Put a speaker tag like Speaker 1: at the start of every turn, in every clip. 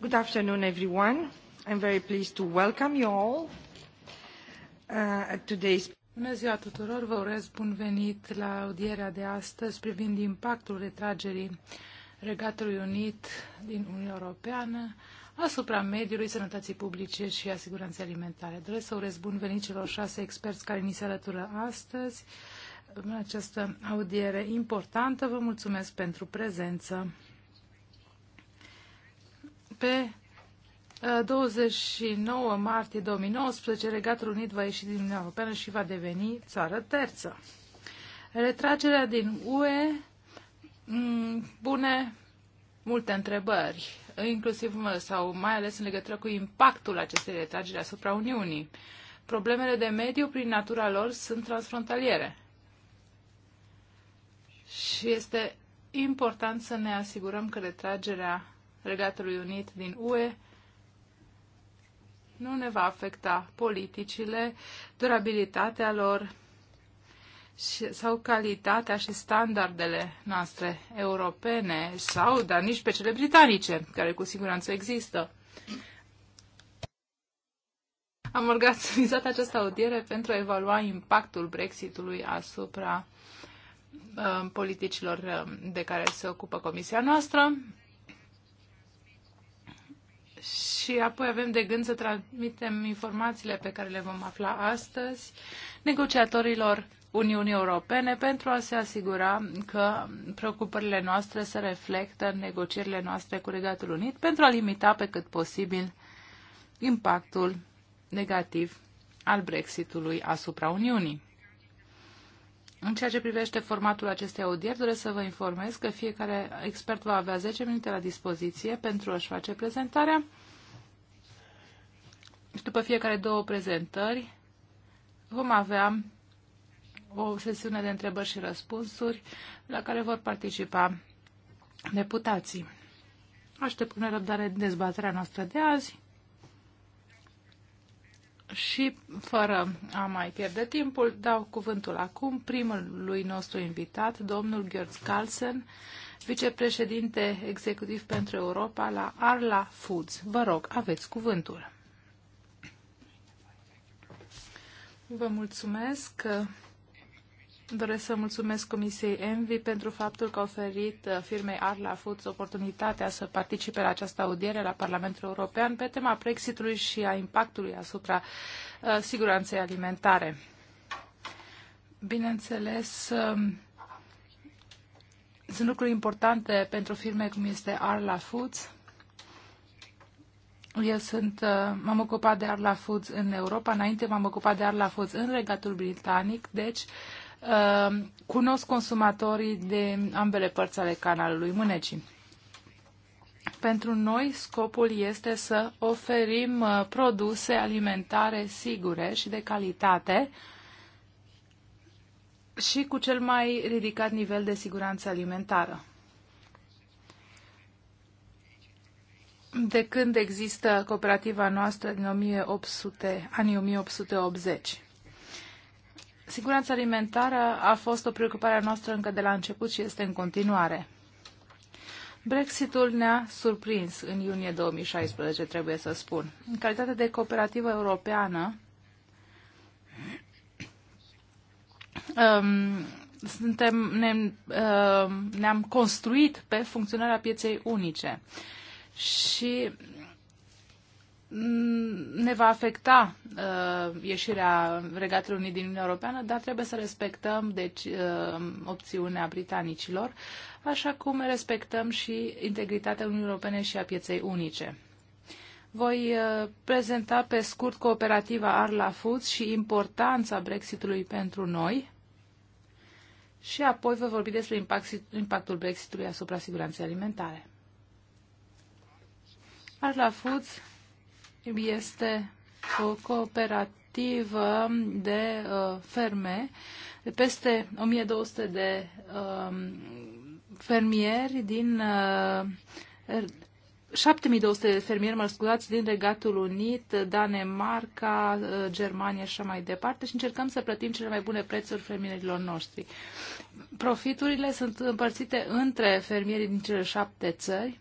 Speaker 1: Good afternoon, everyone. I'm very pleased to welcome you all uh, at today's. Bună
Speaker 2: ziua tuturor, vă urez bun venit la audierea de astăzi privind impactul retragerii Regatului Unit din Uniunea Europeană asupra mediului, sănătății publice și a siguranței alimentare. Doresc să urez bun venit celor șase experți care ni se alătură astăzi în această audiere importantă. Vă mulțumesc pentru prezență. Pe 29 uh, martie 2019, Regatul Unit va ieși din Uniunea Europeană și va deveni țară terță. Retragerea din UE mm, pune multe întrebări, inclusiv sau mai ales în legătură cu impactul acestei retrageri asupra Uniunii. Problemele de mediu, prin natura lor, sunt transfrontaliere. Și este important să ne asigurăm că retragerea Regatului Unit din UE nu ne va afecta politicile, durabilitatea lor și, sau calitatea și standardele noastre europene sau, dar nici pe cele britanice, care cu siguranță există. Am organizat această audiere pentru a evalua impactul Brexitului asupra uh, politicilor um, de care se ocupă comisia noastră și apoi avem de gând să transmitem informațiile pe care le vom afla astăzi negociatorilor Uniunii Europene pentru a se asigura că preocupările noastre se reflectă în negocierile noastre cu Regatul Unit pentru a limita pe cât posibil impactul negativ al Brexitului asupra Uniunii. În ceea ce privește formatul acestei audieri, doresc să vă informez că fiecare expert va avea 10 minute la dispoziție pentru a-și face prezentarea. Și după fiecare două prezentări vom avea o sesiune de întrebări și răspunsuri la care vor participa deputații. Aștept cu nerăbdare dezbaterea noastră de azi și fără a mai pierde timpul, dau cuvântul acum primului nostru invitat, domnul Gerd Carlsen, vicepreședinte executiv pentru Europa la Arla Foods. Vă rog, aveți cuvântul. Vă mulțumesc Doresc să mulțumesc Comisiei Envi pentru faptul că a oferit uh, firmei Arla Foods oportunitatea să participe la această audiere la Parlamentul European pe tema Brexitului și a impactului asupra uh, siguranței alimentare. Bineînțeles, um, sunt lucruri importante pentru firme cum este Arla Foods. Eu sunt, uh, m-am ocupat de Arla Foods în Europa, înainte m-am ocupat de Arla Foods în Regatul Britanic, deci uh, Ehm, cunosc consumatorii de ambele părți ale canalului Mânecii. Pentru noi scopul este să oferim uh, produse alimentare sigure și de calitate și cu cel mai ridicat nivel de siguranță alimentară. De când există cooperativa noastră din 1800, anii 1880. Siguranța alimentară a fost o preocupare a noastră încă de la început și este în continuare. Brexitul ne-a surprins în iunie 2016, trebuie să spun. În calitate de cooperativă europeană, um, suntem, ne, um, ne-am construit pe funcționarea pieței unice. Și ne va afecta uh, ieșirea Regatului Unit din Uniunea Europeană, dar trebuie să respectăm deci, uh, opțiunea britanicilor, așa cum respectăm și integritatea Uniunii Europene și a pieței unice. Voi uh, prezenta pe scurt cooperativa Arla Foods și importanța Brexitului pentru noi și apoi vă vorbi despre impact, impactul Brexitului asupra siguranței alimentare. Arla Foods este o cooperativă de uh, ferme, de peste 1200 de uh, fermieri din uh, 7200 er, de fermieri, mă scuzați, din Regatul Unit, Danemarca, uh, Germania și așa mai departe și încercăm să plătim cele mai bune prețuri fermierilor noștri. Profiturile sunt împărțite între fermierii din cele șapte țări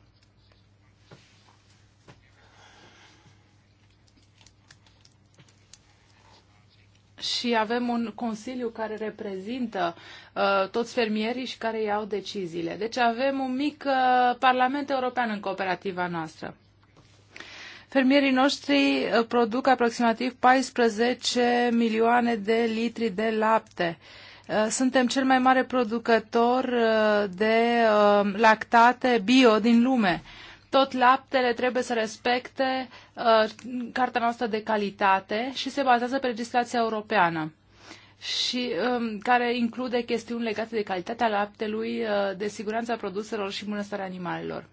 Speaker 2: și avem un consiliu care reprezintă uh, toți fermierii și care iau deciziile. Deci avem un mic uh, parlament european în cooperativa noastră. Fermierii noștri uh, produc aproximativ 14 milioane de litri de lapte. Uh, suntem cel mai mare producător uh, de lactate bio din lume tot laptele trebuie să respecte uh, cartea noastră de calitate și se bazează pe legislația europeană și um, care include chestiuni legate de calitatea laptelui, uh, de siguranța produselor și bunăstarea animalelor.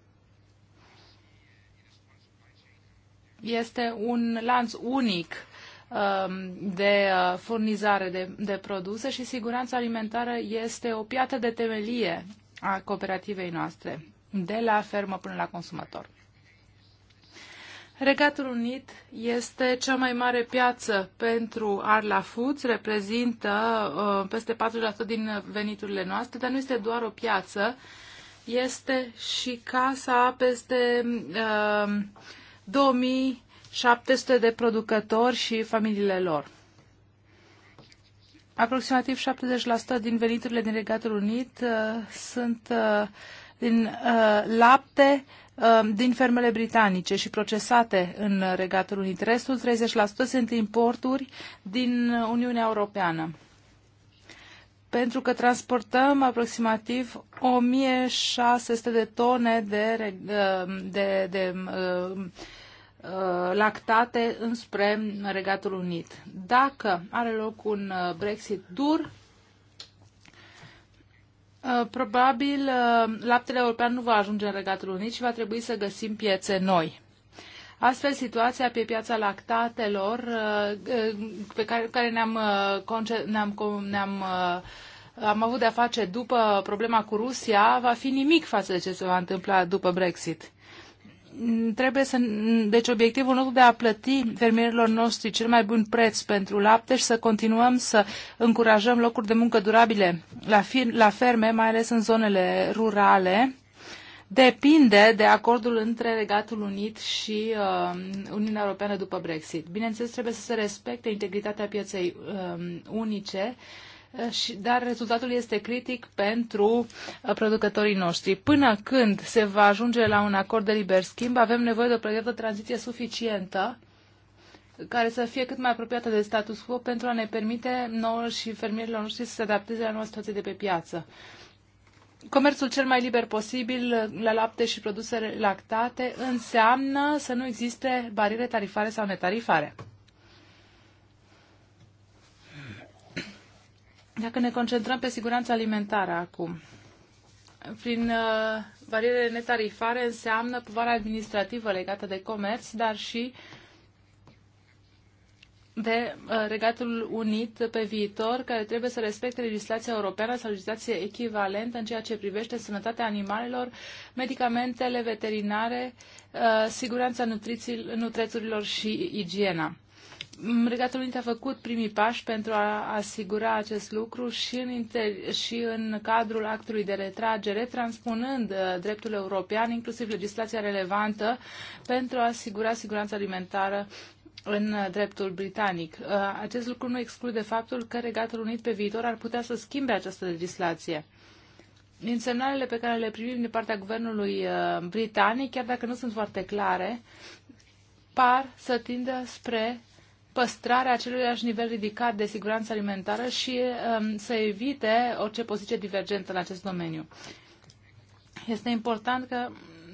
Speaker 2: Este un lanț unic um, de uh, furnizare de, de produse și siguranța alimentară este o piată de temelie a cooperativei noastre de la fermă până la consumator. Regatul Unit este cea mai mare piață pentru Arla Foods, reprezintă uh, peste 40% din veniturile noastre, dar nu este doar o piață, este și casa peste uh, 2700 de producători și familiile lor. Aproximativ 70% din veniturile din Regatul Unit uh, sunt uh, din uh, lapte uh, din fermele britanice și procesate în Regatul Unit. Restul, 30%, sunt importuri din Uniunea Europeană. Pentru că transportăm aproximativ 1600 de tone de, de, de, de uh, uh, lactate înspre Regatul Unit. Dacă are loc un uh, Brexit dur, Uh, probabil uh, laptele european nu va ajunge în Regatul Unit și va trebui să găsim piețe noi. Astfel, situația pe piața lactatelor uh, pe care, care ne-am, ne-am, ne-am am avut de-a face după problema cu Rusia va fi nimic față de ce se va întâmpla după Brexit trebuie să, deci obiectivul nostru de a plăti fermierilor noștri cel mai bun preț pentru lapte și să continuăm să încurajăm locuri de muncă durabile la, fir, la ferme, mai ales în zonele rurale, depinde de acordul între Regatul Unit și uh, Uniunea Europeană după Brexit. Bineînțeles, trebuie să se respecte integritatea pieței uh, unice, uh, Eh, dar rezultatul este critic pentru eh, producătorii noștri. Până când se va ajunge la un acord de liber schimb, avem nevoie de o perioadă de tranziție suficientă care să fie cât mai apropiată de status quo pentru a ne permite nouă și fermierilor noștri să se adapteze la noua situație de pe piață. Comerțul cel mai liber posibil eh, la lapte și produse lactate înseamnă să nu existe bariere tarifare sau netarifare. Dacă ne concentrăm pe siguranța alimentară acum, prin uh, barierele netarifare înseamnă povara administrativă legată de comerț, dar și de uh, Regatul Unit pe viitor, care trebuie să respecte legislația europeană sau legislație echivalentă în ceea ce privește sănătatea animalelor, medicamentele veterinare, uh, siguranța nutrițiilor nutrețurilor și igiena. Regatul Unit a făcut primii pași pentru a asigura acest lucru și în, inter- și în cadrul actului de retragere, transpunând uh, dreptul european, inclusiv legislația relevantă, pentru a asigura siguranța alimentară în uh, dreptul britanic. Uh, acest lucru nu exclude faptul că Regatul Unit pe viitor ar putea să schimbe această legislație. Din semnalele pe care le primim din partea guvernului uh, britanic, chiar dacă nu sunt foarte clare, par să tindă spre păstrarea aceluiași nivel ridicat de siguranță alimentară și um, să evite orice poziție divergentă în acest domeniu. Este important că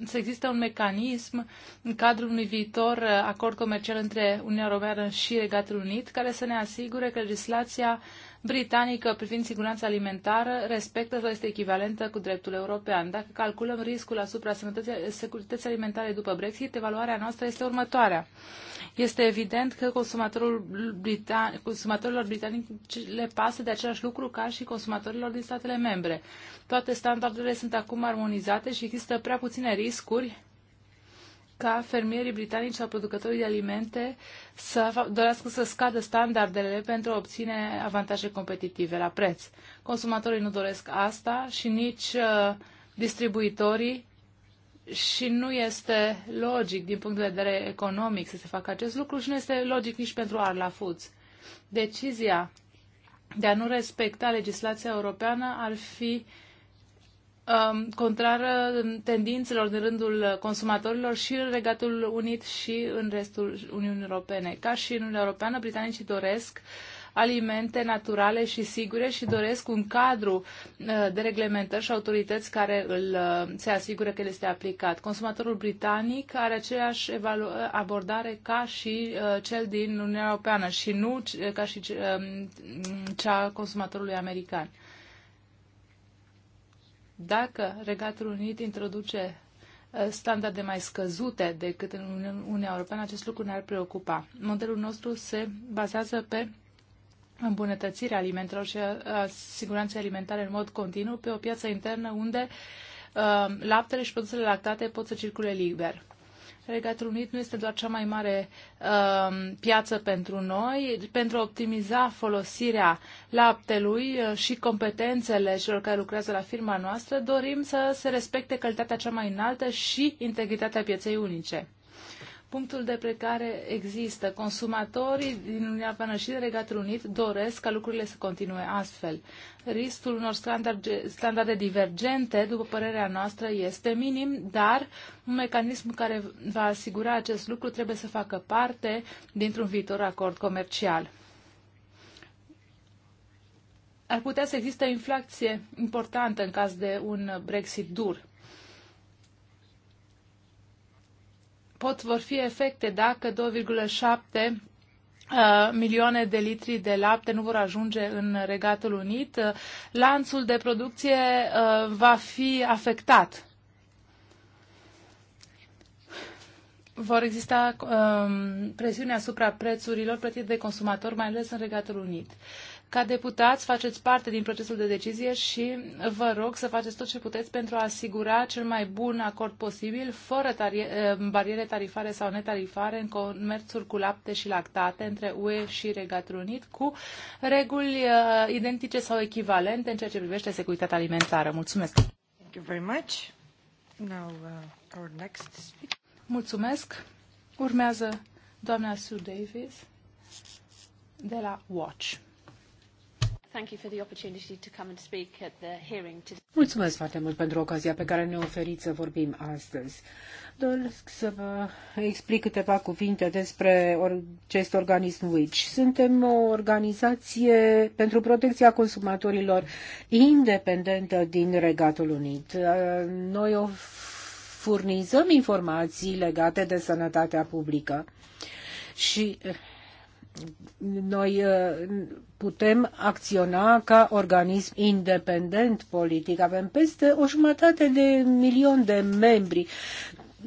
Speaker 2: să existe un mecanism în cadrul unui viitor uh, acord comercial între Uniunea Europeană și Regatul Unit care să ne asigure că legislația britanică privind siguranța alimentară respectă sau este echivalentă cu dreptul european. Dacă calculăm riscul asupra securității alimentare după Brexit, evaluarea noastră este următoarea. Este evident că consumatorul britan- consumatorilor britanici le pasă de același lucru ca și consumatorilor din statele membre. Toate standardele sunt acum armonizate și există prea puține riscuri ca fermierii britanici sau producătorii de alimente să dorească să scadă standardele pentru a obține avantaje competitive la preț. Consumatorii nu doresc asta și nici uh, distribuitorii și nu este logic din punct de vedere economic să se facă acest lucru și nu este logic nici pentru Arla Foods. Decizia de a nu respecta legislația europeană ar fi um, contrară tendințelor din rândul consumatorilor și în Regatul Unit și în restul Uniunii Europene. Ca și în Uniunea Europeană, britanicii doresc uh, alimente naturale și sigure și doresc un cadru uh, de reglementări și autorități care îl, uh, se asigură că el este aplicat. Consumatorul britanic are aceeași uh, abordare ca și cel din Uniunea Europeană și nu ca și um, cea consumatorului american. Dacă Regatul Unit introduce standarde mai scăzute decât în Uniunea Europeană, acest lucru ne-ar preocupa. Modelul nostru se bazează pe îmbunătățirea alimentelor și a siguranței alimentare în mod continuu pe o piață internă unde laptele și produsele lactate pot să circule liber. Regatul Unit nu este doar cea mai mare uh, piață pentru noi. Pentru a optimiza folosirea laptelui și competențele celor care lucrează la firma noastră, dorim să se respecte calitatea cea mai înaltă și integritatea pieței unice punctul de plecare există. Consumatorii din Uniunea Europeană și de Regatul Unit doresc ca lucrurile să continue astfel. Riscul unor standarde, standarde divergente, după părerea noastră, este minim, dar un mecanism care va asigura acest lucru trebuie să facă parte dintr-un viitor acord comercial. Ar putea să existe inflație importantă în caz de un Brexit dur. pot, vor fi efecte dacă 2,7 uh, milioane de litri de lapte nu vor ajunge în Regatul Unit, uh, lanțul de producție uh, va fi afectat. Vor exista um, presiuni asupra prețurilor plătite de consumator, mai ales în Regatul Unit. Ca deputați faceți parte din procesul de decizie și vă rog să faceți tot ce puteți pentru a asigura cel mai bun acord posibil, fără tari- eh, bariere tarifare sau netarifare în comerțul cu lapte și lactate între UE și Regatul Unit, cu reguli uh, identice sau echivalente în ceea ce privește securitatea alimentară. Mulțumesc! Thank you very much. Now, uh, our next Mulțumesc! Urmează doamna
Speaker 3: Sue Davis de la Watch.
Speaker 2: Thank you for the opportunity to come and speak at the hearing today.
Speaker 3: Mulțumesc foarte mult pentru ocazia pe care ne oferiți să vorbim astăzi. Doresc să vă explic câteva cuvinte despre acest organism WICH. Suntem o organizație pentru protecția consumatorilor independentă din Regatul Unit. Uh, noi o furnizăm informații legate de sănătatea publică și noi uh, putem acționa ca organism independent politic. Avem peste o jumătate de milion de membri,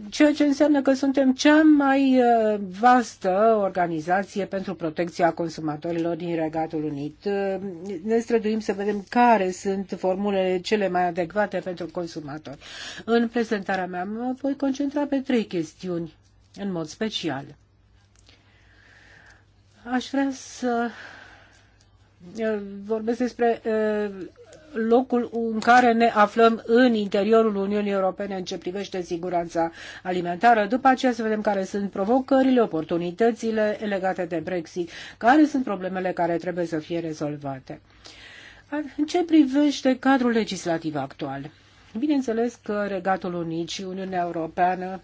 Speaker 3: ceea ce înseamnă că suntem cea mai uh, vastă organizație pentru protecția consumatorilor din Regatul Unit. Uh, ne străduim să vedem care sunt formulele cele mai adecvate pentru consumatori. În prezentarea mea mă voi concentra pe trei chestiuni în mod special. Aș vrea să eh, vorbesc despre eh, locul în care ne aflăm în interiorul Uniunii Europene în ce privește siguranța alimentară. După aceea să vedem care sunt provocările, oportunitățile legate de Brexit, care sunt problemele care trebuie să fie rezolvate. În ce privește cadrul legislativ actual? Bineînțeles că Regatul Unit și Uniunea Europeană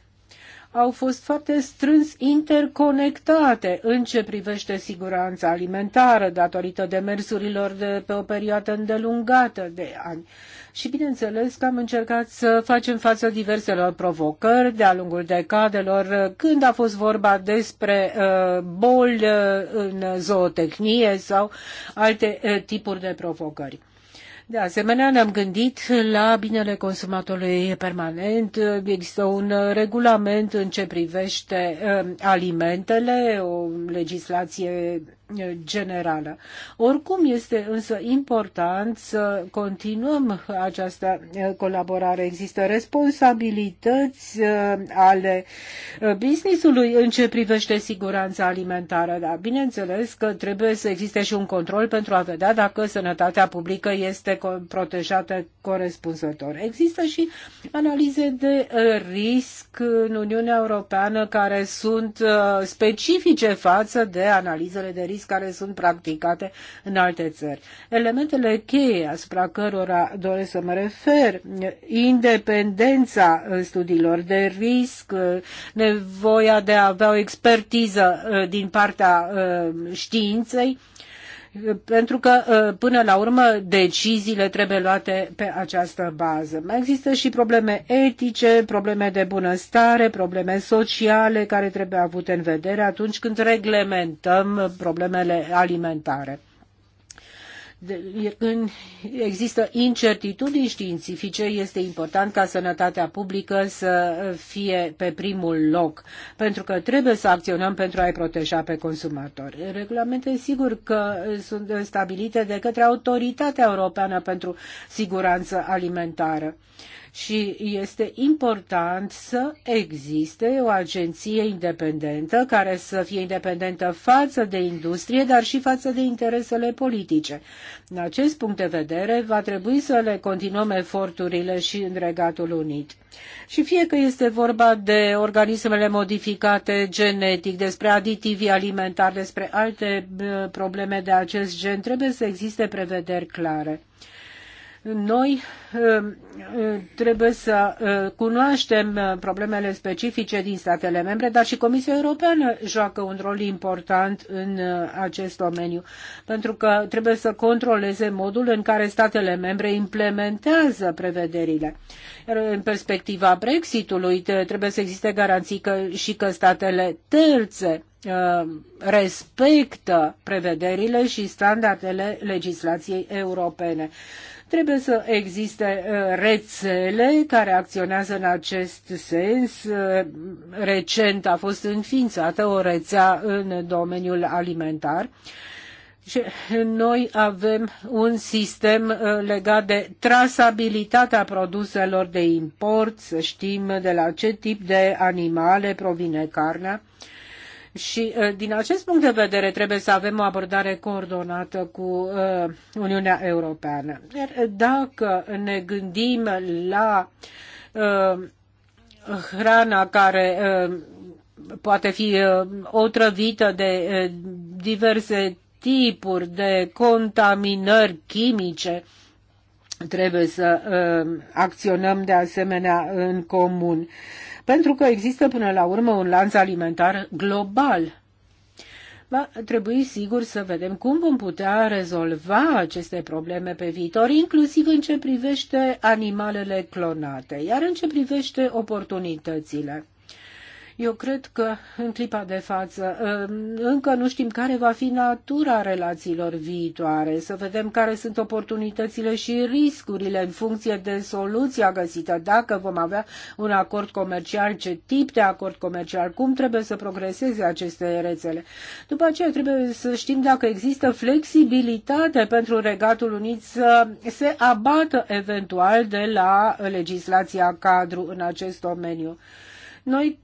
Speaker 3: au fost foarte strâns interconectate în ce privește siguranța alimentară datorită demersurilor de pe o perioadă îndelungată de ani. Și bineînțeles că am încercat să facem față diverselor provocări de-a lungul decadelor când a fost vorba despre uh, boli uh, în zootehnie sau alte uh, tipuri de provocări. De asemenea, ne-am gândit la binele consumatorului permanent. Există un regulament în ce privește uh, alimentele, o legislație generală. Oricum este însă important să continuăm această eh, colaborare. Există responsabilități eh, ale eh, businessului în ce privește siguranța alimentară, dar bineînțeles că trebuie să existe și un control pentru a vedea dacă sănătatea publică este protejată corespunzător. Există și analize de risc în Uniunea Europeană care sunt specifice față de analizele de risc practici care sunt practicate în alte țări. Elementele cheie asupra cărora doresc să mă refer, independența uh, studiilor de risc, uh, nevoia de a avea o expertiză uh, din partea științei, pentru că uh, până la urmă deciziile trebuie luate pe această bază. Mai există și probleme etice, probleme de bunăstare, probleme sociale care trebuie avute în vedere atunci când reglementăm problemele alimentare când există incertitudini științifice, este important ca sănătatea publică să fie pe primul loc, pentru că trebuie să acționăm pentru a-i proteja pe consumatori. Regulamente, sigur că sunt stabilite de către Autoritatea Europeană pentru Siguranță Alimentară și este important să existe o agenție independentă care să fie independentă față de industrie, dar și față de interesele politice. În acest punct de vedere, va trebui să le continuăm eforturile și în Regatul Unit. Și fie că este vorba de organismele modificate genetic, despre aditivi alimentari, despre alte probleme de acest gen, trebuie să existe prevederi clare. Noi uh, uh, trebuie să uh, cunoaștem problemele specifice din statele membre, dar și Comisia Europeană joacă un rol important în acest domeniu, pentru că trebuie să controleze modul în care statele membre implementează prevederile. În perspectiva Brexitului trebuie să existe garanții că și că statele terțe respectă prevederile și standardele legislației europene. Trebuie să existe uh, rețele care acționează în acest sens. Uh, recent a fost înființată o rețea în domeniul alimentar. Și noi avem un sistem uh, legat de trasabilitatea produselor de import, să știm de la ce tip de animale provine carnea. Și uh, din acest punct de vedere trebuie să avem o abordare coordonată cu uh, Uniunea Europeană. Dacă ne gândim la uh, hrana care poate fi otrăvită de diverse tipuri de contaminări chimice, trebuie să acționăm de asemenea în comun pentru că există până la urmă un lanț alimentar global. Va trebui sigur să vedem cum vom putea rezolva aceste probleme pe viitor, inclusiv în ce privește animalele clonate, iar în ce privește oportunitățile. Eu cred că în clipa de față uh, încă nu știm care va fi natura relațiilor viitoare, să vedem care sunt oportunitățile și riscurile în funcție de soluția găsită. Dacă vom avea un acord comercial, ce tip de acord comercial, cum trebuie să progreseze aceste rețele. După aceea trebuie să știm dacă există flexibilitate pentru Regatul Unit să se abată eventual de la legislația cadru în acest domeniu. Noi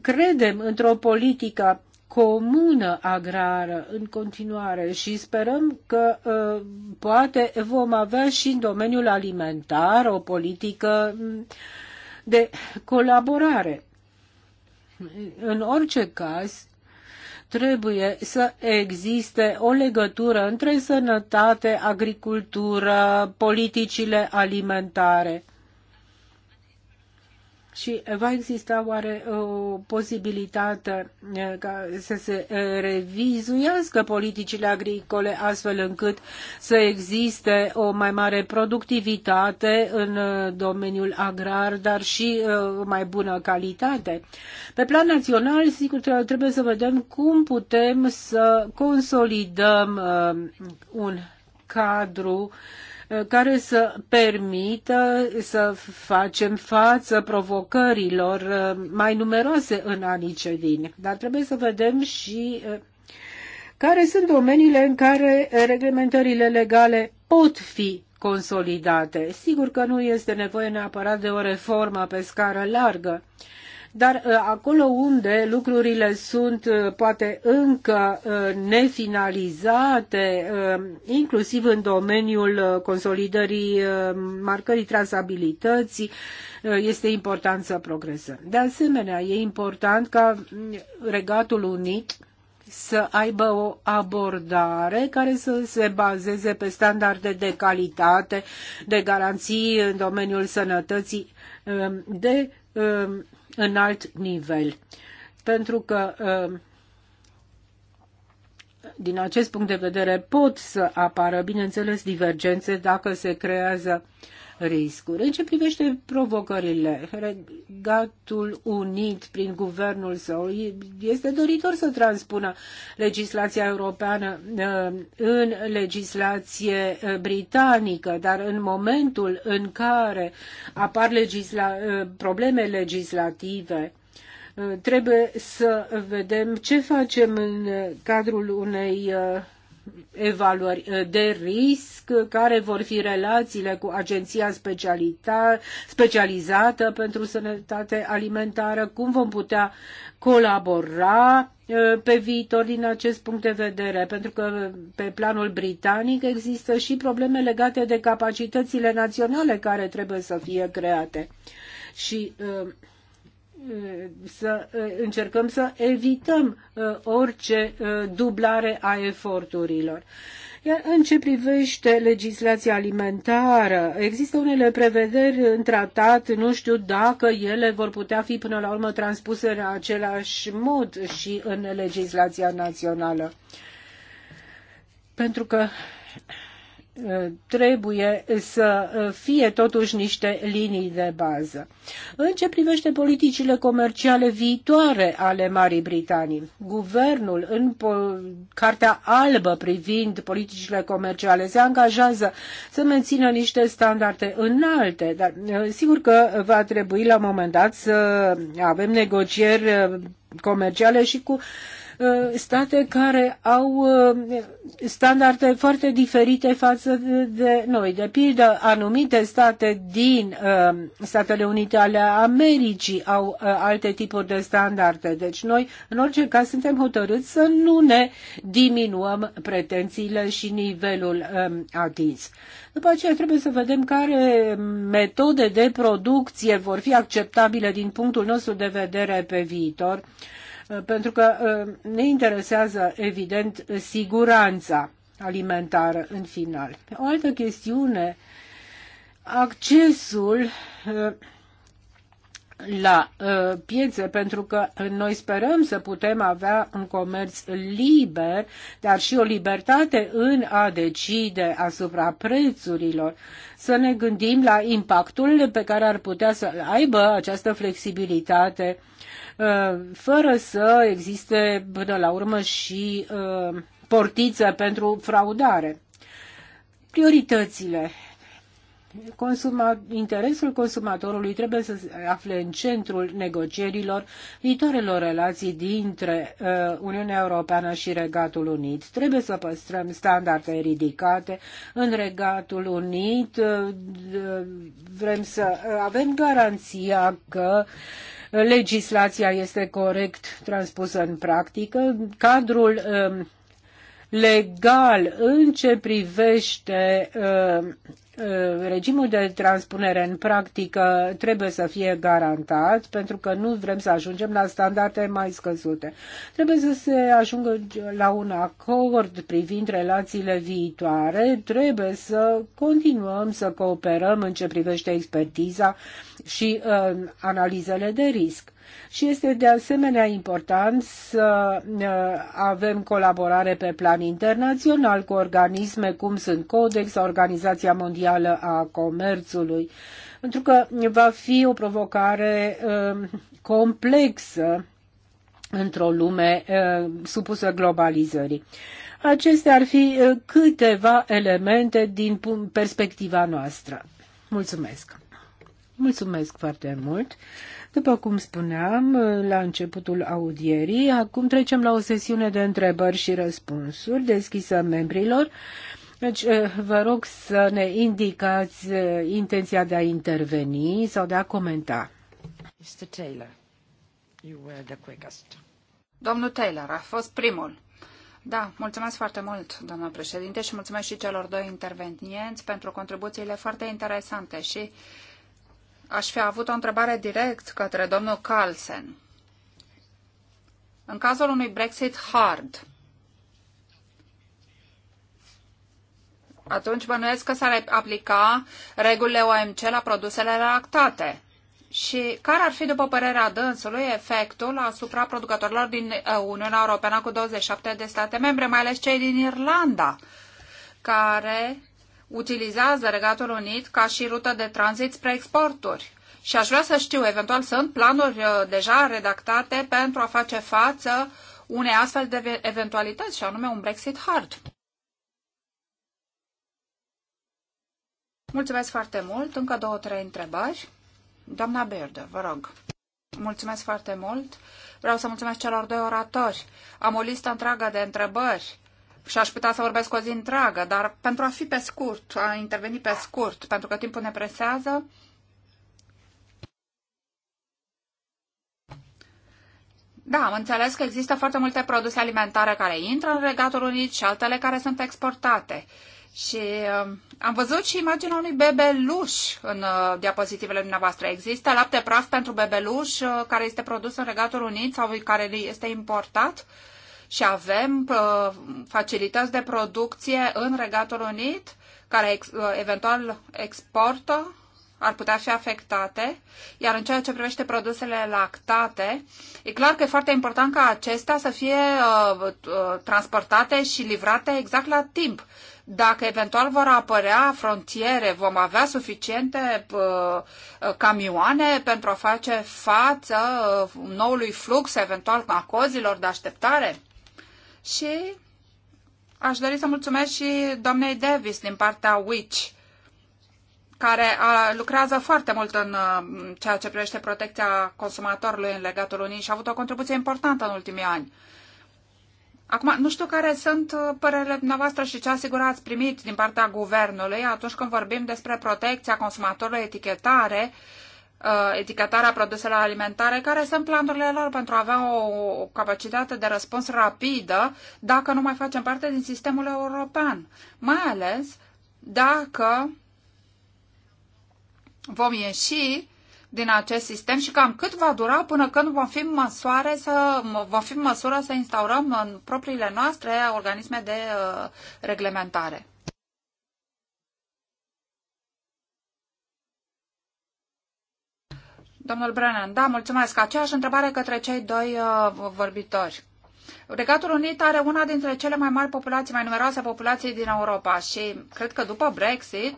Speaker 3: credem într-o politică comună agrară în continuare și sperăm că ă, poate vom avea și în domeniul alimentar o politică de colaborare. În orice caz, trebuie să existe o legătură între sănătate, agricultură, politicile alimentare și va exista oare uh, o posibilitate uh, ca să se uh, revizuiască politicile agricole astfel încât să existe o mai mare productivitate în domeniul agrar, dar și o mai bună calitate. Pe plan național, sigur, trebuie să vedem cum putem să consolidăm un cadru uh, Uh, care să permită să facem față provocărilor uh, mai numeroase în anii ce vin. Dar trebuie să vedem și uh, care sunt domeniile în care reglementările legale pot fi consolidate. Sigur că nu este nevoie neapărat de o reformă pe scară largă, dar uh, acolo unde lucrurile sunt uh, poate încă uh, nefinalizate, inclusiv în domeniul consolidării marcării trasabilității, este important să progresăm. De asemenea, e important ca Regatul Unit să aibă o abordare care să se bazeze pe standarde de calitate, de garanții în domeniul sănătății, de alt nivel. Pentru că uh, din acest punct de vedere pot să apară, bineînțeles, divergențe dacă se creează uh, riscuri. În ce privește provocările, Regatul Unit prin guvernul său este doritor să transpună legislația europeană uh, în legislație uh, britanică, dar în momentul în care apar legisla uh, probleme legislative, trebuie să vedem ce facem în cadrul unei evaluări eh, de risc, care vor fi relațiile cu agenția specializată pentru sănătate alimentară, cum vom putea colabora eh, pe viitor din acest punct de vedere, pentru că pe planul britanic există și probleme legate de capacitățile naționale care trebuie să fie create. Și uh, Eh, să eh, încercăm să evităm eh, orice dublare a eforturilor. Iar în ce privește legislația alimentară, există unele prevederi în tratat, nu știu dacă ele vor putea fi până la urmă transpuse în același mod și în legislația națională. Pentru că trebuie să fie totuși niște linii de bază. În ce privește politicile comerciale viitoare ale Marii Britanii, guvernul în Cartea Albă privind politicile comerciale se angajează să mențină niște standarde înalte, dar uh, sigur că va trebui la un moment dat să avem negocieri uh, comerciale și cu uh, Uh, state care au uh, standarde foarte diferite față de noi. De pildă, anumite state din uh, Statele Unite ale Americii au alte tipuri de standarde. Deci noi, în orice caz, suntem hotărâți să nu ne diminuăm pretențiile și nivelul um, atins. După aceea trebuie să vedem care metode de producție vor fi acceptabile din punctul nostru de vedere pe viitor pentru că uh, ne interesează, evident, siguranța alimentară în final. O altă chestiune, accesul uh, la uh, piețe, pentru că noi sperăm să putem avea un comerț liber, dar și o libertate în a decide asupra prețurilor. Să ne gândim la impactul pe care ar putea să aibă această flexibilitate Uh, fără să existe până la urmă și uh, portiță pentru fraudare. Prioritățile. Consuma, interesul consumatorului trebuie să se afle în centrul negocierilor viitoarelor relații dintre uh, Uniunea Europeană și Regatul Unit. Trebuie să păstrăm standarde ridicate în Regatul Unit. Uh, uh vrem să avem garanția că uh, legislația este corect transpusă în practică, cadrul um, legal în ce privește um, Eh, regimul de transpunere în practică trebuie să fie garantat, pentru că nu vrem să ajungem la standarde mai scăzute. Trebuie să se ajungă la un acord privind relațiile viitoare, trebuie să continuăm să cooperăm în ce privește expertiza și uh, analizele de risc și este de asemenea important să uh, avem colaborare pe plan internațional cu organisme cum sunt Codex, Organizația Mondială a Comerțului, pentru că va fi o provocare uh, complexă într-o lume uh, supusă globalizării. Acestea ar fi câteva elemente din perspectiva noastră. Mulțumesc! Mulțumesc foarte mult! După cum spuneam la începutul audierii, acum trecem la o sesiune de întrebări și răspunsuri deschisă membrilor. Deci, eh, vă rog să ne indicați eh, intenția de a interveni sau de a comenta. Mr. Taylor, you were the quickest.
Speaker 1: Domnul Taylor a fost primul. Da, mulțumesc foarte mult, doamnă președinte, și mulțumesc și celor doi intervenienți pentru contribuțiile foarte interesante și uh, aș fi avut o întrebare direct către domnul Carlsen. În cazul unui Brexit hard, atunci bănuiesc că s-ar aplica regulile OMC la produsele lactate. Și care ar fi, după părerea dânsului, efectul asupra producătorilor din Uniunea Europeană cu 27 de state membre, mai ales cei din Irlanda, care utilizează Regatul Unit ca și rută de tranzit spre exporturi. Și aș vrea să știu, eventual sunt planuri uh, deja redactate pentru a face față unei astfel de eventualități, și anume un Brexit hard. Mulțumesc foarte mult. Încă două, trei întrebări. Doamna Berde. vă rog. Mulțumesc foarte mult. Vreau să mulțumesc celor doi oratori. Am o listă întreagă de întrebări și aș putea să vorbesc o zi întreagă, dar pentru a fi pe scurt, a interveni pe scurt, pentru că timpul ne presează, Da, am înțeles că există foarte multe produse alimentare care intră în Regatul Unit și altele care sunt exportate. Și uh, am văzut și imaginea unui bebeluș în uh, diapozitivele dumneavoastră. Există lapte praf pentru bebeluș uh, care este produs în Regatul Unit sau care este importat? Uh, și avem uh, facilități de producție în Regatul Unit care ex, uh, eventual exportă, ar putea fi afectate, iar în ceea ce privește produsele lactate, e clar că e foarte important ca acestea să fie uh, uh transportate și livrate exact la timp dacă eventual vor apărea frontiere, vom avea suficiente uh, camioane pentru a face față uh, noului flux eventual a cozilor de așteptare? Și aș dori să mulțumesc și doamnei Davis din partea WICH, care a, lucrează foarte mult în uh, ceea ce privește protecția consumatorului în Legatul Unii și a avut o contribuție importantă în ultimii ani. Acum, nu știu care sunt uh, părerile dumneavoastră și ce asigurați primit din partea guvernului atunci când vorbim despre protecția consumatorului, etichetare Uh, etichetarea produselor alimentare, care sunt planurile lor pentru a avea o, o capacitate de răspuns rapidă dacă nu mai facem parte din sistemul european, mai ales dacă vom ieși din acest sistem și cam cât va dura până când vom fi măsoare să, vom fi în măsură să instaurăm în propriile noastre organisme de uh, reglementare. Domnul Brennan, da, mulțumesc. Aceeași întrebare către cei doi uh, vorbitori. Regatul Unit are una dintre cele mai mari populații, mai numeroase populații din Europa și cred că după Brexit,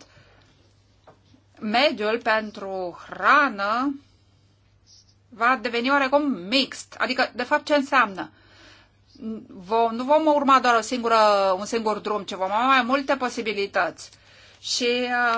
Speaker 1: mediul pentru hrană va deveni oarecum mixt. Adică, de fapt, ce înseamnă? Vom, nu vom urma doar o singură, un singur drum, ci vom avea mai multe posibilități. Și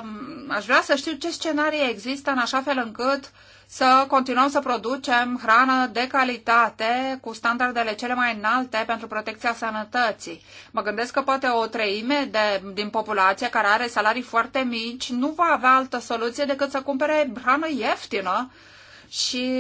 Speaker 1: um, aș vrea să știu ce scenarii există în așa fel încât uh, să continuăm să producem hrană de calitate cu standardele cele mai înalte pentru protecția sănătății. Mă gândesc că poate o treime de, din populație care are salarii foarte mici nu va avea altă soluție decât să cumpere hrană ieftină și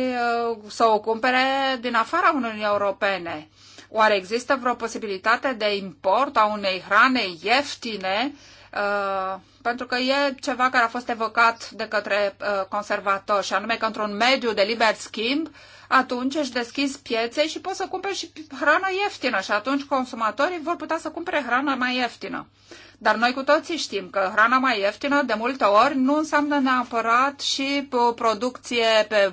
Speaker 1: uh, să o cumpere din afara Uniunii Europene. Oare există vreo posibilitate de import a unei hrane ieftine uh, pentru că e ceva care a fost evocat de către uh, conservatori, și anume că într-un mediu de liber schimb, atunci își deschizi piețe și poți să cumperi și hrană ieftină și atunci consumatorii vor putea să cumpere hrană mai ieftină. Dar noi cu toții știm că hrana mai ieftină de multe ori nu înseamnă neapărat și producție pe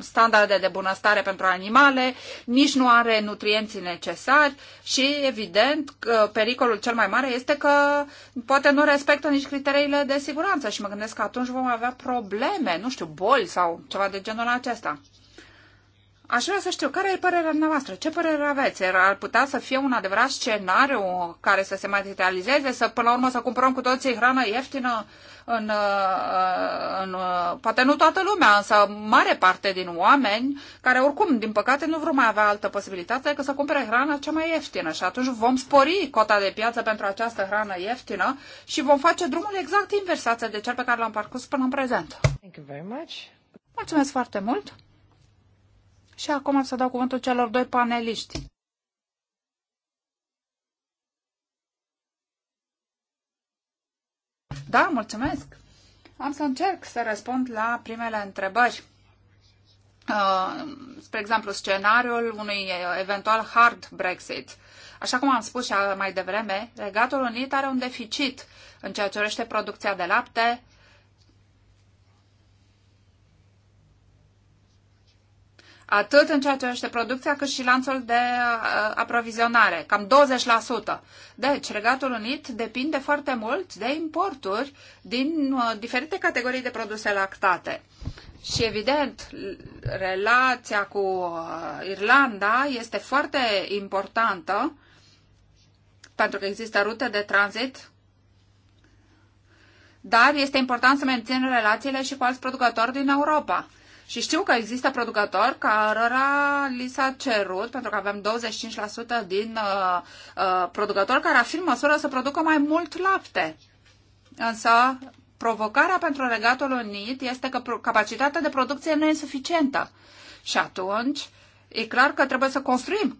Speaker 1: standarde de bunăstare pentru animale, nici nu are nutrienții necesari și, evident, pericolul cel mai mare este că poate nu respectă nici criteriile de siguranță și mă gândesc că atunci vom avea probleme, nu știu, boli sau ceva de genul acesta. Aș vrea să știu care e părerea noastră, ce părere aveți? Ar putea să fie un adevărat scenariu care să se materializeze, să până la urmă să cumpărăm cu toții hrană ieftină în, uh, în, uh, poate nu toată lumea, însă mare parte din oameni care oricum, din păcate, nu vor mai avea altă posibilitate decât să cumpere hrana cea mai ieftină și atunci vom spori cota de piață pentru această hrană ieftină și vom face drumul exact invers de cel pe care l-am parcurs până în prezent. Thank you very much. Mulțumesc foarte mult! Și acum am să dau cuvântul celor doi paneliști. Da, mulțumesc. Am să încerc să răspund la primele întrebări. Uh, spre exemplu, scenariul unui uh, eventual hard Brexit. Așa cum am spus și mai devreme, Regatul Unit are un deficit în ceea ce urește producția de lapte, atât în ceea ce privește producția, cât și lanțul de uh, aprovizionare, cam 20%. Deci, Regatul Unit depinde foarte mult de importuri din uh, diferite categorii de produse lactate. Și evident, relația cu uh, Irlanda este foarte importantă pentru că există rute de tranzit dar este important să mențin relațiile și cu alți producători din Europa. Și știu că există producători cărora li s-a cerut, pentru că avem 25% din uh, uh, producători care ar fi în măsură să producă mai mult lapte. Însă provocarea pentru Regatul Unit este că capacitatea de producție nu e suficientă. Și atunci e clar că trebuie să construim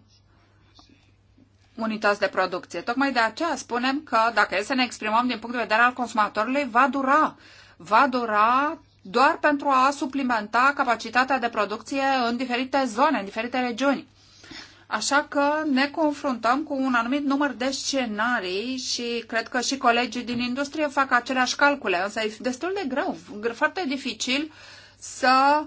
Speaker 1: unități de producție. Tocmai de aceea spunem că dacă e să ne exprimăm din punct de vedere al consumatorului, va dura. Va dura doar pentru a suplimenta capacitatea de producție în diferite zone, în diferite regiuni. Așa că ne confruntăm cu un anumit număr de scenarii și cred că și colegii din industrie fac aceleași calcule, însă e destul de greu, foarte dificil să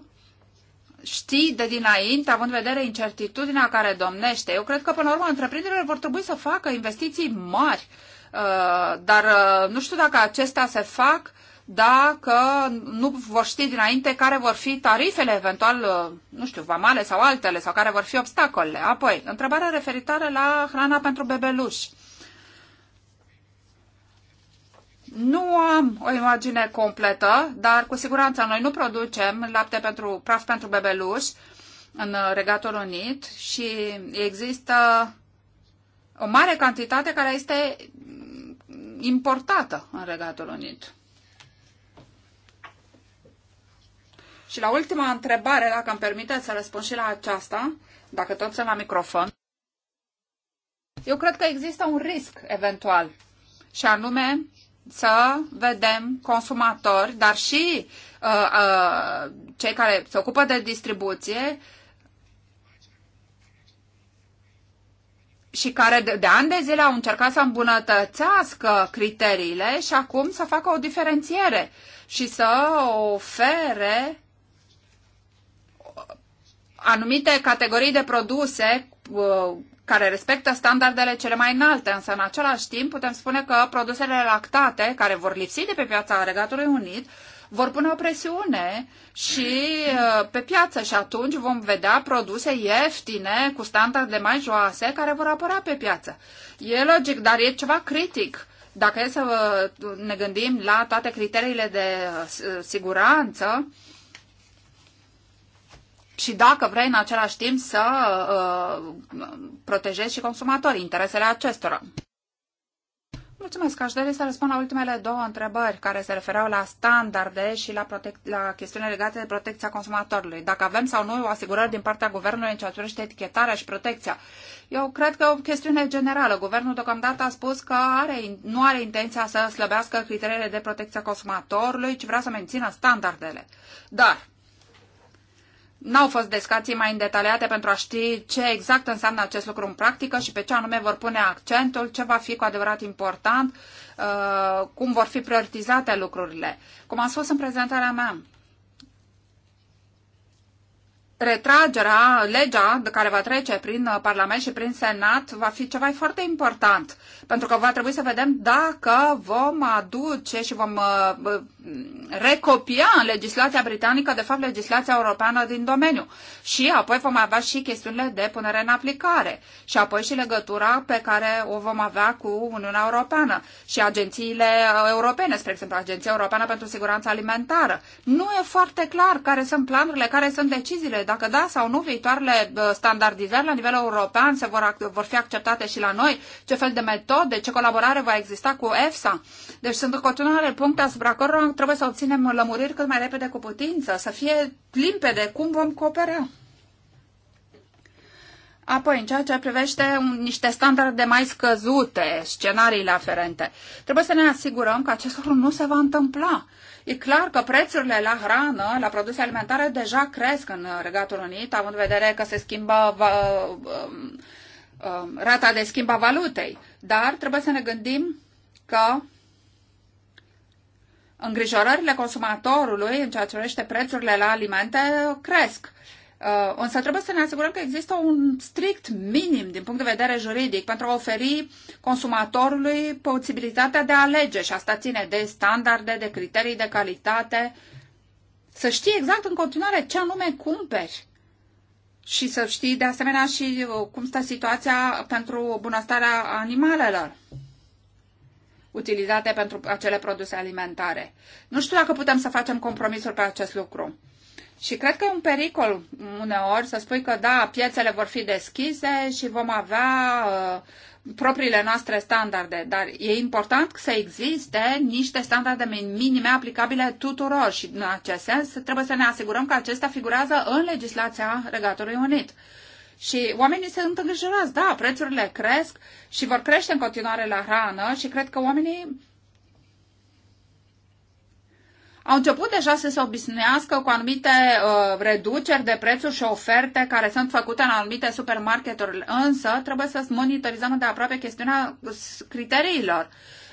Speaker 1: știi de dinainte, având în vedere incertitudinea care domnește. Eu cred că, până la urmă, întreprinderile vor trebui să facă investiții mari, uh, dar uh, nu știu dacă acestea se fac dacă nu vor ști dinainte care vor fi tarifele eventual, uh, nu știu, vamale sau altele, sau care vor fi obstacolele. Apoi, întrebarea referitoare la hrana pentru bebeluși. Nu am o imagine completă, dar cu siguranță noi nu producem lapte pentru praf pentru bebeluși în Regatul Unit și există o mare cantitate care este importată în Regatul Unit. Și la ultima întrebare, dacă îmi permiteți să răspund și la aceasta, dacă tot sunt la microfon, eu cred că există un risc eventual și anume să vedem consumatori, dar și uh, uh, cei care se ocupă de distribuție și care de, de ani de zile au încercat să îmbunătățească criteriile și acum să facă o diferențiere și să ofere anumite categorii de produse uh, care respectă standardele cele mai înalte, însă în același timp putem spune că produsele lactate care vor lipsi de pe piața Regatului Unit vor pune o presiune și uh, pe piață și atunci vom vedea produse ieftine cu standarde mai joase care vor apărea pe piață. E logic, dar e ceva critic. Dacă e să uh, ne gândim la toate criteriile de siguranță, și dacă vrei în același timp să uh, protejezi și consumatorii, interesele acestora. Mulțumesc, aș dori să răspund la ultimele două întrebări care se refereau la standarde și la, protec- la chestiune legate de protecția consumatorului. Dacă avem sau nu asigurări din partea guvernului în ceea ce privește etichetarea și protecția. Eu cred că e o chestiune generală. Guvernul deocamdată a spus că are, nu are intenția să slăbească criteriile de protecție a consumatorului, ci vrea să mențină standardele. Dar N-au fost descații mai îndetaliate pentru a ști ce exact înseamnă acest lucru în practică și pe ce anume vor pune accentul, ce va fi cu adevărat important, uh, cum vor fi prioritizate lucrurile. Cum am spus în prezentarea mea, retragerea, legea de care va trece prin uh, Parlament și prin Senat va fi ceva foarte important, pentru că va trebui să vedem dacă vom aduce și vom uh, recopia în legislația britanică, de fapt, legislația europeană din domeniu. Și apoi vom avea și chestiunile de punere în aplicare și apoi și legătura pe care o vom avea cu Uniunea Europeană și agențiile uh, europene, spre exemplu, Agenția Europeană pentru Siguranța Alimentară. Nu e foarte clar care sunt planurile, care sunt deciziile, dacă da sau nu viitoarele uh, standardizări la nivel european se vor, vor fi acceptate și la noi, ce fel de metode, ce colaborare va exista cu EFSA. Deci sunt în continuare puncte asupra cărora trebuie să obținem lămuriri cât mai repede cu putință, să fie limpede cum vom coopera. Apoi, în ceea ce privește niște standarde mai scăzute, scenariile aferente, trebuie să ne asigurăm că acest lucru nu se va întâmpla. E clar că prețurile la hrană, la produse alimentare, deja cresc în Regatul Unit, având în vedere că se schimbă va, um, um, rata de schimb a valutei. Dar trebuie să ne gândim că îngrijorările consumatorului în ceea ce privește prețurile la alimente cresc. Uh, însă trebuie să ne asigurăm că există un strict minim din punct de vedere juridic pentru a oferi consumatorului posibilitatea de a alege și asta ține de standarde, de criterii de calitate, să știi exact în continuare ce anume cumperi și să știi de asemenea și uh, cum stă situația pentru bunăstarea animalelor utilizate pentru acele produse alimentare. Nu știu dacă putem să facem compromisuri pe acest lucru. Și cred că e un pericol uneori să spui că da, piețele vor fi deschise și vom avea uh, propriile noastre standarde, dar e important să existe niște standarde minime aplicabile tuturor și în acest sens trebuie să ne asigurăm că acestea figurează în legislația Regatului Unit. Și oamenii sunt îngrijorați, da, prețurile cresc și vor crește în continuare la hrană și cred că oamenii au început deja să se obișnuiască cu anumite uh, reduceri de prețuri și oferte care sunt făcute în anumite supermarketuri, însă trebuie să monitorizăm de aproape chestiunea criteriilor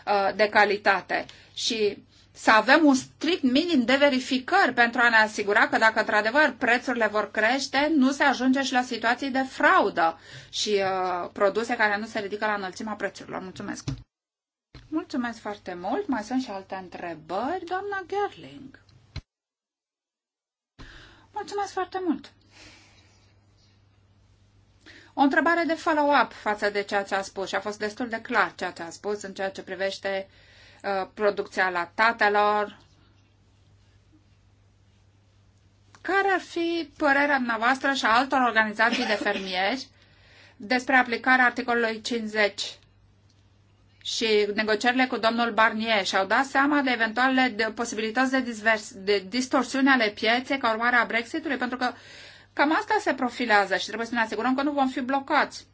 Speaker 1: uh, de calitate. Și să avem un strict minim de verificări pentru a ne asigura că dacă într-adevăr prețurile vor crește, nu se ajunge și la situații de fraudă și uh, produse care nu se ridică la înălțimea prețurilor. Mulțumesc! Mulțumesc foarte mult! Mai sunt și alte întrebări, doamna Gerling. Mulțumesc foarte mult! O întrebare de follow-up față de ceea ce a spus și a fost destul de clar ceea ce a spus în ceea ce privește uh, Uh, producția lactatelor. Care ar fi părerea dumneavoastră și a altor organizații de fermieri despre aplicarea articolului 50 și negocierile cu domnul Barnier și-au dat seama de eventuale de posibilități de, divers, de distorsiune ale pieței ca urmare a Brexitului, pentru că cam asta se profilează și trebuie să ne asigurăm că nu vom fi blocați.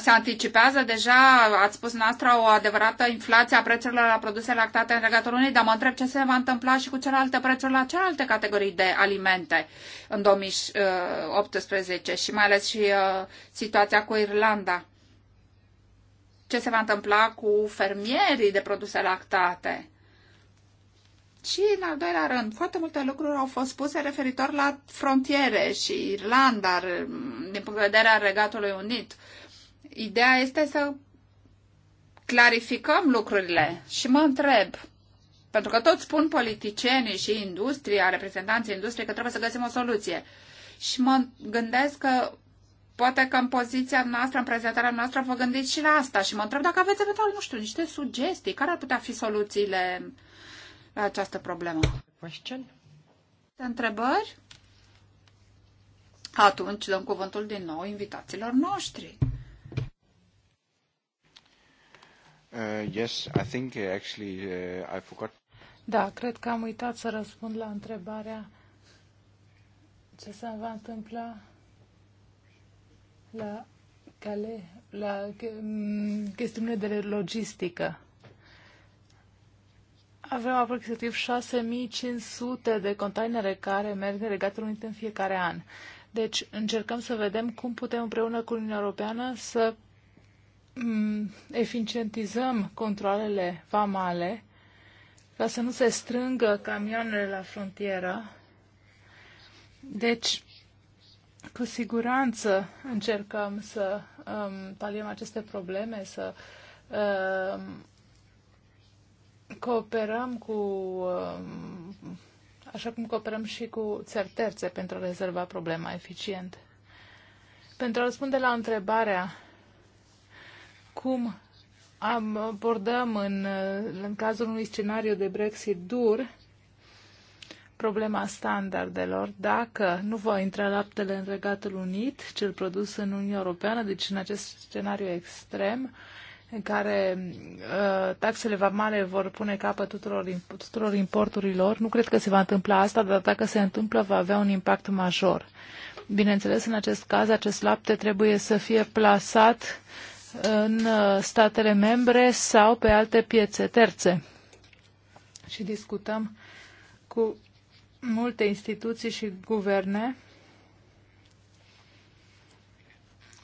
Speaker 1: se anticipează deja, ați spus noastră, o adevărată inflație a prețurilor la produse lactate în Regatul Unit, dar mă întreb ce se va întâmpla și cu celelalte prețuri la celelalte categorii de alimente în 2018 și mai ales și uh, situația cu Irlanda. Ce se va întâmpla cu fermierii de produse lactate? Și, în al doilea rând, foarte multe lucruri au fost spuse referitor la frontiere și Irlanda, din punct de vedere al Regatului Unit. Uh, Ideea este să clarificăm lucrurile și mă întreb, pentru că tot spun politicienii și industria, reprezentanții industriei, că trebuie să găsim o soluție. Și mă gândesc că poate că în poziția noastră, în prezentarea noastră, vă gândiți și la asta și mă întreb dacă aveți eventual, nu știu, niște sugestii, care ar putea fi soluțiile la această problemă. Question? Întrebări? Atunci dăm cuvântul din nou invitațiilor noștri. Uh, yes, I think uh, actually uh, I forgot. Da, cred că am uitat să răspund
Speaker 2: la întrebarea ce se va întâmpla la cale, la chestiunile de logistică. Avem aproximativ 6500 de containere care merg în Regatul Unit în fiecare an. Deci încercăm să vedem cum putem împreună cu Uniunea Europeană să Mm, eficientizăm controlele vamale ca să nu se strângă camioanele la frontieră. Deci, cu siguranță încercăm să um, paliem aceste probleme, să um, cooperăm cu, um, așa cum cooperăm și cu țări terțe pentru a rezolva problema eficient. Pentru a răspunde la întrebarea cum abordăm în, în cazul unui scenariu de Brexit dur problema standardelor. Dacă nu va intra laptele în Regatul Unit, cel produs în Uniunea Europeană, deci în acest scenariu extrem, în care uh, taxele vamale vor pune capăt tuturor, tuturor importurilor, nu cred că se va întâmpla asta, dar dacă se întâmplă, va avea un impact major. Bineînțeles, în acest caz, acest lapte trebuie să fie plasat uh, în uh, statele membre sau pe alte piețe terțe. Și discutăm cu multe instituții și guverne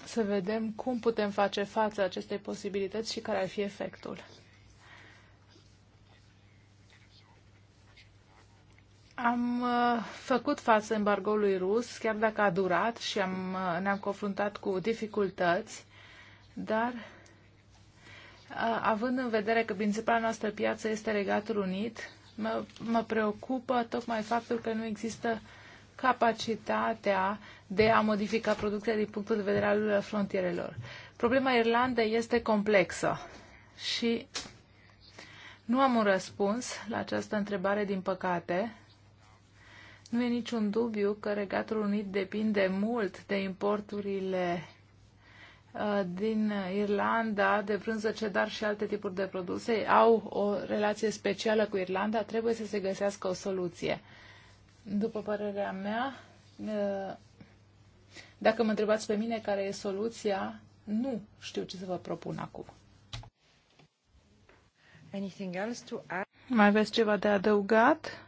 Speaker 2: să vedem cum putem face față acestei posibilități și care ar fi efectul. Am uh, făcut față embargoului rus, chiar dacă a durat și am, uh, ne-am confruntat cu dificultăți dar având în vedere că principala noastră piață este Regatul Unit, mă, mă preocupă tocmai faptul că nu există capacitatea de a modifica producția din punctul de vedere al frontierelor. Problema Irlandei este complexă și nu am un răspuns la această întrebare, din păcate. Nu e niciun dubiu că Regatul Unit depinde mult de importurile Uh, din Irlanda de brânză, cedar și alte tipuri de produse au o relație specială cu Irlanda, trebuie să se găsească o soluție. După părerea mea, uh, dacă mă întrebați pe mine care e soluția, nu știu ce să vă propun acum. Mai aveți ceva de adăugat?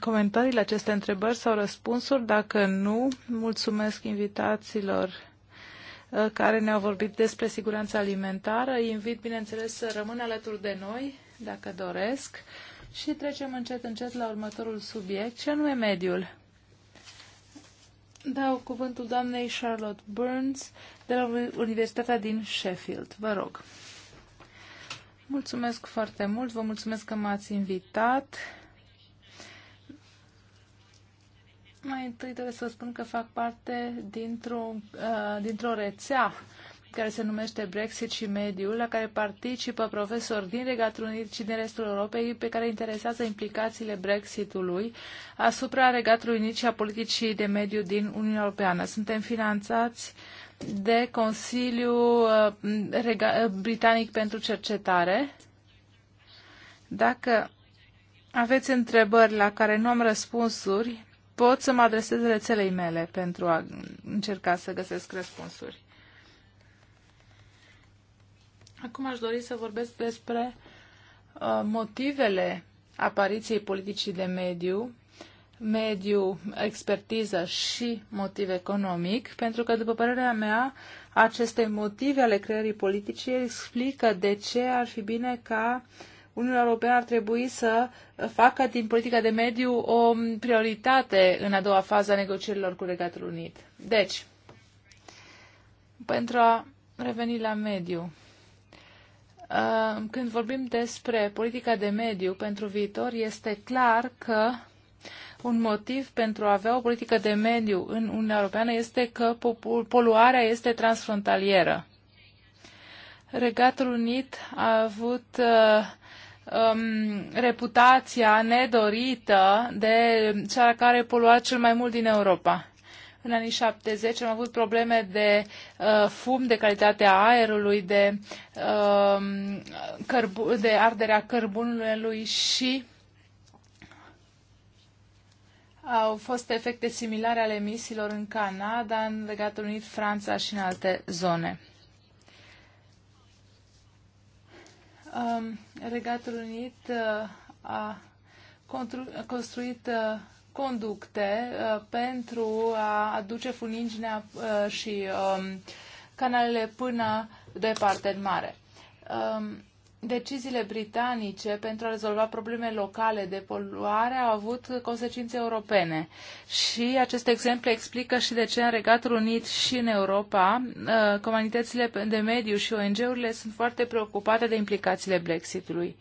Speaker 2: comentariile aceste întrebări sau răspunsuri? Dacă nu, mulțumesc invitațiilor uh, care ne-au vorbit despre siguranța alimentară. Îi invit, bineînțeles, să rămână alături de noi, dacă doresc. Și trecem încet, încet la următorul subiect, ce anume mediul. Dau cuvântul doamnei Charlotte Burns de la Universitatea din Sheffield. Vă rog. Mulțumesc foarte mult, vă mulțumesc că m-ați invitat. Mai întâi trebuie să vă spun că fac parte dintr-o, uh, dintr-o rețea care se numește Brexit și Mediul, la care participă profesori din Regatul Unit și din restul Europei, pe care interesează implicațiile Brexitului asupra Regatului Unit și a politicii de mediu din Uniunea Europeană. Suntem finanțați de Consiliul uh, uh, Britanic pentru Cercetare. Dacă aveți întrebări la care nu am răspunsuri, pot să mă adresez rețelei mele pentru a încerca să găsesc răspunsuri. Acum aș dori să vorbesc despre uh, motivele apariției politicii de mediu, mediu, expertiză și motiv economic, pentru că, după părerea mea, aceste motive ale creării politicii explică de ce ar fi bine ca uh, Uniunea Europeană ar trebui să facă din politica de mediu o prioritate în a doua fază a negocierilor cu Regatul Unit. Deci, pentru a reveni la mediu, uh, când vorbim despre politica de mediu pentru viitor, este clar că un motiv pentru a avea o politică de mediu în Uniunea Europeană este că poluarea este transfrontalieră. Regatul Unit a avut uh, um, reputația nedorită de cea care polua cel mai mult din Europa. În anii 70 am avut probleme de uh, fum, de calitatea aerului, de, uh, de arderea cărbunului și au fost efecte similare ale emisiilor în Canada, în Legatul Unit, Franța și în alte zone. Regatul Unit uh, a construit uh, conducte uh, pentru a aduce funinginea și um, canalele până departe în mare. Um, deciziile britanice pentru a rezolva probleme locale de poluare au avut consecințe europene. Și acest exemplu explică și de ce în Regatul Unit și în Europa uh, comunitățile de mediu și ONG-urile sunt foarte preocupate de implicațiile Brexitului.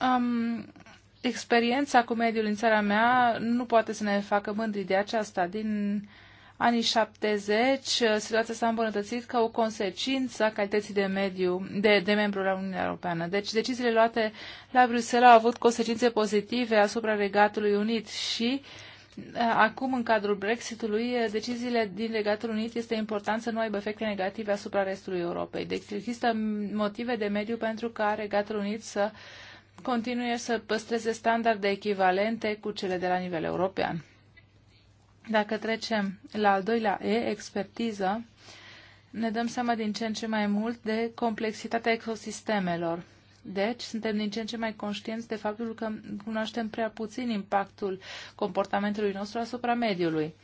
Speaker 2: Um, experiența cu mediul în țara mea nu poate să ne facă mândri de aceasta. Din uh, anii 70, uh, situația s-a îmbunătățit ca o consecință a calității de mediu de, de membru la Uniunea Europeană. Deci deciziile luate la Bruxelles au avut consecințe pozitive asupra Regatului Unit și uh, Acum, în cadrul Brexitului, uh, deciziile din Regatul Unit este important să nu aibă efecte negative asupra restului Europei. Deci există motive de mediu pentru ca Regatul Unit să continue să păstreze standarde echivalente cu cele de la nivel european. Dacă trecem la al doilea E, expertiză, ne dăm seama din ce în ce mai mult de complexitatea ecosistemelor. Deci, suntem din ce în ce mai conștienți de faptul că cunoaștem prea puțin impactul comportamentului nostru asupra mediului.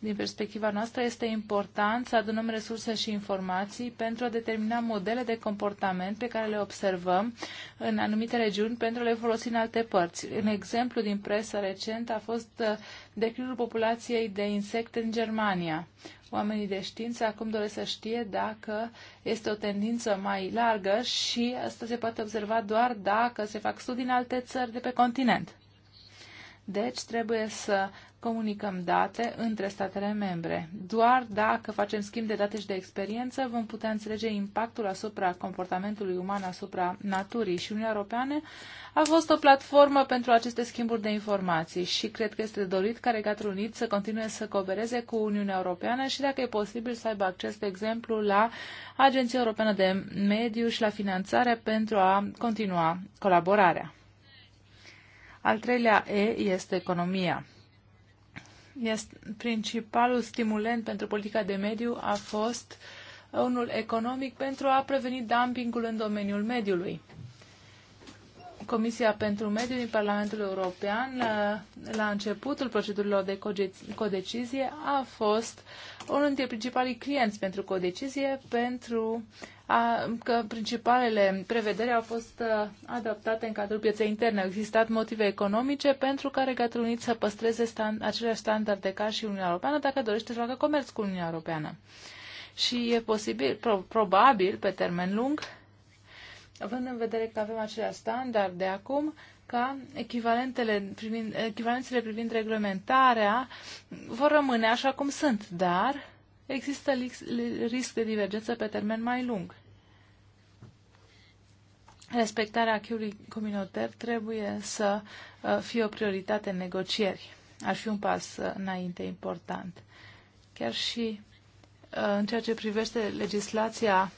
Speaker 2: Din perspectiva noastră, este important să adunăm resurse și informații pentru a determina modele de comportament pe care le observăm în anumite regiuni pentru a le folosi în alte părți. Un exemplu din presă recent a fost uh, declinul populației de insecte în Germania. Oamenii de știință acum doresc să știe dacă este o tendință mai largă și asta se poate observa doar dacă se fac studii în alte țări de pe continent. Deci trebuie să comunicăm date între statele membre. Doar dacă facem schimb de date și de experiență, vom putea înțelege impactul asupra comportamentului uman, asupra naturii. Și Uniunea Europeană a fost o platformă pentru aceste schimburi de informații și cred că este dorit ca Regatul Unit să continue să coopereze cu Uniunea Europeană și dacă e posibil să aibă acces, de exemplu, la Agenția Europeană de Mediu și la finanțare pentru a continua colaborarea. Al treilea E este economia este principalul stimulent pentru politica de mediu a fost unul economic pentru a preveni dumpingul în domeniul mediului. Comisia pentru Mediu din Parlamentul European, la, uh, la începutul procedurilor de codecizie, a fost unul dintre principalii clienți pentru codecizie pentru a, că principalele prevederi au fost uh, adaptate în cadrul pieței interne. Au existat motive economice pentru care Regatul Unit să păstreze stand, aceleași standarde ca și Uniunea Europeană dacă dorește să facă comerț cu Uniunea Europeană. Și e posibil, pro, probabil, pe termen lung, având în vedere că avem aceleași standarde acum, ca echivalentele privind, echivalențele privind reglementarea vor rămâne așa cum sunt, dar există risc de divergență pe termen mai lung. Respectarea acquis comunitar trebuie să uh, fie o prioritate în negocieri. Ar fi un pas uh, înainte important. Chiar și uh, în ceea ce privește legislația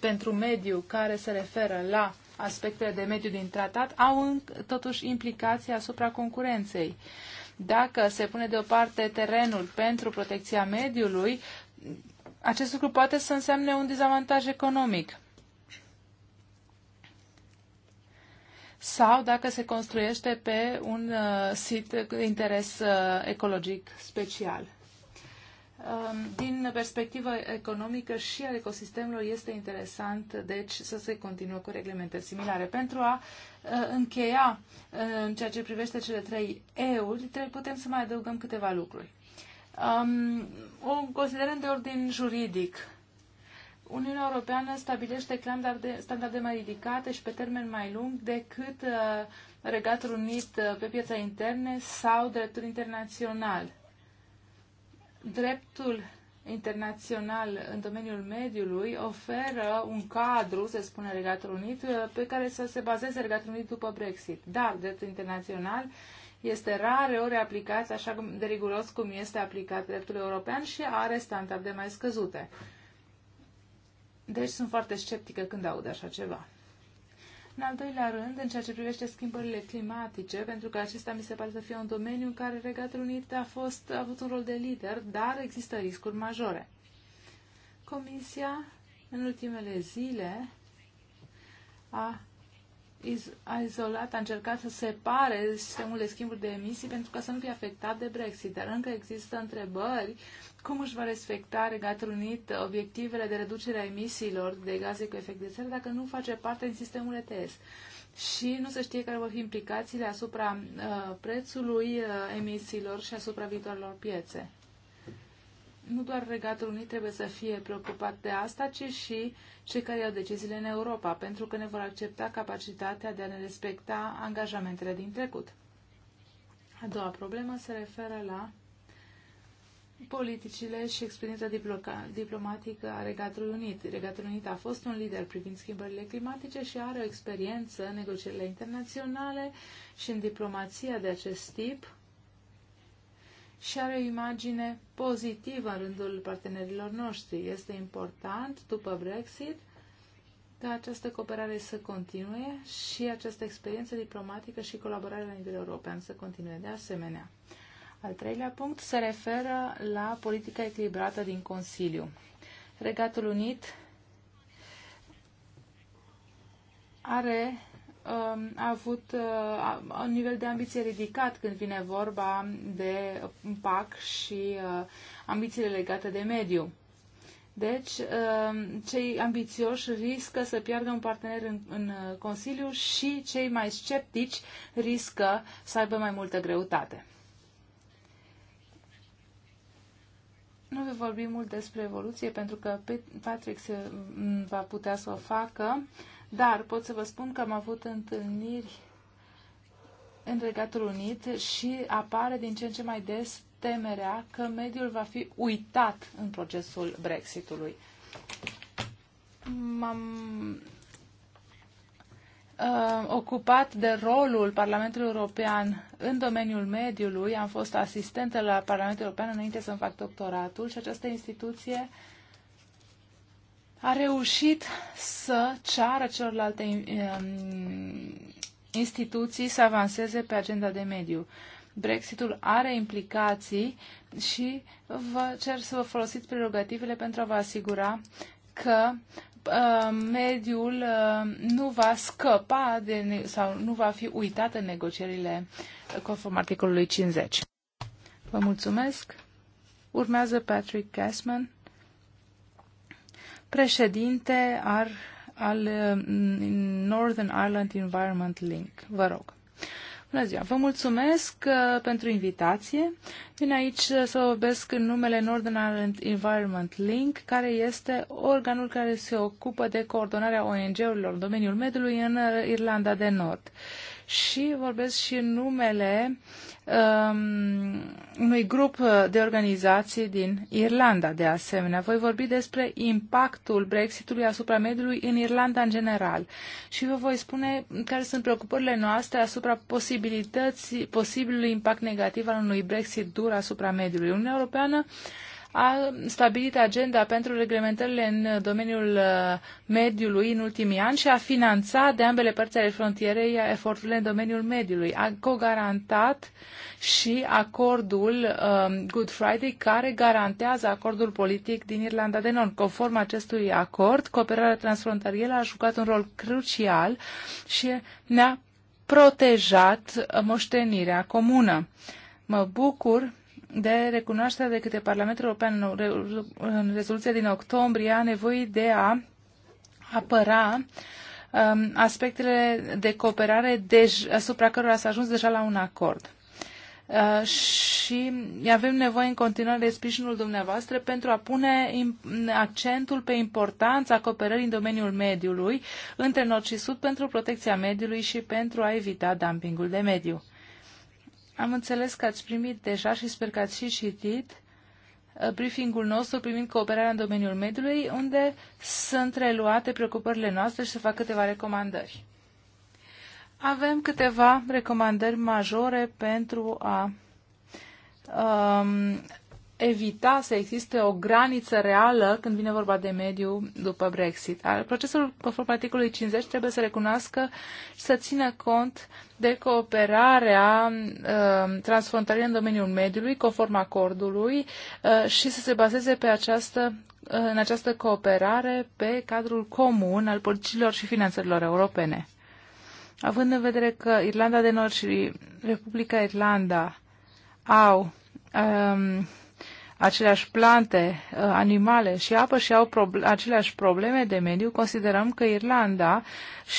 Speaker 2: pentru mediu care se referă la aspectele de mediu din tratat, au totuși implicații asupra concurenței. Uh, dacă se pune deoparte terenul pentru protecția mediului, acest lucru poate să însemne un dezavantaj economic. Sau dacă se construiește pe un uh, sit de interes uh, ecologic special. Um, din perspectivă economică și al ecosistemelor este interesant, deci, să se continue cu reglementări similare pentru a Eh, încheia eh, în ceea ce privește cele trei euri, putem să mai adăugăm câteva lucruri. Um, un de ordin juridic. Uniunea Europeană stabilește standarde, standarde mai ridicate și pe termen mai lung decât uh, Regatul Unit uh, pe piața interne sau dreptul internațional. Dreptul internațional în domeniul mediului oferă un cadru, se spune Regatul Unit, uh, pe care să se bazeze Regatul Unit după Brexit. Dar dreptul internațional este rare ori aplicat așa de riguros cum este aplicat dreptul european și are standarde mai scăzute. Deci sunt foarte sceptică când aud așa ceva. În al doilea rând, în ceea ce privește schimbările climatice, pentru că acesta mi se pare să fie un domeniu în care Regatul Unit a, fost, a avut un rol de lider, dar există riscuri majore. Comisia, în ultimele zile, a a izolat, a încercat să separe sistemul de schimburi de emisii pentru ca să nu fie afectat de Brexit. Dar încă există întrebări cum își va respecta Regatul Unit obiectivele de reducere a emisiilor de gaze cu efect de seră dacă nu face parte din sistemul ETS. Și nu se știe care vor fi implicațiile asupra uh, prețului uh, emisiilor și asupra viitorilor piețe nu doar Regatul Unit trebuie să fie preocupat de asta, ci și cei care iau deciziile în Europa, pentru că ne vor accepta capacitatea de a ne respecta angajamentele din trecut. A doua problemă se referă la politicile și experiența diplomatică a Regatului Unit. Regatul Unit a fost un lider privind schimbările climatice și are o experiență în negocierile internaționale și în diplomația de acest tip și are o imagine pozitivă în rândul partenerilor noștri. Este important, după Brexit, ca această cooperare să continue și această experiență diplomatică și colaborare la nivel european să continue de asemenea. Al treilea punct se referă la politica echilibrată din Consiliu. Regatul Unit are Um, a avut uh, un nivel de ambiție ridicat când vine vorba de PAC și uh, ambițiile legate de mediu. Deci, um, cei ambițioși riscă să piardă un partener în, în uh, Consiliu și cei mai sceptici riscă să aibă mai multă greutate. Nu vei vorbi mult despre evoluție, pentru că Patrick se va putea să o facă. Uh, dar pot să vă spun că am avut întâlniri în Regatul Unit și apare din ce în ce mai des temerea că mediul va fi uitat în procesul Brexitului. M-am uh, ocupat de rolul Parlamentului European în domeniul mediului. Am fost asistentă la Parlamentul European înainte să-mi fac doctoratul și această instituție uh, a reușit să ceară celorlalte um, instituții să avanseze pe agenda de mediu. Brexitul are implicații și vă cer să vă folosiți prerogativele pentru a vă asigura că uh, mediul uh, nu va scăpa de sau nu va fi uitat în negocierile conform articolului 50. Vă mulțumesc. Urmează Patrick Gassman președinte ar, al mm, Northern Ireland Environment Link. Vă rog. Bună ziua! Vă mulțumesc uh, pentru invitație. Vin aici uh, să vorbesc în numele Northern Ireland Environment Link, care este organul care se ocupă de coordonarea ONG-urilor în domeniul mediului în uh, Irlanda de Nord. Uh, și vorbesc și în numele um, unui grup de organizații din Irlanda, de asemenea. Voi vorbi despre impactul Brexitului asupra mediului în Irlanda în general și vă voi spune care sunt preocupările noastre asupra posibilității, posibilului impact negativ al unui Brexit dur asupra mediului. Uniunea Europeană uh, a stabilit agenda pentru reglementările în domeniul uh, mediului în ultimii ani și a finanțat de ambele părți ale frontierei eforturile în domeniul mediului. A co-garantat și acordul um, Good Friday care garantează acordul politic din Irlanda de Nord. Conform acestui acord, cooperarea transfrontalieră a jucat un rol crucial și ne-a protejat moștenirea comună. Mă bucur de recunoaștere de către Parlamentul European în rezoluția din octombrie a nevoii de a apăra um, aspectele de cooperare dej- asupra cărora s-a ajuns deja la un acord. Uh, și avem nevoie în continuare de sprijinul dumneavoastră pentru a pune accentul pe importanța cooperării în domeniul mediului între nord și sud pentru protecția mediului și pentru a evita dumpingul de mediu. Am înțeles că ați primit deja și sper că ați și citit uh, briefingul nostru privind cooperarea în domeniul mediului, unde sunt reluate preocupările noastre și se fac câteva recomandări. Avem câteva recomandări majore pentru a um, evita să existe o graniță reală când vine vorba de mediu după Brexit. procesul conform articolului 50 trebuie să recunoască și să țină cont de cooperarea uh, transfrontalieră în domeniul mediului conform acordului uh, și să se bazeze pe această, uh, în această cooperare pe cadrul comun al politicilor și finanțărilor europene. Având în vedere că Irlanda de Nord și Republica Irlanda au um, aceleași plante, uh, animale și apă și au proble- aceleași probleme de mediu, considerăm că Irlanda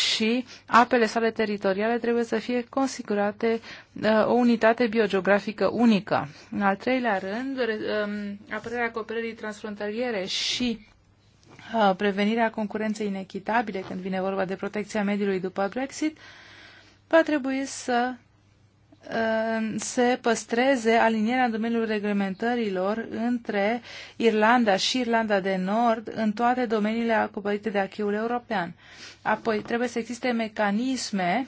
Speaker 2: și apele sale teritoriale trebuie să fie consigurate uh, o unitate biogeografică unică. În al treilea rând, um, apărarea cooperării transfrontaliere și uh, prevenirea concurenței inechitabile când vine vorba de protecția mediului după Brexit, va trebui să Uh, se păstreze alinierea în domeniul reglementărilor între Irlanda și Irlanda de Nord în toate domeniile acoperite de acquis european. Apoi, trebuie să existe mecanisme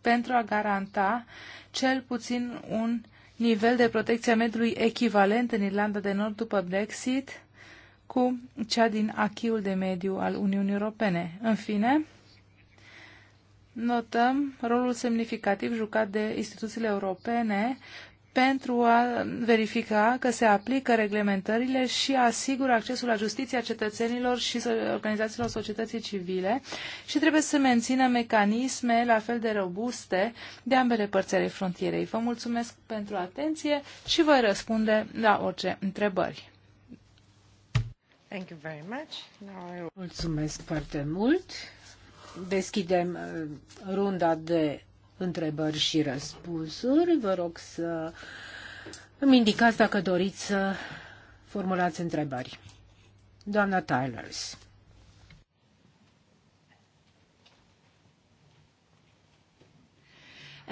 Speaker 2: pentru a garanta cel puțin un nivel de protecție a mediului echivalent în Irlanda de Nord după Brexit cu cea din achiul de mediu al Uniunii Europene. În fine, notăm rolul semnificativ jucat de instituțiile europene pentru a verifica că se aplică reglementările și asigură accesul la justiție a cetățenilor și organizațiilor societății civile și trebuie să mențină mecanisme la fel de robuste de ambele părți ale frontierei. Vă mulțumesc pentru atenție și voi răspunde
Speaker 3: la orice întrebări. Thank you very much. Now I... Mulțumesc foarte mult deschidem uh, runda de întrebări și răspunsuri. Vă rog să îmi indicați dacă doriți să formulați întrebări. Doamna Tylers.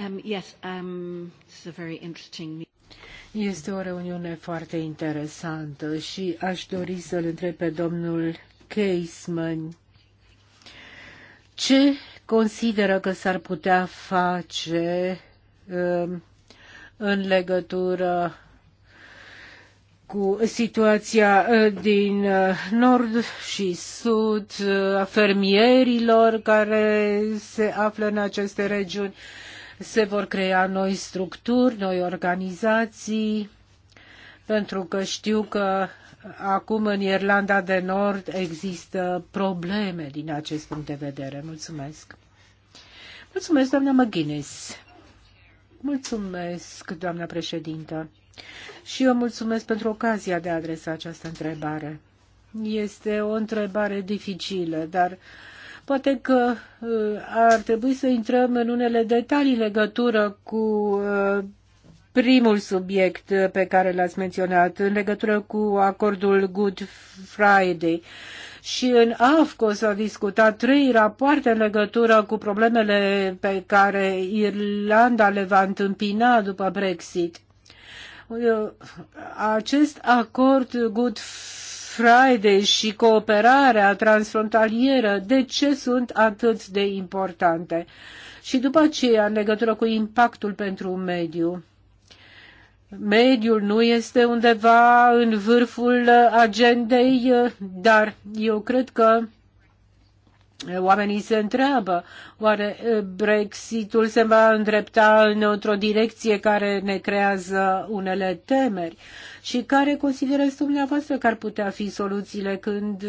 Speaker 3: Um, yes, um, this is a very interesting... Este o reuniune foarte interesantă și aș dori să-l întreb pe domnul Caseman ce consideră că s-ar putea face um, în legătură cu situația uh, din uh, nord și sud, uh, a fermierilor care se află în aceste regiuni. Se vor crea noi structuri, noi organizații, pentru că știu că acum în Irlanda de Nord există probleme din acest punct de vedere. Mulțumesc. Mulțumesc, doamna McGuinness. Mulțumesc, doamna președintă. Și eu mulțumesc pentru ocazia de a adresa această întrebare. Este o întrebare dificilă, dar poate că uh, ar trebui să intrăm în unele detalii legătură cu uh, primul subiect pe care l-ați menționat în legătură cu acordul Good Friday. Și în AFCO s-au discutat trei rapoarte în legătură cu problemele pe care Irlanda le va întâmpina după Brexit. Acest acord Good Friday și cooperarea transfrontalieră, de ce sunt atât de importante? Și după aceea, în legătură cu impactul pentru mediu, mediul nu este undeva în vârful uh, agendei, uh, dar eu cred că uh, Oamenii se întreabă, oare Brexitul se va îndrepta în într-o direcție care ne creează unele temeri și care considerați dumneavoastră că ar putea fi soluțiile când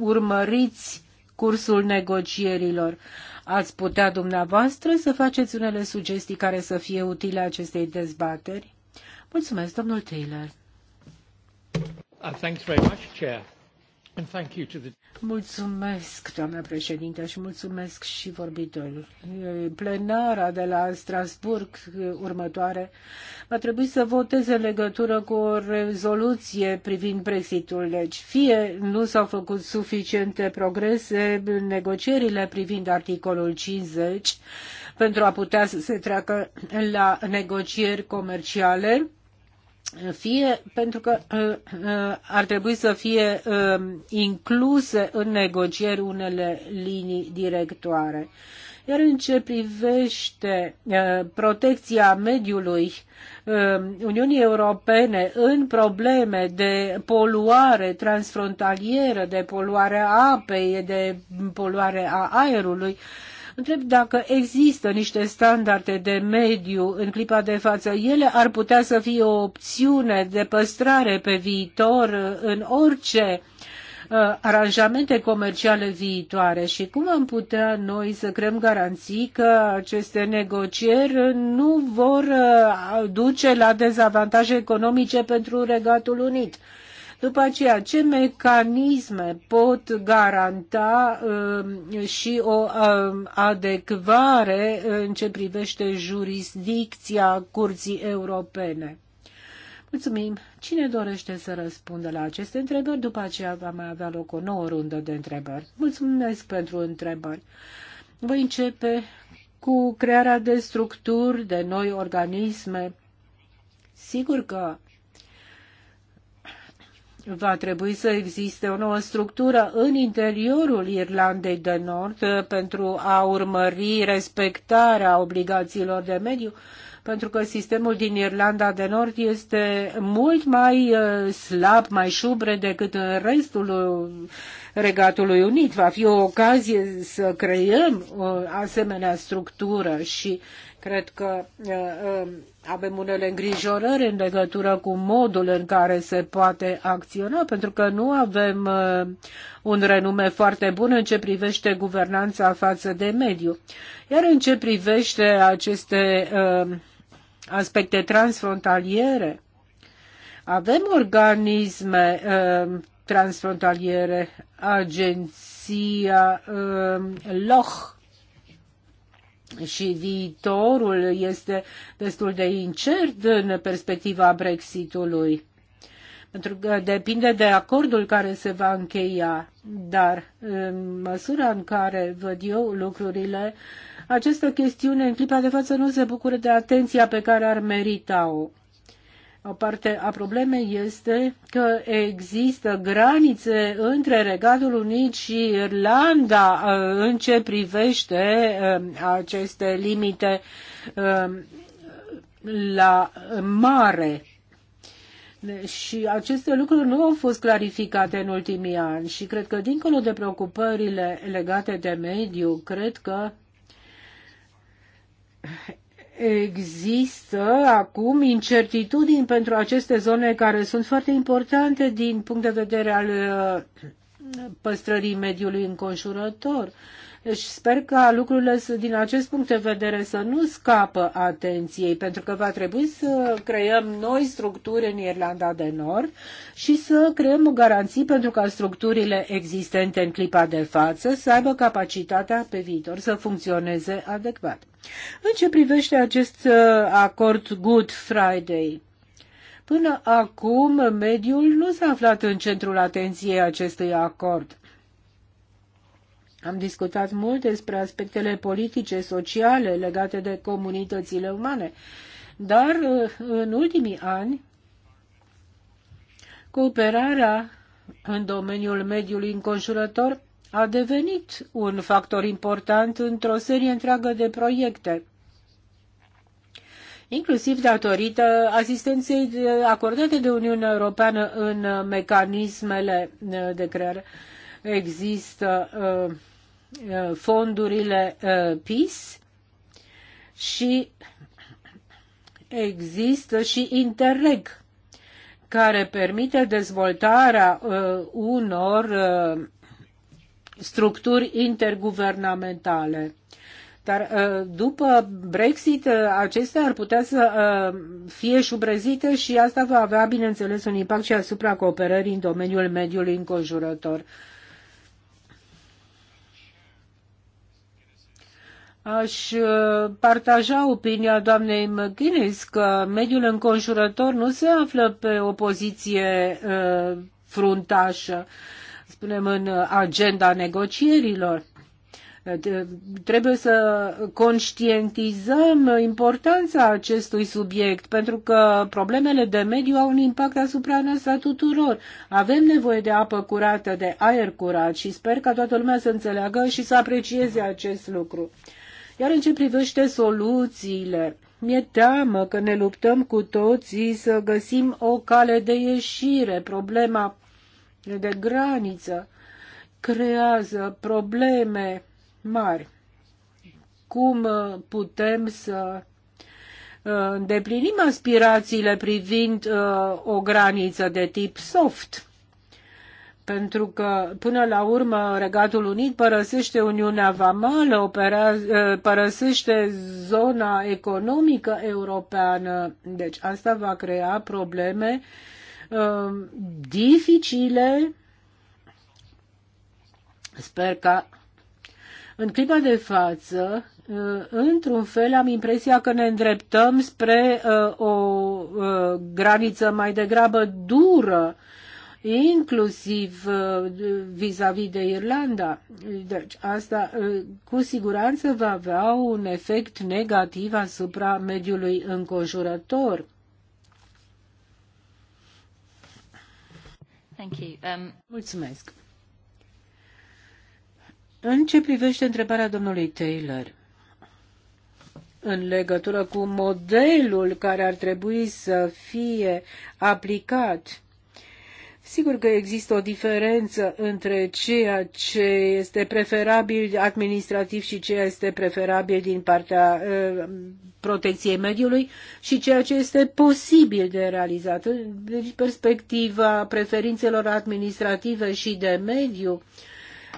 Speaker 3: urmăriți cursul negocierilor? Ați putea dumneavoastră să faceți unele sugestii care să fie utile acestei dezbateri? Mulțumesc, domnul Taylor.
Speaker 2: Uh, thanks very much, Chair.
Speaker 3: Mulțumesc, doamnă președinte, și mulțumesc și vorbitorilor. Plenara de la Strasburg următoare va trebui să voteze în legătură cu o rezoluție privind Brexitul. Deci fie nu s-au făcut suficiente progrese în negocierile privind articolul 50 pentru a putea să se treacă la negocieri comerciale, fie pentru că uh, uh, ar trebui să fie uh, incluse în negocieri unele linii directoare. Iar în ce privește protecția mediului Uniunii Europene în probleme de poluare transfrontalieră, de poluare a apei, de poluare a aerului, Întreb dacă există niște standarde de mediu în clipa de față. Ele ar putea să fie o opțiune de păstrare pe viitor în orice uh, aranjamente comerciale viitoare și cum am putea noi să creăm garanții că aceste negocieri nu vor uh, duce la dezavantaje economice pentru Regatul Unit. După aceea, ce mecanisme pot garanta uh, și o uh, adecvare în ce privește jurisdicția Curții Europene? Mulțumim. Cine dorește să răspundă la aceste întrebări? După aceea va mai avea loc o nouă rundă de întrebări. Mulțumesc pentru întrebări. Voi începe cu crearea de structuri, de noi organisme. Sigur că va trebui să existe o nouă structură în interiorul Irlandei de Nord uh, pentru a urmări respectarea obligațiilor de mediu, pentru că sistemul din Irlanda de Nord este mult mai uh, slab, mai șubre decât în restul uh, Regatului Unit. Va fi o ocazie să creăm o asemenea structură și Cred că uh, um, avem unele îngrijorări în legătură cu modul în care se poate acționa, pentru că nu avem uh, un renume foarte bun în ce privește guvernanța față de mediu. Iar în ce privește aceste um, aspecte transfrontaliere, avem organisme um, transfrontaliere, agenția LOH, și viitorul este destul de incert în perspectiva Brexitului pentru că depinde de acordul care se va încheia. Dar în măsura în care văd eu lucrurile, această chestiune în clipa de față nu se bucură de atenția pe care ar merita-o. O parte a problemei este că există granițe între Regatul Unit și Irlanda uh, în ce privește um, aceste limite um, la mare. Și aceste lucruri nu au fost clarificate în ultimii ani și cred că dincolo de preocupările legate de mediu, cred că există acum incertitudini pentru aceste zone care sunt foarte importante din punct de vedere al uh, păstrării mediului înconjurător. Deci sper că lucrurile din acest punct de vedere să nu scapă atenției, pentru că va trebui să creăm noi structuri în Irlanda de Nord și să creăm garanții, pentru ca structurile existente în clipa de față să aibă capacitatea pe viitor să funcționeze adecvat. În ce privește acest uh, acord Good Friday, Până acum, mediul nu s-a aflat în centrul atenției acestui acord. Am discutat mult despre aspectele politice, sociale legate de comunitățile umane, dar uh, în ultimii ani cooperarea în domeniul mediului înconjurător a devenit un factor important într-o serie întreagă de proiecte inclusiv datorită asistenței acordate de Uniunea Europeană în mecanismele uh, de creare. Există uh, Uh, fondurile uh, PIS și există și Interreg care permite dezvoltarea uh, unor structuri interguvernamentale. Dar după Brexit, acestea ar putea să fie șubrezite și asta va avea, bineînțeles, un impact și asupra cooperării în domeniul mediului înconjurător. Aș uh, partaja opinia doamnei McGuinness că mediul înconjurător nu se află pe o poziție uh, fruntașă, spunem, în agenda negocierilor. Trebuie să conștientizăm importanța acestui subiect, pentru că problemele de mediu au un impact asupra noastră tuturor. Avem nevoie de apă curată, de aer curat și sper ca toată lumea să înțeleagă și să aprecieze acest lucru. Iar în ce privește soluțiile, mi-e teamă că ne luptăm cu toții să găsim o cale de ieșire. Problema de graniță creează probleme mari. Cum uh, putem să uh, îndeplinim aspirațiile privind uh, o graniță de tip soft? pentru că până la urmă Regatul Unit părăsește Uniunea Vamală, opera, ă, părăsește zona economică europeană. Deci asta va crea probleme ă, dificile. Sper că în clipa de față, ă, într-un fel, am impresia că ne îndreptăm spre o graniță mai degrabă dură inclusiv uh, vis-a-vis -vis de Irlanda. Deci asta uh, cu siguranță va avea un efect negativ asupra mediului înconjurător. Thank you. Um... Mulțumesc. În ce privește întrebarea domnului Taylor, în legătură cu modelul care ar trebui să fie aplicat Sigur că există o diferență între ceea ce este preferabil administrativ și ceea ce este preferabil din partea uh, protecției mediului și ceea ce este posibil de realizat. Deci perspectiva preferințelor administrative și de mediu,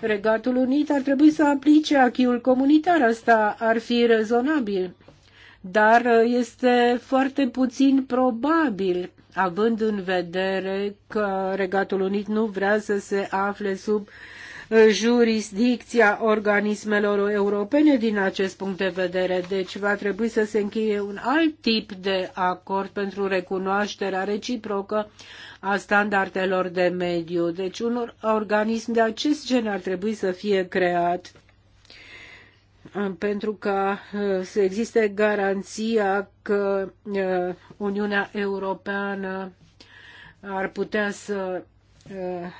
Speaker 3: Regatul Unit ar trebui să aplice achiul comunitar. Asta ar fi rezonabil, dar uh, este foarte puțin probabil având în vedere că Regatul Unit nu vrea să se afle sub uh, jurisdicția organismelor europene din acest punct de vedere. Deci va trebui să se încheie un alt tip de acord pentru recunoașterea reciprocă a standardelor de mediu. Deci un organism de acest gen ar trebui să fie creat pentru ca uh, să existe garanția că uh, Uniunea Europeană ar putea să uh,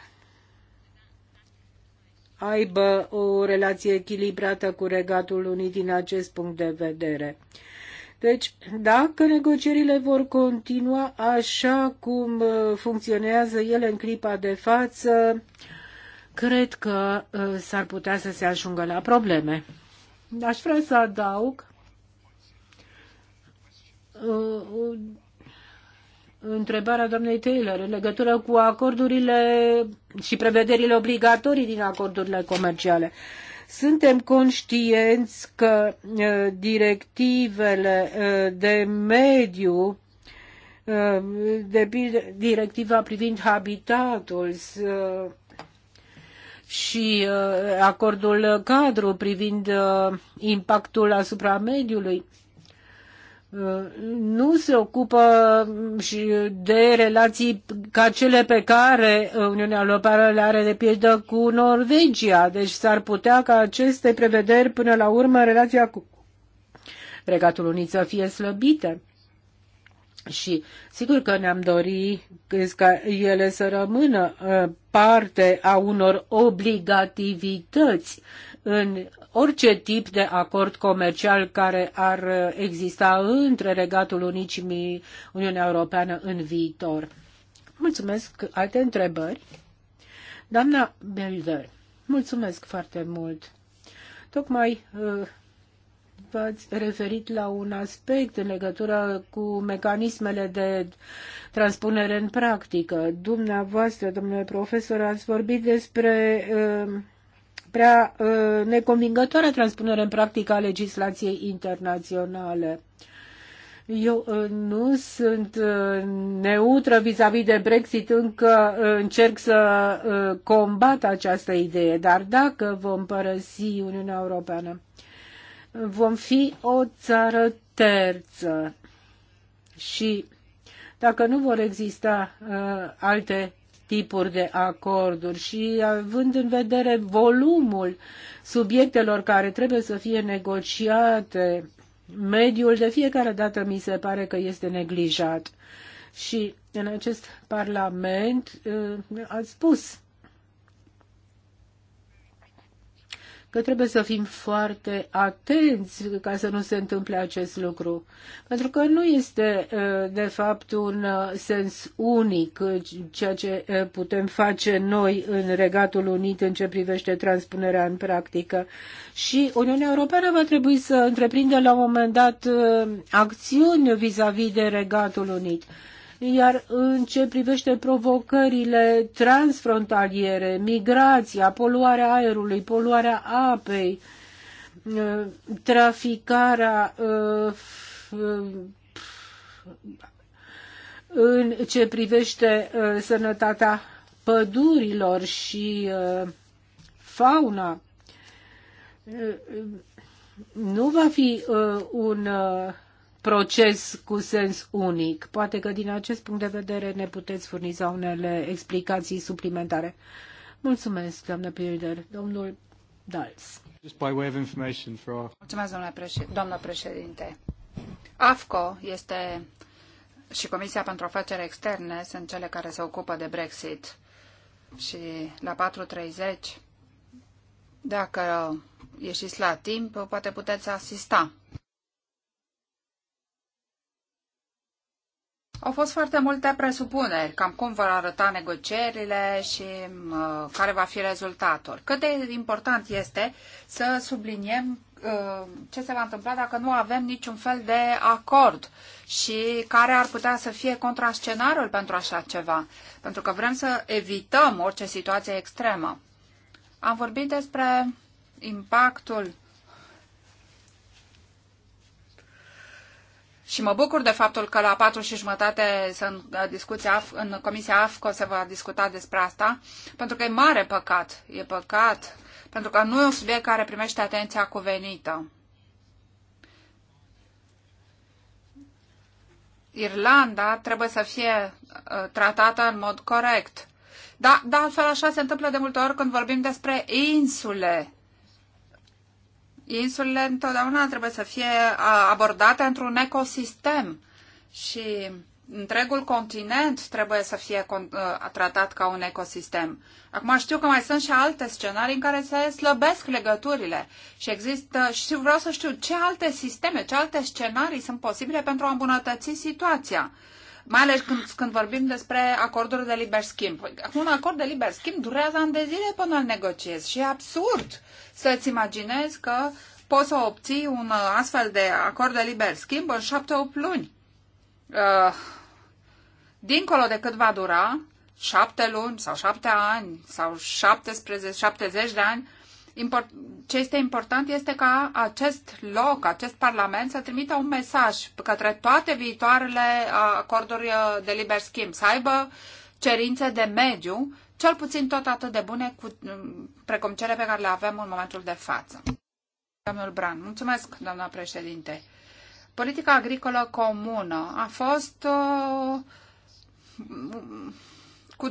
Speaker 3: aibă o relație echilibrată cu Regatul Unit din acest punct de vedere. Deci, dacă negocierile vor continua așa cum funcționează ele în clipa de față, cred că s-ar putea să se ajungă la probleme. Aș vrea să adaug uh, uh, întrebarea doamnei Taylor în legătură cu acordurile și prevederile obligatorii din acordurile comerciale. Suntem conștienți că uh, directivele de mediu de directiva privind habitatul și uh, acordul cadru privind uh, impactul asupra mediului uh, nu se ocupă mm, de relații ca cele pe care Uniunea Europeană le are de pildă cu Norvegia. Deci s-ar putea ca aceste prevederi până la urmă relația cu Regatul Unit să fie slăbite. Și sigur că ne-am dori ca ele să rămână uh, parte a unor obligativități în orice tip de acord comercial care ar uh, exista între Regatul Unit și Uniunea Europeană în viitor. Mulțumesc. Alte întrebări? Doamna Belder, mulțumesc foarte mult. Tocmai uh, v-ați referit la un aspect în legătură cu mecanismele de transpunere în practică. Dumneavoastră, domnule profesor, ați vorbit despre uh, prea uh, neconvingătoarea transpunere în practică a legislației internaționale. Eu uh, nu sunt neutră vis-a-vis -vis de Brexit, încă încerc să combat această idee, dar dacă vom părăsi Uniunea Europeană, vom fi o țară terță și dacă nu vor exista uh, alte tipuri de acorduri și având în vedere volumul subiectelor care trebuie să fie negociate, mediul de fiecare dată mi se pare că este neglijat. Și în acest Parlament uh, ați spus că trebuie să fim foarte atenți ca să nu se întâmple acest lucru. Pentru că nu este, uh, de fapt, un uh, sens unic uh, ceea ce putem face noi în Regatul Unit în ce privește transpunerea în practică. Și Uniunea Europeană va trebui să întreprindă la un moment dat acțiuni vis-a-vis -vis de Regatul Unit. Iar în ce privește provocările transfrontaliere, migrația, poluarea aerului, poluarea apei, uh, traficarea uh, uh, în ce privește sănătatea pădurilor și fauna, nu va fi un proces cu sens unic. Poate că din acest punct de vedere ne puteți furniza unele explicații suplimentare. Mulțumesc, doamnă Pilder. Domnul Dals. Mulțumesc,
Speaker 1: doamnă președinte. președinte. AFCO este și Comisia pentru Afaceri Externe sunt cele care se ocupă de Brexit. Și la 4.30, dacă ieșiți la timp, poate puteți asista Au fost foarte multe presupuneri, cam cum vor arăta negocierile și uh, care va fi rezultatul. Cât de important este să subliniem uh, ce se va întâmpla dacă nu avem niciun fel de acord și care ar putea să fie contrascenarul pentru așa ceva, pentru că vrem să evităm orice situație extremă. Am vorbit despre impactul și mă bucur de faptul că la patru și jumătate în, uh, discuția, în Comisia AFCO se va discuta despre asta, pentru că e mare păcat, e păcat, pentru că nu e un subiect care primește atenția cuvenită. Irlanda trebuie să fie uh, tratată în mod corect. Da, da, altfel așa se întâmplă de multe ori când vorbim despre insule. Insulele întotdeauna trebuie să fie abordate într-un ecosistem și întregul continent trebuie să fie tratat ca un ecosistem. Acum știu că mai sunt și alte scenarii în care se slăbesc legăturile și există și vreau să știu ce alte sisteme, ce alte scenarii sunt posibile pentru a îmbunătăți situația mai ales când, când vorbim despre acorduri de liber schimb. Păi, un acord de liber schimb durează ani de zile până îl negociezi și e absurd să-ți imaginezi că poți să obții un uh, astfel de acord de liber schimb în șapte-opt luni. Uh, dincolo de cât va dura, șapte luni sau șapte ani sau 17, 70 de ani, ce este important este ca acest loc, acest parlament să trimită un mesaj către toate viitoarele acorduri uh, de liber schimb, să aibă cerințe de mediu, cel puțin tot atât de bune cu, mm, precum cele pe care le avem în momentul de față. Domnul Bran, mulțumesc, doamna președinte. Politica agricolă comună a fost uh, cu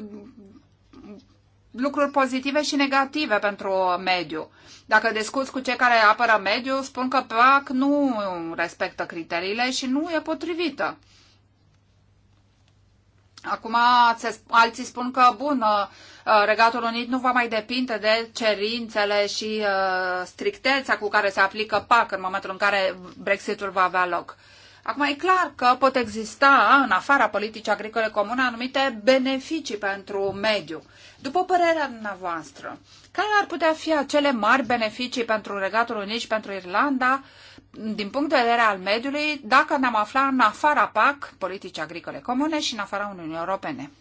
Speaker 1: lucruri pozitive și negative pentru mediu. Dacă discuți cu cei care apără mediu, spun că PAC nu respectă criteriile și nu e potrivită. Acum alții spun că, bun, uh, Regatul Unit nu va mai depinde de cerințele și uh, strictețea cu care se aplică PAC în momentul în care Brexitul va avea loc. Acum e clar că pot exista, în afara politicii agricole comune, anumite beneficii pentru mediu. După părerea dumneavoastră, care ar putea fi acele mari beneficii pentru Regatul Unit și pentru Irlanda din punct de vedere al mediului dacă ne-am afla în afara PAC, politici agricole comune, și în afara Uniunii Europene?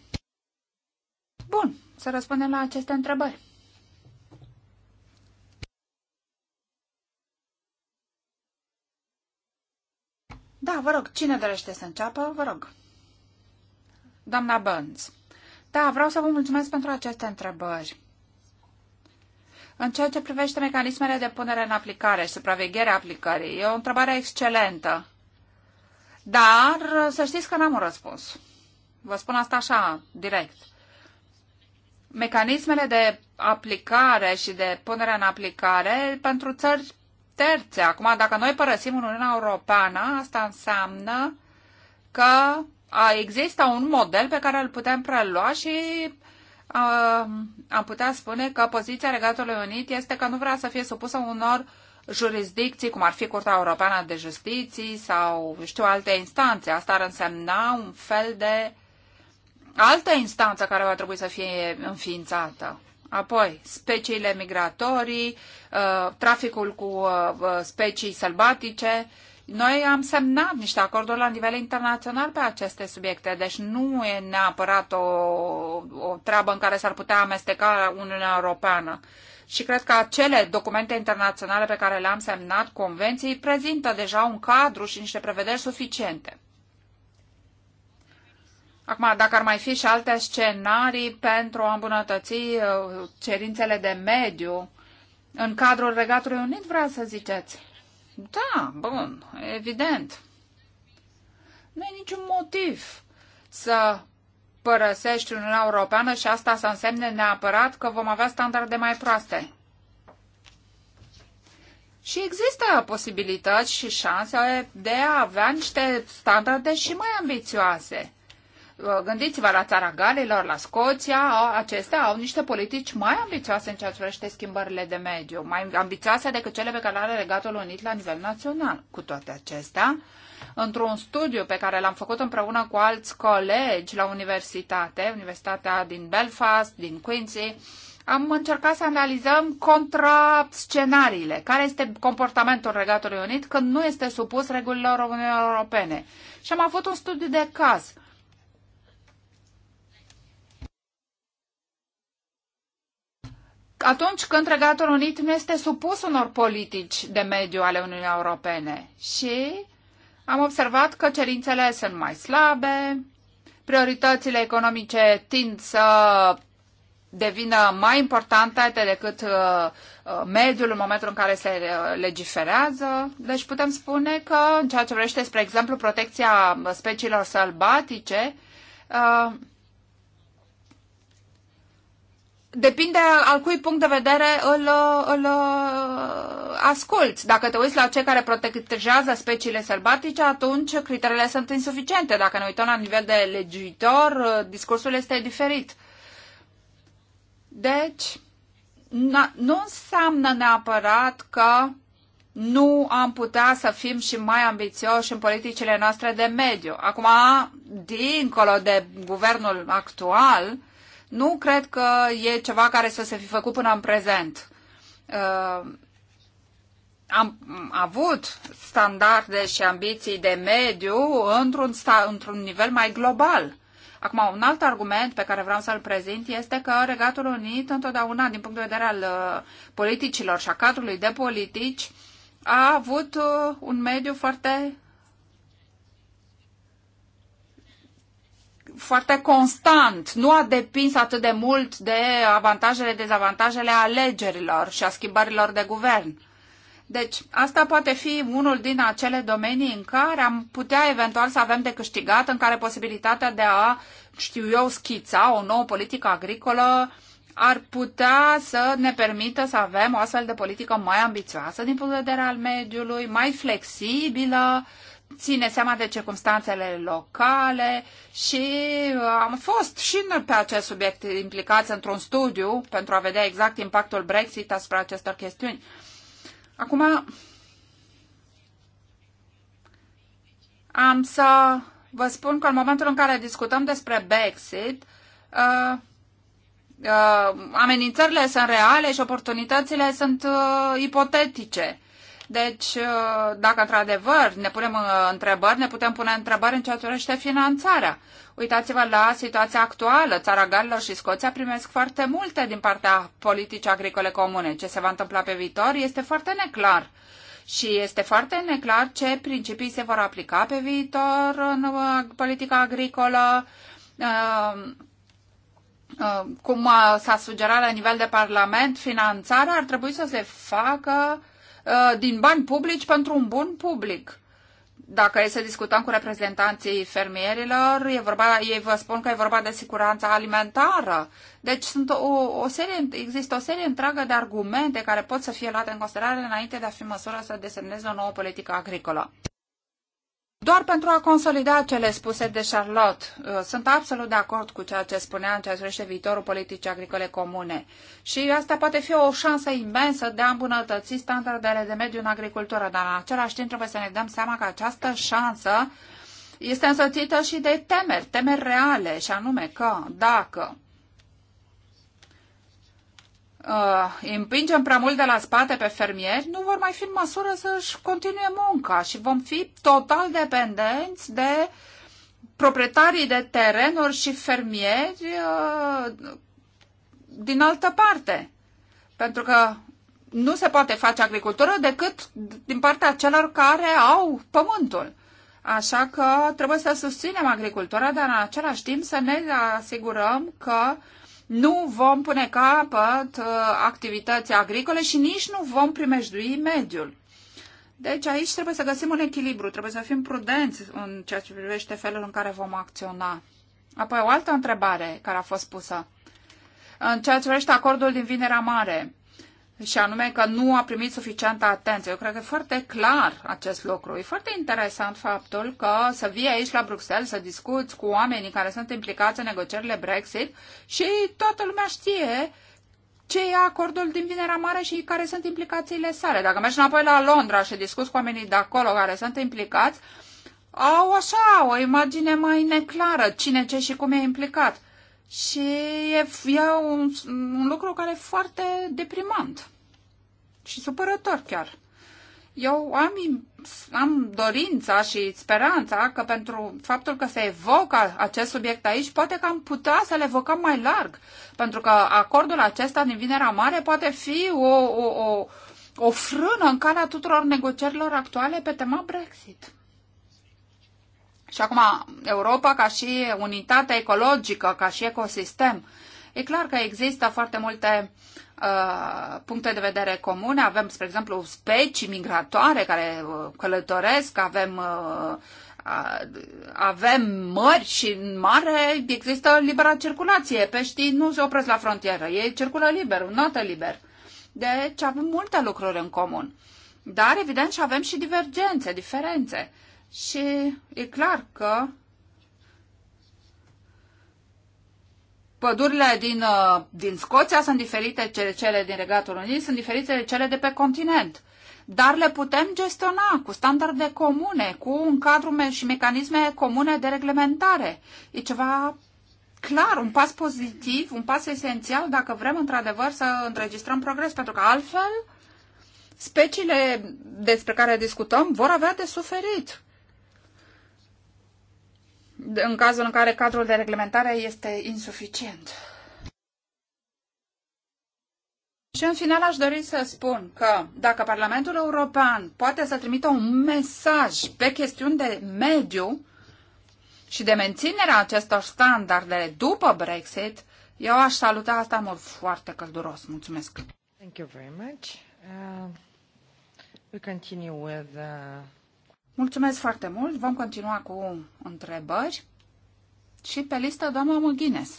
Speaker 1: Bun, să răspundem la aceste întrebări. Da, vă rog, cine dorește să înceapă, vă rog. Doamna Burns. Da, vreau să vă mulțumesc pentru aceste întrebări. În ceea ce privește mecanismele de punere în aplicare și supravegherea aplicării, e o întrebare excelentă. Dar să știți că n-am un răspuns. Vă spun asta așa, direct. Mecanismele de aplicare și de punere în aplicare pentru țări terțe. Acum, dacă noi părăsim Uniunea Europeană, asta înseamnă că există un model pe care îl putem prelua și a, am putea spune că poziția Regatului Unit este că nu vrea să fie supusă unor jurisdicții, cum ar fi Curtea Europeană de Justiții sau, știu, alte instanțe. Asta ar însemna un fel de altă instanță care va trebui să fie înființată. Apoi, speciile migratorii, traficul cu specii sălbatice, noi am semnat niște acorduri la nivel internațional pe aceste subiecte, deci nu e neapărat o, o treabă în care s-ar putea amesteca Uniunea Europeană. Și cred că acele documente internaționale pe care le-am semnat, convenții, prezintă deja un cadru și niște prevederi suficiente. Acum, dacă ar mai fi și alte scenarii pentru a îmbunătăți uh, cerințele de mediu în cadrul Regatului Unit, vreau să ziceți. Da, bun, evident. Nu e niciun motiv să părăsești Uniunea Europeană și asta să însemne neapărat că vom avea standarde mai proaste. Și există posibilități și șanse de a avea niște standarde și mai ambițioase. Gândiți-vă la țara Galilor, la Scoția, acestea au niște politici mai ambițioase în ceea ce privește schimbările de mediu, mai ambițioase decât cele pe care le are Regatul Unit la nivel național. Cu toate acestea, într-un studiu pe care l-am făcut împreună cu alți colegi la universitate, Universitatea din Belfast, din Quincy, am încercat să analizăm contra scenariile, care este comportamentul Regatului Unit când nu este supus regulilor Uniunii Europene. Și am avut un studiu de caz atunci când Regatul Unit nu este supus unor politici de mediu ale Uniunii Europene. Și am observat că cerințele sunt mai slabe, prioritățile economice tind să devină mai importante decât uh, uh, mediul în momentul în care se uh, legiferează. Deci putem spune că în ceea ce vrește, spre exemplu, protecția speciilor sălbatice, depinde al cui punct de vedere îl, îl uh, asculți. Dacă te uiți la cei care protejează speciile sălbatice, atunci criteriile sunt insuficiente. Dacă ne uităm la nivel de legitor, uh, discursul este diferit. Deci, nu înseamnă neapărat că nu am putea să fim și mai ambițioși în politicile noastre de mediu. Acum, dincolo de guvernul actual, uh, nu cred că e ceva care să se fi făcut până în prezent. Uh, am avut standarde și ambiții de mediu într-un, într-un nivel mai global. Acum, un alt argument pe care vreau să-l prezint este că Regatul Unit, întotdeauna, din punct de vedere al uh, politicilor și a cadrului de politici, a avut uh, un mediu foarte foarte constant, nu a depins atât de mult de avantajele, dezavantajele alegerilor și a schimbărilor de guvern. Deci, asta poate fi unul din acele domenii în care am putea eventual să avem de câștigat, în care posibilitatea de a, știu eu, schița o nouă politică agricolă ar putea să ne permită să avem o astfel de politică mai ambițioasă din punct de vedere al mediului, mai flexibilă, uh, ține seama de circumstanțele locale și uh, am fost și pe acest subiect implicați într-un studiu pentru a vedea exact impactul Brexit asupra acestor chestiuni. Acum am să vă spun că în momentul în care discutăm despre Brexit, uh, uh, amenințările sunt reale și oportunitățile sunt uh, ipotetice. Deci, uh, dacă într-adevăr ne punem uh, întrebări, ne putem pune întrebări în ceea ce privește finanțarea. Uitați-vă la situația actuală. Țara Galilor și Scoția primesc foarte multe din partea politicii agricole comune. Ce se va întâmpla pe viitor este foarte neclar. Și este foarte neclar ce principii se vor aplica pe viitor în uh, politica agricolă, cum s-a sugerat la nivel de Parlament, finanțarea ar trebui să se facă Uh, din bani publici pentru un bun public. Dacă e să discutăm cu reprezentanții fermierilor, e vorba, ei vă spun că e vorba de siguranța alimentară. Deci sunt o, o serie, există o serie întreagă de argumente care pot să fie luate în considerare înainte de a fi măsură să desemneze o nouă politică agricolă. Doar pentru a consolida cele spuse de Charlotte, uh, sunt absolut de acord cu ceea ce spunea în ceea ce privește viitorul politicii agricole comune. Și asta poate fi o șansă imensă de a îmbunătăți standardele de mediu în agricultură, dar în același timp trebuie să ne dăm seama că această șansă este însoțită și de temeri, temeri reale, și anume că dacă îi uh, împingem prea mult de la spate pe fermieri, nu vor mai fi în măsură să-și continue munca și vom fi total dependenți de proprietarii de terenuri și fermieri uh, din altă parte. Pentru că nu se poate face agricultură decât din partea celor care au pământul. Așa că trebuie să susținem agricultura, dar în același timp să ne asigurăm că uh, nu vom pune capăt uh, activității agricole și nici nu vom primejdui mediul. Deci aici trebuie să găsim un echilibru, trebuie să fim prudenți în ceea ce privește felul în care vom acționa. Apoi o altă întrebare care a fost pusă. În ceea ce privește acordul din Vinerea Mare, și anume că nu a primit suficientă atenție. Eu cred că e foarte clar acest lucru. E foarte interesant faptul că să vii aici la Bruxelles să discuți cu oamenii care sunt implicați în negocierile Brexit și toată lumea știe ce e acordul din Vinerea Mare și care sunt implicațiile sale. Dacă mergi înapoi la Londra și discuți cu oamenii de acolo care sunt implicați, au așa o imagine mai neclară cine, ce și cum e implicat. Și e, e un, un lucru care e foarte deprimant și supărător chiar. Eu am, am dorința și speranța că pentru faptul că se evocă acest subiect aici, poate că am putea să-l evocăm mai larg, pentru că acordul acesta din Vinerea Mare poate fi o, o, o, o frână în calea tuturor negocierilor actuale pe tema Brexit. Și acum Europa ca și unitate ecologică, ca și ecosistem. E clar că există foarte multe uh, puncte de vedere comune. Avem, spre exemplu, specii migratoare care uh, călătoresc, avem uh, avem mări și în mare există libera circulație. Peștii nu se opresc la frontieră, ei circulă liber, notă liber. Deci avem multe lucruri în comun. Dar, evident, și avem și divergențe, diferențe și e clar că pădurile din, uh, din Scoția sunt diferite de cele din Regatul Unit, sunt diferite de cele de pe continent. Dar le putem gestiona cu standarde comune, cu un cadru și mecanisme comune de reglementare. E ceva clar, un pas pozitiv, un pas esențial dacă vrem într-adevăr să înregistrăm progres, pentru că altfel speciile despre care discutăm vor avea de suferit în cazul în care cadrul de reglementare este insuficient. Și în final aș dori să spun că dacă Parlamentul European poate să trimită un mesaj pe chestiuni de mediu și de menținerea acestor standarde după Brexit, eu aș saluta asta mult foarte călduros. Mulțumesc! Thank you very much. Uh, we continue with uh... Mulțumesc foarte mult. Vom continua cu întrebări. Și pe listă, doamna Mughines.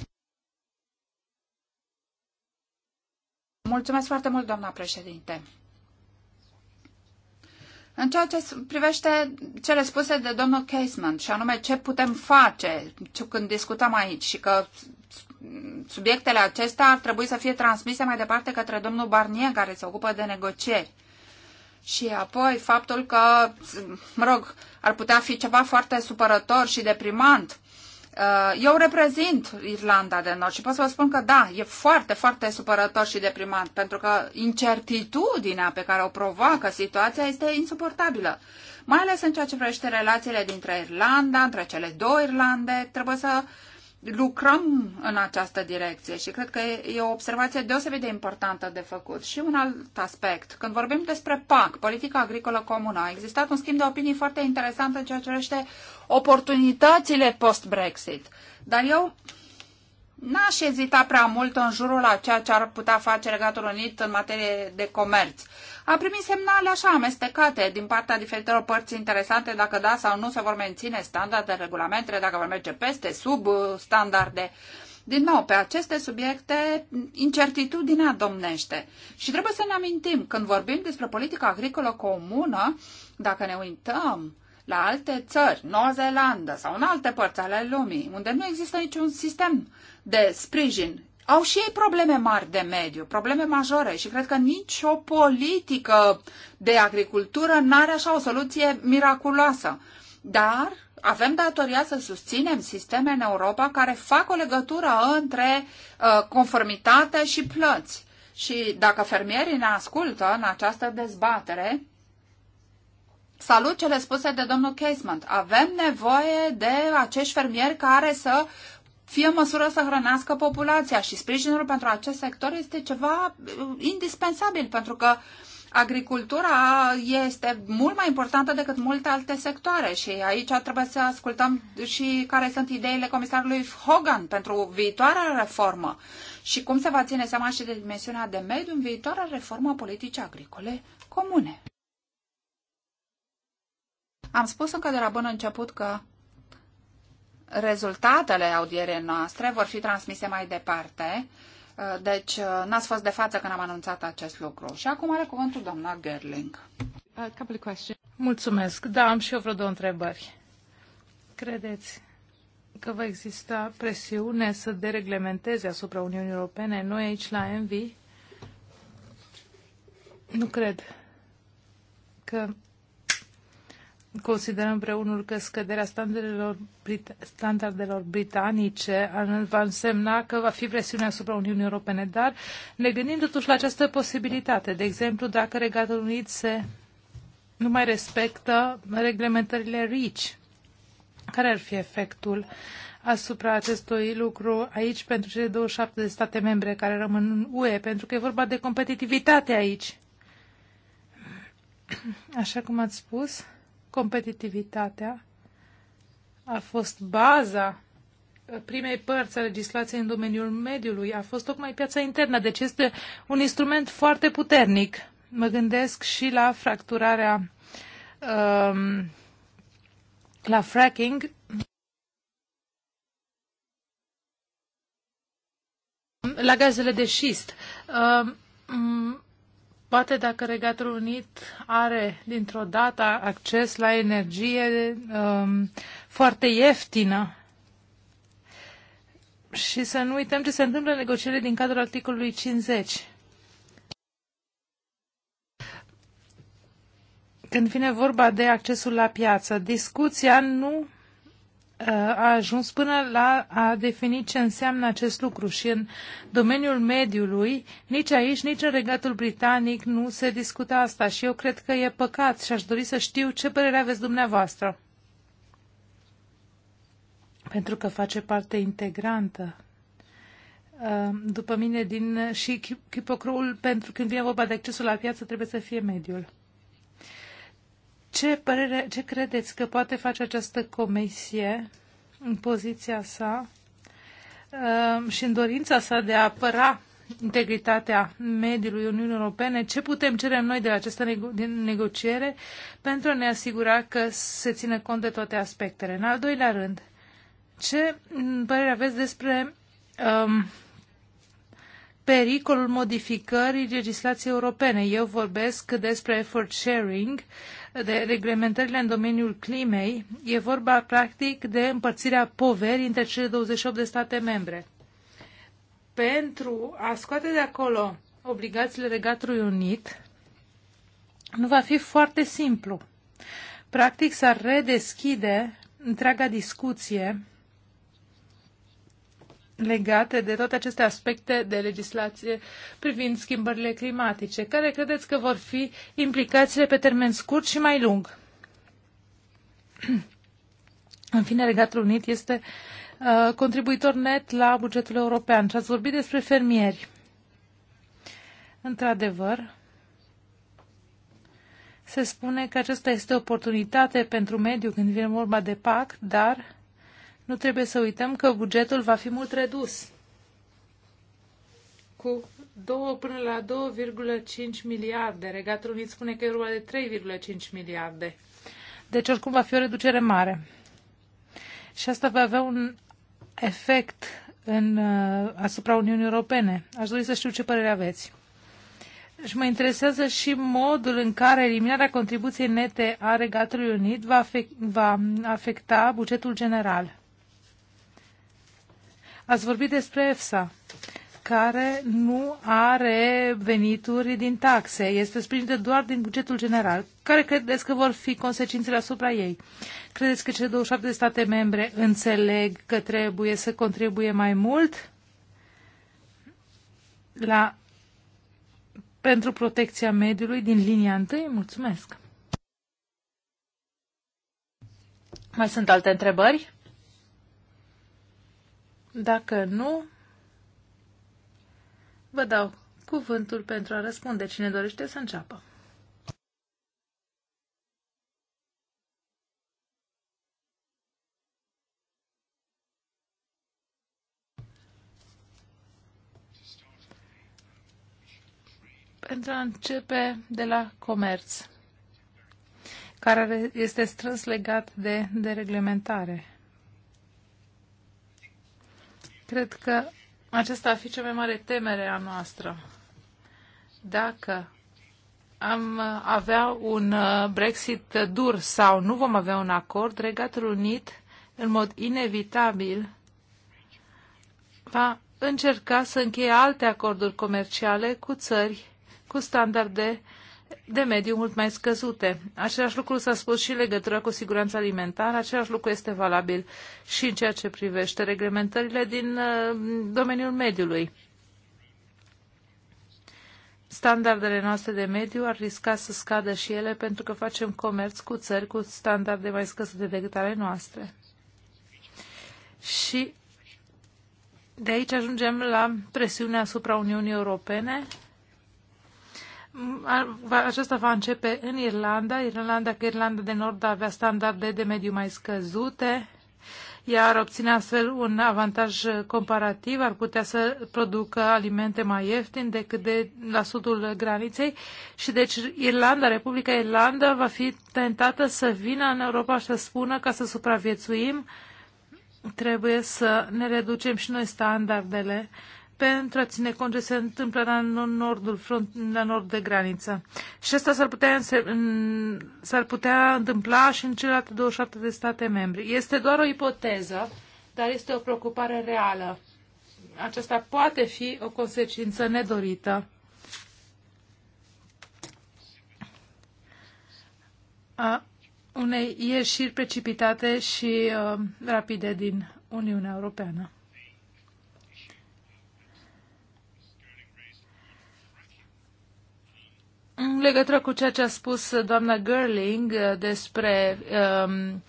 Speaker 1: Mulțumesc foarte mult, doamna președinte. În ceea ce privește cele spuse de domnul Casement, și anume ce putem face când discutăm aici și că subiectele acestea ar trebui să fie transmise mai departe către domnul Barnier, care se ocupă de negocieri. Și apoi faptul că, mă rog, ar putea fi ceva foarte supărător și deprimant. Uh, eu reprezint Irlanda de Nord și pot să vă spun că da, e foarte, foarte supărător și deprimant, pentru că incertitudinea pe care o provoacă situația este insuportabilă. Mai ales în ceea ce privește relațiile dintre Irlanda, între cele două Irlande, trebuie să uh, lucrăm în această direcție și cred că e o observație deosebit de importantă de făcut. Și un alt aspect, când vorbim despre PAC, Politica Agricolă Comună, a existat un schimb de opinii foarte interesant în ceea ce privește oportunitățile post-Brexit. Dar eu n-aș ezita prea mult în jurul a ceea ce ar putea face Regatul Unit în materie de comerț. A primit semnale așa amestecate din partea diferitelor părți interesante dacă da sau nu se vor menține standarde, regulamente dacă vor merge peste, sub uh, standarde. Din nou, pe aceste subiecte, incertitudinea domnește. Și trebuie să ne amintim, când vorbim despre politica agricolă comună, dacă ne uităm la alte țări, Noua Zeelandă sau în alte părți ale lumii, unde nu există niciun sistem de sprijin au și ei probleme mari de mediu, probleme majore și cred că nicio politică de agricultură n-are așa o soluție miraculoasă. Dar avem datoria să susținem sisteme în Europa care fac o legătură între uh, conformitate și plăți. Și dacă fermierii ne ascultă în această dezbatere, Salut cele spuse de domnul Casement. Avem nevoie de acești fermieri care să fie în măsură să hrănească populația și sprijinul pentru acest sector este ceva uh, indispensabil pentru că agricultura este mult mai importantă decât multe alte sectoare și aici trebuie să ascultăm și care sunt ideile comisarului Hogan pentru viitoarea reformă și cum se va ține seama și de dimensiunea de mediu în viitoarea reformă a politicii agricole comune. Am spus încă de la bun început că Rezultatele audierei noastre vor fi transmise mai departe, uh, deci uh, n-ați fost de față când am anunțat acest lucru. Și acum are cuvântul doamna Gerling.
Speaker 2: Mulțumesc. Da, am și eu vreo două întrebări. Credeți că va exista presiune să dereglementeze asupra Uniunii Europene? Noi aici la ENVI nu cred că considerăm împreună că scăderea standardelor, brit- standardelor britanice va însemna că va fi presiune asupra Uniunii Europene, dar ne gândim totuși la această posibilitate. De exemplu, dacă Regatul Unit se nu mai respectă reglementările RICH, care ar fi efectul asupra acestui lucru aici pentru cele 27 de state membre care rămân în UE, pentru că e vorba de competitivitate aici. Așa cum ați spus, competitivitatea a fost baza primei părți a legislației în domeniul mediului, a fost tocmai piața internă, deci este un instrument foarte puternic. Mă gândesc și la fracturarea, um, la fracking. La gazele de șist. Um, Poate dacă Regatul Unit are dintr-o dată acces la energie um, foarte ieftină. Și să nu uităm ce se întâmplă în negocierile din cadrul articolului 50. Când vine vorba de accesul la piață, discuția nu a ajuns până la a defini ce înseamnă acest lucru și în domeniul mediului, nici aici, nici în regatul britanic nu se discută asta și eu cred că e păcat și aș dori să știu ce părere aveți dumneavoastră. Pentru că face parte integrantă uh, după mine din și chipocroul pentru când vine vorba de accesul la piață trebuie să fie mediul. Ce, părere, ce credeți că poate face această comisie în poziția sa uh, și în dorința sa de a apăra integritatea mediului Uniunii Europene, ce putem cere noi de la această negociere pentru a ne asigura că se ține cont de toate aspectele. În al doilea rând, ce părere aveți despre um, pericolul modificării legislației europene? Eu vorbesc despre effort sharing, uh, de reglementările în domeniul climei, e vorba practic de împărțirea poverii între cele 28 de state membre. Pentru a scoate de acolo obligațiile Regatului Unit, nu va fi foarte simplu. Practic s-ar redeschide întreaga discuție legate de toate aceste aspecte de legislație privind schimbările climatice. Care credeți că vor fi implicațiile pe termen scurt și mai lung? În fine, Regatul Unit este uh, contribuitor net la bugetul european și ați vorbit despre fermieri. Într-adevăr, se spune că aceasta este o oportunitate pentru mediu când vine vorba de PAC, dar nu trebuie să uităm că bugetul va fi mult redus cu 2 până la 2,5 miliarde. Regatul Unit spune că e vorba de 3,5 miliarde. Deci oricum va fi o reducere mare. Și asta va avea un efect în, uh, asupra Uniunii Europene. Aș dori să știu ce părere aveți. Și mă interesează și modul în care eliminarea contribuției nete a Regatului Unit va, afect, va afecta bugetul general. Ați vorbit despre EFSA, care nu are venituri din taxe, este sprijinită doar din bugetul general. Care credeți că vor fi consecințele asupra ei? Credeți că cele 27 de state membre înțeleg că trebuie să contribuie mai mult la pentru protecția mediului din linia întâi? Mulțumesc! Mai sunt alte întrebări? Dacă nu, vă dau cuvântul pentru a răspunde. Cine dorește să înceapă? Pentru a începe de la comerț, care este strâns legat de dereglementare. Cred că aceasta ar fi cea mai mare temere a noastră. Dacă am avea un uh, Brexit dur sau nu vom avea un acord, Regatul Unit, în mod inevitabil, va încerca să încheie alte acorduri comerciale cu țări cu standarde uh, de mediu mult mai scăzute. Același lucru s-a spus și legătura cu siguranța alimentară, același lucru este valabil și în ceea ce privește reglementările din uh, domeniul mediului. Standardele noastre de mediu ar risca să scadă și ele pentru că facem comerț cu țări cu standarde mai scăzute decât ale noastre. Și de aici ajungem la presiunea asupra Uniunii Europene aceasta va începe în Irlanda. Irlanda, că Irlanda de Nord avea standarde de mediu mai scăzute, iar obține astfel un avantaj comparativ, ar putea să producă alimente mai ieftine decât de la sudul graniței și deci Irlanda, Republica Irlanda va fi tentată să vină în Europa și să spună ca să supraviețuim, trebuie să ne reducem și noi standardele pentru a ține cont ce se întâmplă la nordul front, la nord de graniță. Și asta s-ar putea, s-ar putea întâmpla și în celelalte 27 de state membri. Este doar o ipoteză, dar este o preocupare reală. Aceasta poate fi o consecință nedorită. a unei ieșiri precipitate și uh, rapide din Uniunea Europeană. În legătură cu ceea ce a spus doamna Gerling uh, despre, um,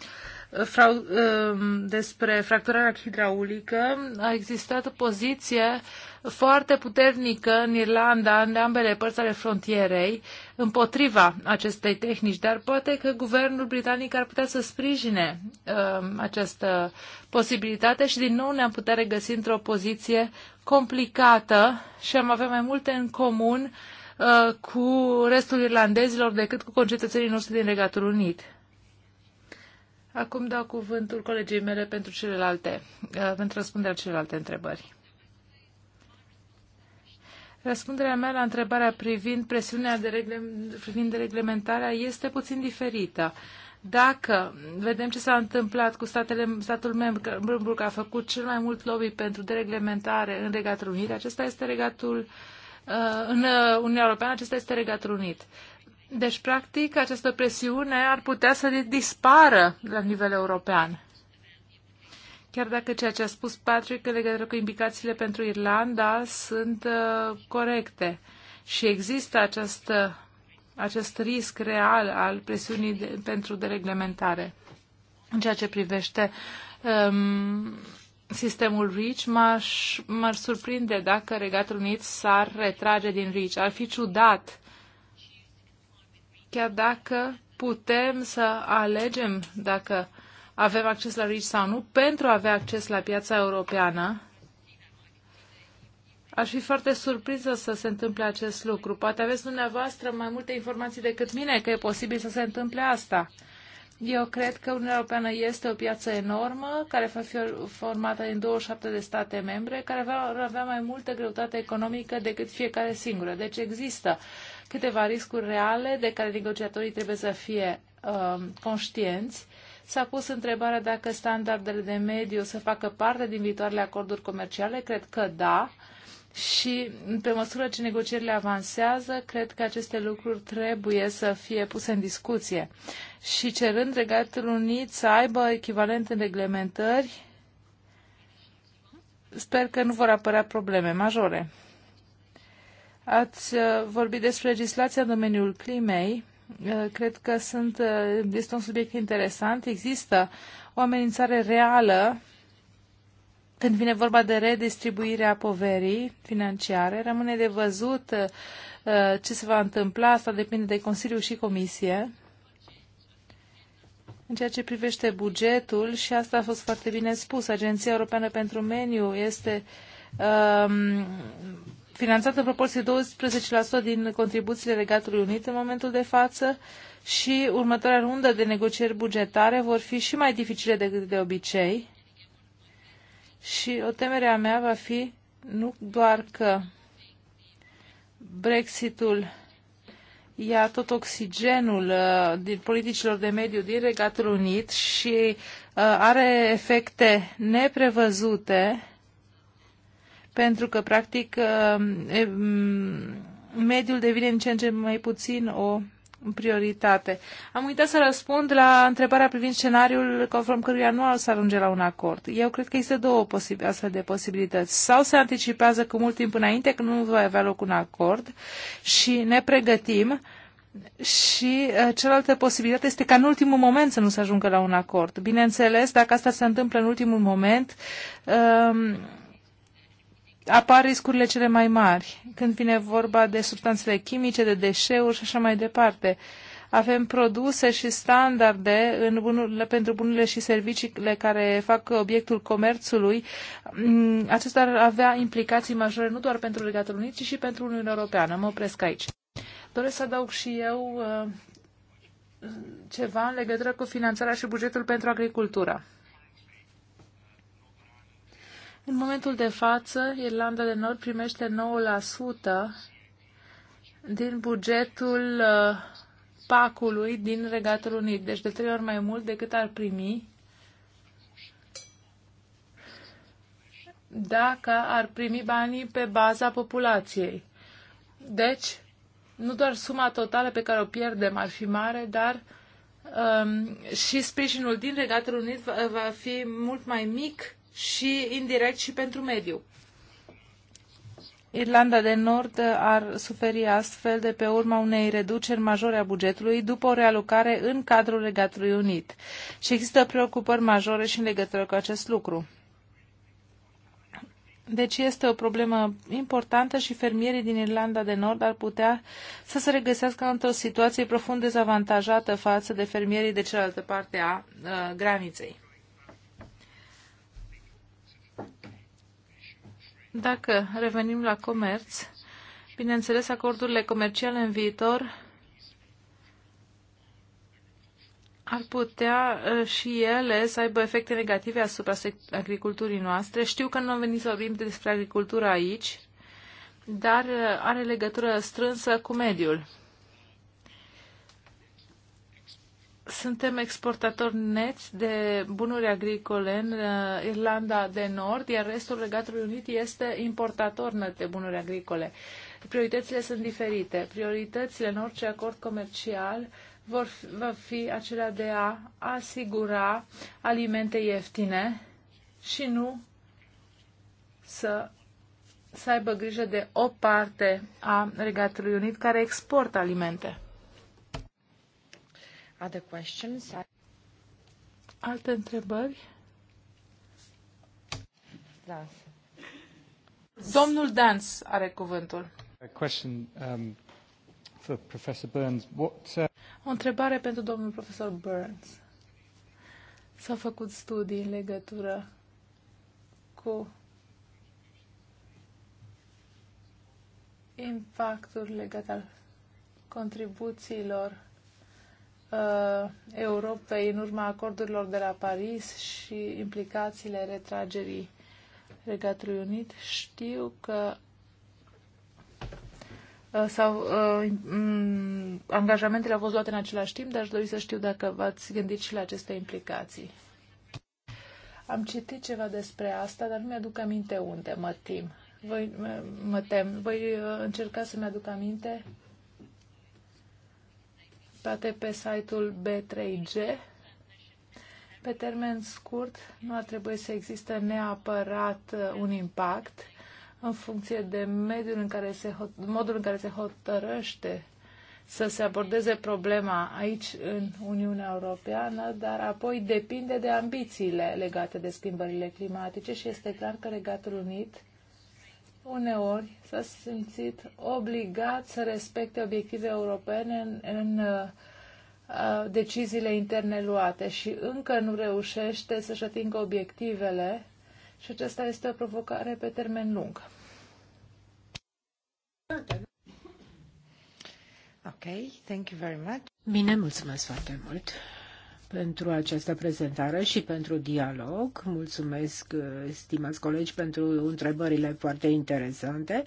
Speaker 2: frau, um, despre fracturarea hidraulică, a existat o poziție foarte puternică în Irlanda, în ambele părți ale frontierei, împotriva acestei tehnici, dar poate că guvernul britanic ar putea să sprijine um, această posibilitate și din nou ne-am putea regăsi într-o poziție complicată și am avea mai multe în comun uh, Uh, cu restul irlandezilor decât cu concetățenii noștri din Regatul Unit. Acum dau cuvântul colegii mele pentru celelalte, uh, pentru răspunderea celelalte întrebări. Răspunderea mea la întrebarea privind presiunea de regle, privind de reglementarea este puțin diferită. Dacă vedem ce s-a întâmplat cu statele, statul membru că a făcut cel mai mult lobby pentru dereglementare în Regatul Unit, acesta este Regatul Uh, în uh, Uniunea Europeană, acesta este Regatul Unit. Deci, practic, această presiune ar putea să dispară la nivel european. Chiar dacă ceea ce a spus Patrick în legătură cu implicațiile pentru Irlanda sunt uh, corecte și există acest acest risc real al presiunii de, pentru dereglementare în ceea ce privește um, sistemul REACH, m-aș, m-ar surprinde dacă Regatul Unit s-ar retrage din REACH. Ar fi ciudat, chiar dacă putem să alegem dacă avem acces la REACH sau nu, pentru a avea acces la piața europeană. Aș fi foarte surprinsă să se întâmple acest lucru. Poate aveți dumneavoastră mai multe informații decât mine că e posibil să se întâmple asta. Eu cred că Uniunea Europeană este o piață enormă, care va fi formată din 27 de state membre, care va avea mai multă greutate economică decât fiecare singură. Deci există câteva riscuri reale de care negociatorii trebuie să fie uh, conștienți. S-a pus întrebarea dacă standardele de mediu să facă parte din viitoarele acorduri comerciale. Cred că da. Uh, și pe măsură ce negocierile avansează, cred că aceste lucruri trebuie să fie puse în discuție și cerând Regatul Unit să aibă echivalent în reglementări, sper că nu vor apărea probleme majore. Ați uh, vorbit despre legislația în domeniul climei. Uh, cred că sunt, uh, este un subiect interesant. Există o amenințare reală când vine vorba de redistribuirea poverii financiare, rămâne de văzut uh, ce se va întâmpla. Asta depinde de Consiliu și Comisie. În ceea ce privește bugetul, și asta a fost foarte bine spus, Agenția Europeană pentru Meniu este um, finanțată în proporție 12% din contribuțiile Regatului Unit în momentul de față și următoarea rundă de negocieri bugetare vor fi și mai dificile decât de obicei. Și o temere a mea va fi nu doar că Brexitul ia tot oxigenul uh, din politicilor de mediu din Regatul Unit și uh, are efecte neprevăzute pentru că, practic, uh, mediul devine în ce în ce mai puțin o prioritate. Am uitat să răspund la întrebarea privind scenariul conform căruia nu ar s ajunge la un acord. Eu cred că există două posib- astfel de posibilități. Sau se anticipează cu mult timp înainte că nu va avea loc un acord și ne pregătim și uh, cealaltă posibilitate este ca în ultimul moment să nu se ajungă la un acord. Bineînțeles, dacă asta se întâmplă în ultimul moment, uh, apar riscurile cele mai mari când vine vorba de substanțele chimice, de deșeuri și așa mai departe. Avem produse și standarde în bunurile, pentru bunurile și serviciile care fac obiectul comerțului. Mm, Acestea ar avea implicații majore nu doar pentru Regatul Unit, ci și pentru Uniunea Europeană. Mă opresc aici. Doresc să adaug și eu uh, ceva în legătură cu finanțarea și bugetul pentru agricultură. În momentul de față, Irlanda de Nord primește 9% din bugetul uh, pacului din Regatul Unit, deci de trei ori mai mult decât ar primi dacă ar primi banii pe baza populației. Deci, nu doar suma totală pe care o pierdem ar fi mare, dar um, și sprijinul din Regatul Unit va, va fi mult mai mic și indirect și pentru mediu. Irlanda de Nord ar suferi astfel de pe urma unei reduceri majore a bugetului după o realocare în cadrul Regatului Unit. Și există preocupări majore și în legătură cu acest lucru. Deci este o problemă importantă și fermierii din Irlanda de Nord ar putea să se regăsească într-o situație profund dezavantajată față de fermierii de cealaltă parte a uh, graniței. Dacă revenim la comerț, bineînțeles, acordurile comerciale în viitor ar putea eh, și ele să aibă efecte negative asupra agriculturii noastre. Știu că nu am venit să vorbim despre agricultură aici, dar eh, are legătură strânsă cu mediul. Suntem exportatori neți de bunuri agricole în uh, Irlanda de Nord, iar restul Regatului Unit este importator net de bunuri agricole. Prioritățile sunt diferite. Prioritățile în orice acord comercial vor fi, va fi acelea de a asigura alimente ieftine și nu să, să aibă grijă de o parte a Regatului Unit care exportă alimente. Other questions? Alte întrebări? Da. Domnul Dans are cuvântul. A question um, for Professor Burns. What, uh... O întrebare pentru domnul profesor Burns. S-au făcut studii în legătură cu impactul legat al contribuțiilor uh, Europei în urma acordurilor de la Paris și implicațiile retragerii Regatului Unit. Știu că uh, sau uh, um, angajamentele au fost luate în același timp, dar aș dori să știu dacă v-ați gândit și la aceste implicații. Am citit ceva despre asta, dar nu mi-aduc aminte unde mă tim. Voi, mă tem. Voi uh, încerca să-mi aduc aminte listate pe site-ul B3G. Pe termen scurt, nu ar trebui să existe neapărat uh, un impact în funcție de mediul în care se, modul în care se hotărăște să se abordeze problema aici în Uniunea Europeană, dar apoi depinde de ambițiile legate de schimbările climatice și este clar că Regatul Unit uneori s-a simțit obligat să respecte obiective europene în, în uh, uh, deciziile interne luate și încă nu reușește să-și atingă obiectivele și aceasta este o provocare pe termen lung.
Speaker 3: Ok, thank you very much. Bine, mulțumesc foarte mult pentru această prezentare și pentru dialog. Mulțumesc, uh, stimați colegi, pentru întrebările foarte interesante.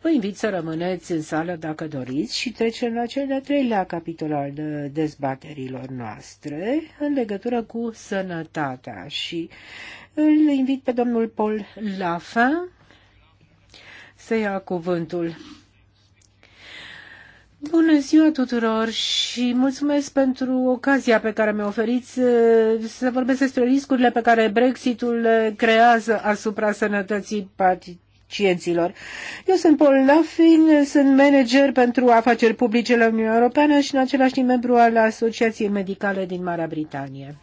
Speaker 3: Vă invit să rămâneți în sală dacă doriți și trecem la cel de a treilea capitol al uh, dezbaterilor noastre în legătură cu sănătatea și îl invit pe domnul Paul Lafin să ia cuvântul. Bună ziua tuturor și mulțumesc pentru ocazia pe care mi-o oferiți uh, să vorbesc despre riscurile pe care Brexitul creează asupra sănătății pacienților. Eu sunt Paul Laffin, sunt manager pentru afaceri publice la Uniunea Europeană și în același timp membru al Asociației Medicale din Marea Britanie.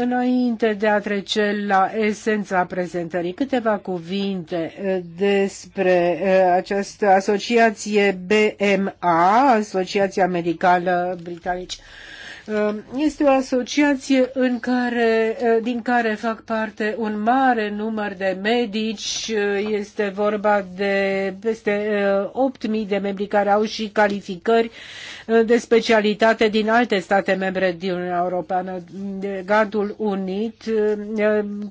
Speaker 3: Înainte de a trece la esența prezentării, câteva cuvinte eh, despre eh, această asociație BMA, Asociația Medicală Britanică Uh, este o asociație în care, uh, din care fac parte un mare număr de medici. Uh, este vorba de peste 8.000 de membri care au și calificări de specialitate din alte state membre din Uniunea Europeană. Gardul Unit,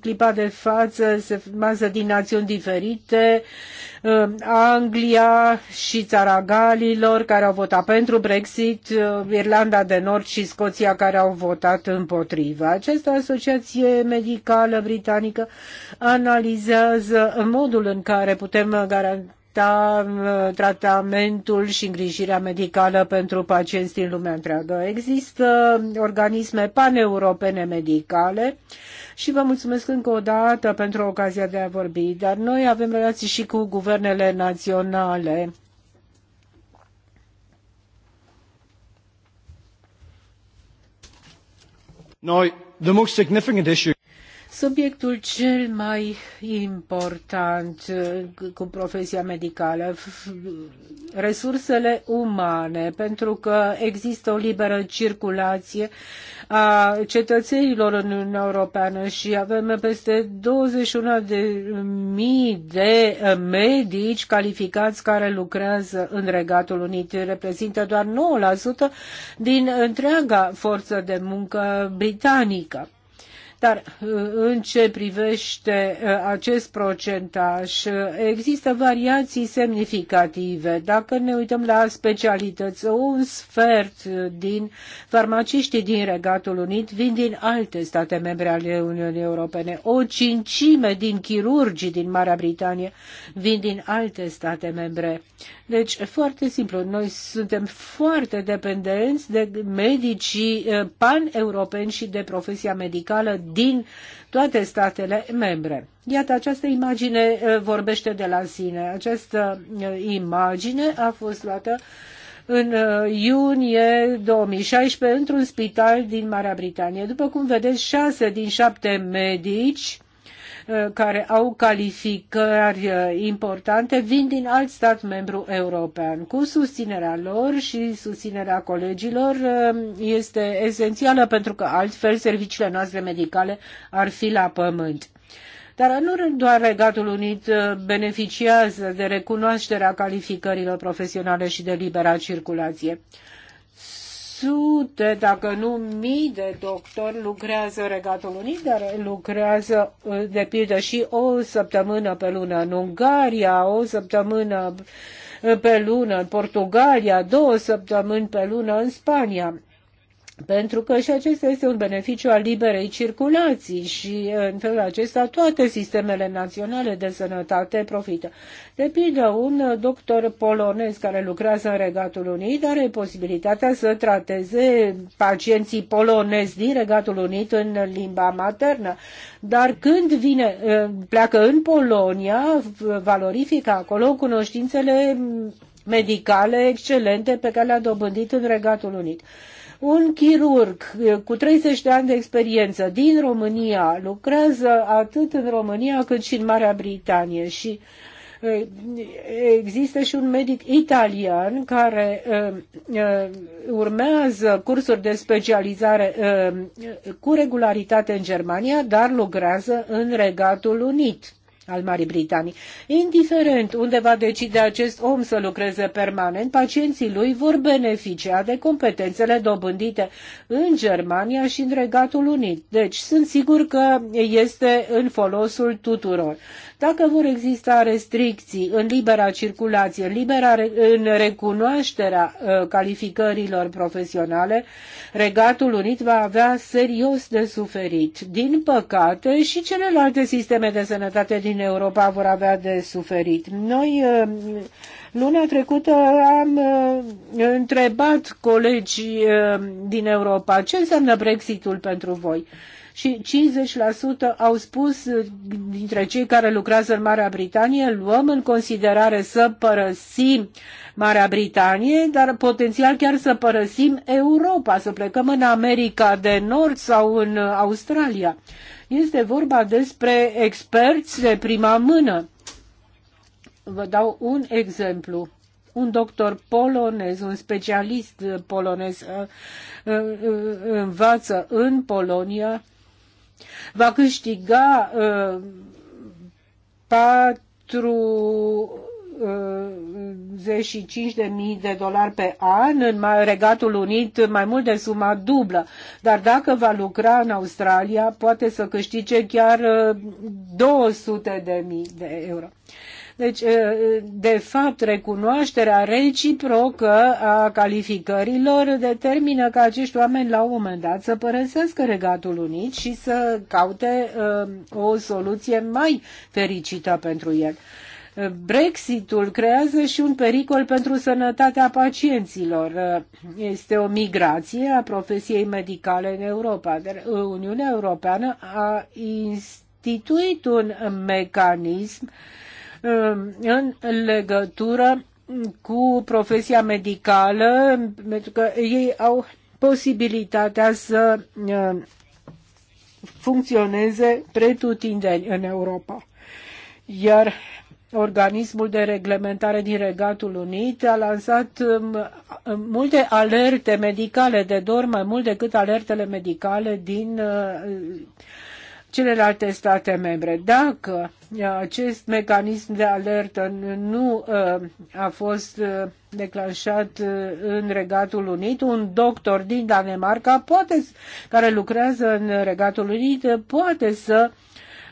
Speaker 3: clipa de față, se formează din națiuni diferite, Uh, Anglia și țara Galilor care au votat pentru Brexit, uh, Irlanda de Nord și Scoția care au votat împotriva. Această asociație medicală britanică analizează modul în care putem garanta uh, tratamentul și îngrijirea medicală pentru pacienți din lumea întreagă. Există organisme paneuropene medicale și vă mulțumesc încă o dată pentru ocazia de a vorbi, dar noi avem relații și cu guvernele naționale. Now, the most significant issue Subiectul cel mai important uh, cu profesia medicală, resursele umane, pentru că există o liberă circulație a cetățenilor în Uniunea Europeană și avem peste 21.000 de, de uh, medici calificați care lucrează în Regatul Unit. Reprezintă doar 9% din întreaga forță de muncă britanică. Dar uh, în ce privește uh, acest procentaj, uh, există variații semnificative. Dacă ne uităm la specialități, un sfert din farmaciștii din Regatul Unit vin din alte state membre ale Uniunii Europene. O cincime din chirurgii din Marea Britanie vin din alte state membre. Deci, foarte simplu, noi suntem foarte dependenți de medicii pan-europeni și de profesia medicală din toate statele membre. Iată, această imagine uh, vorbește de la sine. Această uh, imagine a fost luată în uh, iunie 2016 într-un spital din Marea Britanie. După cum vedeți, șase din șapte medici Eh, care au calificări eh, importante vin din alt stat membru european. Cu susținerea lor și susținerea colegilor eh, este esențială pentru că altfel serviciile noastre medicale ar fi la pământ. Dar nu doar Regatul Unit beneficiază de recunoașterea calificărilor profesionale și de libera circulație sute, dacă nu mii de doctori lucrează Regatul Unit, dar lucrează, de pildă, și o săptămână pe lună în Ungaria, o săptămână pe lună în Portugalia, două săptămâni pe lună în Spania pentru că și acesta este un beneficiu al liberei circulații și în felul acesta toate sistemele naționale de sănătate profită. De pildă, un doctor polonez care lucrează în Regatul Unit are posibilitatea să trateze pacienții polonezi din Regatul Unit în limba maternă, dar când vine, eh, pleacă în Polonia, valorifică acolo cunoștințele medicale excelente pe care le-a dobândit în Regatul Unit. Un chirurg cu 30 de ani de experiență din România lucrează atât în România cât și în Marea Britanie și există și un medic italian care urmează cursuri de specializare cu regularitate în Germania, dar lucrează în Regatul Unit al Marii Britanii. Indiferent unde va decide acest om să lucreze permanent, pacienții lui vor beneficia de competențele dobândite în Germania și în Regatul Unit. Deci sunt sigur că este în folosul tuturor. Dacă vor exista restricții în libera circulație, în, libera, în recunoașterea ă, calificărilor profesionale, Regatul Unit va avea serios de suferit. Din păcate și celelalte sisteme de sănătate din din Europa vor avea de suferit. Noi uh, luna trecută am uh, întrebat colegii uh, din Europa ce înseamnă Brexitul pentru voi și 50% au spus dintre cei care lucrează în Marea Britanie, luăm în considerare să părăsim Marea Britanie, dar potențial chiar să părăsim Europa, să plecăm în America de Nord sau în Australia. Este vorba despre experți de prima mână. Vă dau un exemplu un doctor polonez, un specialist polonez uh, uh, uh, învață în Polonia, va câștiga patru 25.000 de dolari pe an, în Regatul Unit mai mult de suma dublă. Dar dacă va lucra în Australia, poate să câștige chiar 200.000 uh, de euro. Deci, uh, de fapt, recunoașterea reciprocă a calificărilor determină ca acești oameni la un moment dat să părăsească Regatul Unit și să caute uh, o soluție mai fericită pentru el. Brexitul creează și un pericol pentru sănătatea pacienților. Este o migrație a profesiei medicale în Europa. Uniunea Europeană a instituit un mecanism um, în legătură cu profesia medicală, pentru că ei au posibilitatea să um, funcționeze pretutindeni în Europa. Iar organismul de reglementare din Regatul Unit a lansat um, um, multe alerte medicale de dor, mai mult decât alertele medicale din uh, celelalte state membre. Dacă uh, acest mecanism de alertă nu uh, a fost declanșat în Regatul Unit, un doctor din Danemarca poate, care lucrează în Regatul Unit poate să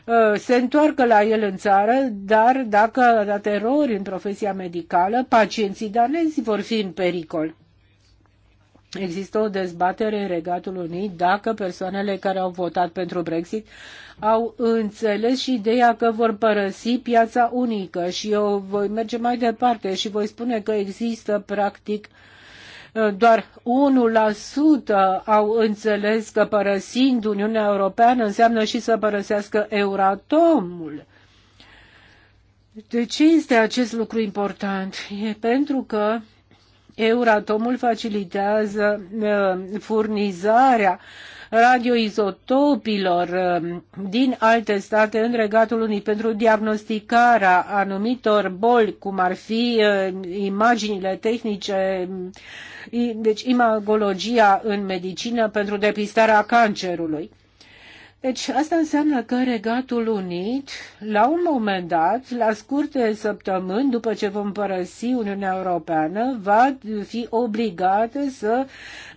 Speaker 3: Uh, se întoarcă la el în țară, dar dacă dat erori în profesia medicală, pacienții danezi vor fi în pericol. Există o dezbatere în Regatul Unit dacă persoanele care au votat pentru Brexit au înțeles și ideea că vor părăsi piața unică și eu voi merge mai departe și voi spune că există practic uh, doar 1% au înțeles că părăsind Uniunea Europeană înseamnă și să părăsească Euratomul. De ce este acest lucru important? E pentru că Euratomul facilitează uh, furnizarea radioizotopilor um, din alte state în Regatul Unii pentru diagnosticarea anumitor boli, cum ar fi uh, imaginile tehnice, deci imagologia în medicină pentru depistarea cancerului. Deci asta înseamnă că Regatul Unit, la un moment dat, la scurte săptămâni, după ce vom părăsi Uniunea Europeană, va fi obligat să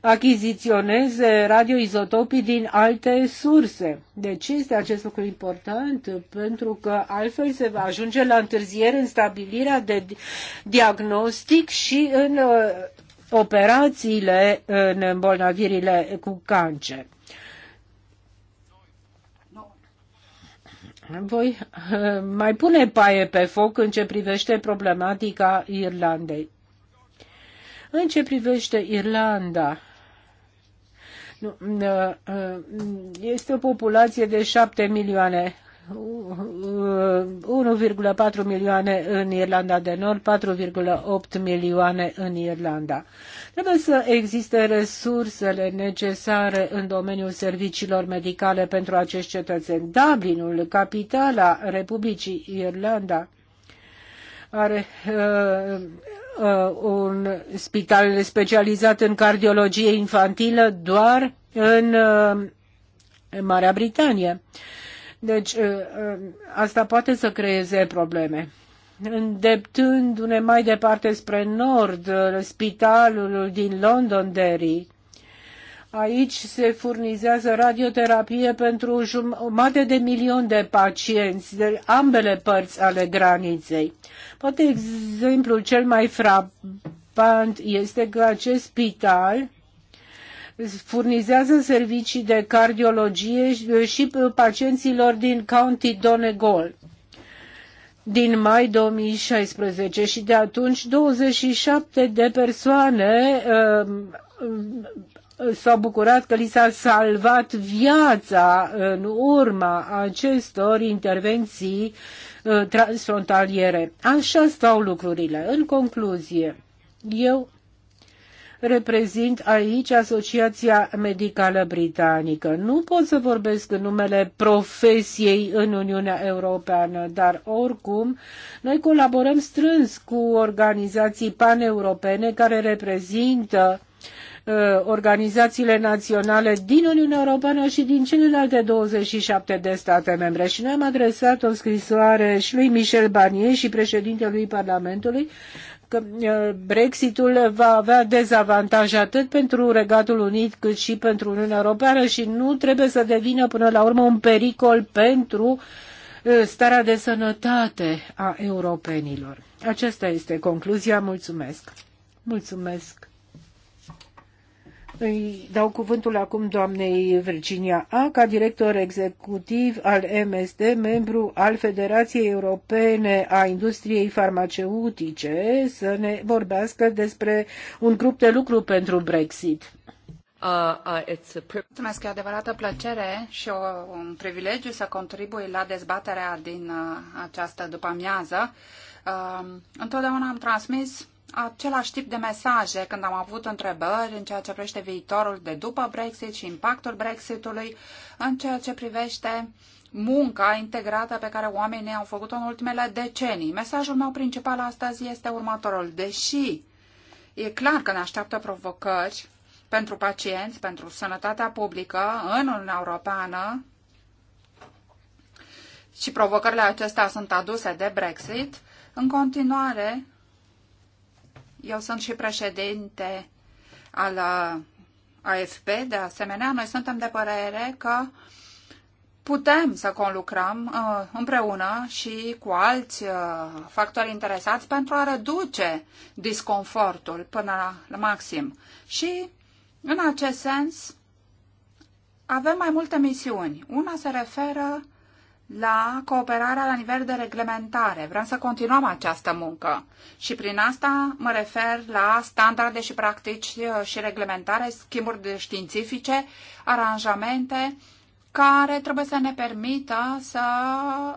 Speaker 3: achiziționeze radioizotopii din alte surse. De deci, ce este acest lucru important? Pentru că altfel se va ajunge la întârziere în stabilirea de diagnostic și în uh, operațiile uh, în îmbolnăvirile cu cancer. Voi eh, mai pune paie pe foc în ce privește problematica Irlandei. În ce privește Irlanda, eh, eh, este o populație de șapte milioane 1,4 milioane în Irlanda de Nord, 4,8 milioane în Irlanda. Trebuie să existe resursele necesare în domeniul serviciilor medicale pentru acești cetățeni. Dublinul, capitala Republicii Irlanda, are uh, uh, un spital specializat în cardiologie infantilă doar în uh, Marea Britanie. Uh, deci uh, uh, asta poate să creeze probleme. Îndeptându-ne mai departe spre nord, uh, spitalul din Londonderry, Aici se furnizează radioterapie pentru jumătate de milion de pacienți de ambele părți ale graniței. Poate exemplul cel mai frapant este că acest spital furnizează servicii de cardiologie și pacienților din County Donegal din mai 2016 și de atunci 27 de persoane um, s-au bucurat că li s-a salvat viața în urma acestor intervenții uh, transfrontaliere. Așa stau lucrurile. În concluzie, eu reprezint aici Asociația Medicală Britanică. Nu pot să vorbesc în numele profesiei în Uniunea Europeană, dar oricum noi colaborăm strâns cu organizații paneuropene care reprezintă uh, organizațiile naționale din Uniunea Europeană și din celelalte 27 de state membre. Și noi am adresat o scrisoare și lui Michel Barnier și președintelui Parlamentului că Brexitul va avea dezavantaje atât pentru Regatul Unit cât și pentru Uniunea Europeană și nu trebuie să devină până la urmă un pericol pentru starea de sănătate a europenilor. Aceasta este concluzia. Mulțumesc! Mulțumesc! Îi dau cuvântul acum doamnei Virginia A, ca director executiv al MSD, membru al Federației Europene a Industriei Farmaceutice, să ne vorbească despre un grup de lucru pentru Brexit.
Speaker 1: Uh, uh, Mulțumesc, e o adevărată plăcere și o, un privilegiu să contribui la dezbaterea din uh, această după-amiază. Uh, întotdeauna am transmis același tip de mesaje când am avut întrebări în ceea ce privește viitorul de după Brexit și impactul Brexitului, în ceea ce privește munca integrată pe care oamenii au făcut-o în ultimele decenii. Mesajul meu principal astăzi este următorul. Deși e clar că ne așteaptă provocări pentru pacienți, pentru sănătatea publică în Uniunea Europeană, și provocările acestea sunt aduse de Brexit, în continuare eu sunt și președinte al uh, AFP, de asemenea, noi suntem de părere că putem să conlucrăm uh, împreună și cu alți uh, factori interesați pentru a reduce disconfortul până la maxim. Și, în acest sens, avem mai multe misiuni. Una se referă la cooperarea la nivel de reglementare. Vrem să continuăm această muncă și prin asta mă refer la standarde și practici uh, și reglementare, schimburi de științifice, aranjamente care trebuie să ne permită să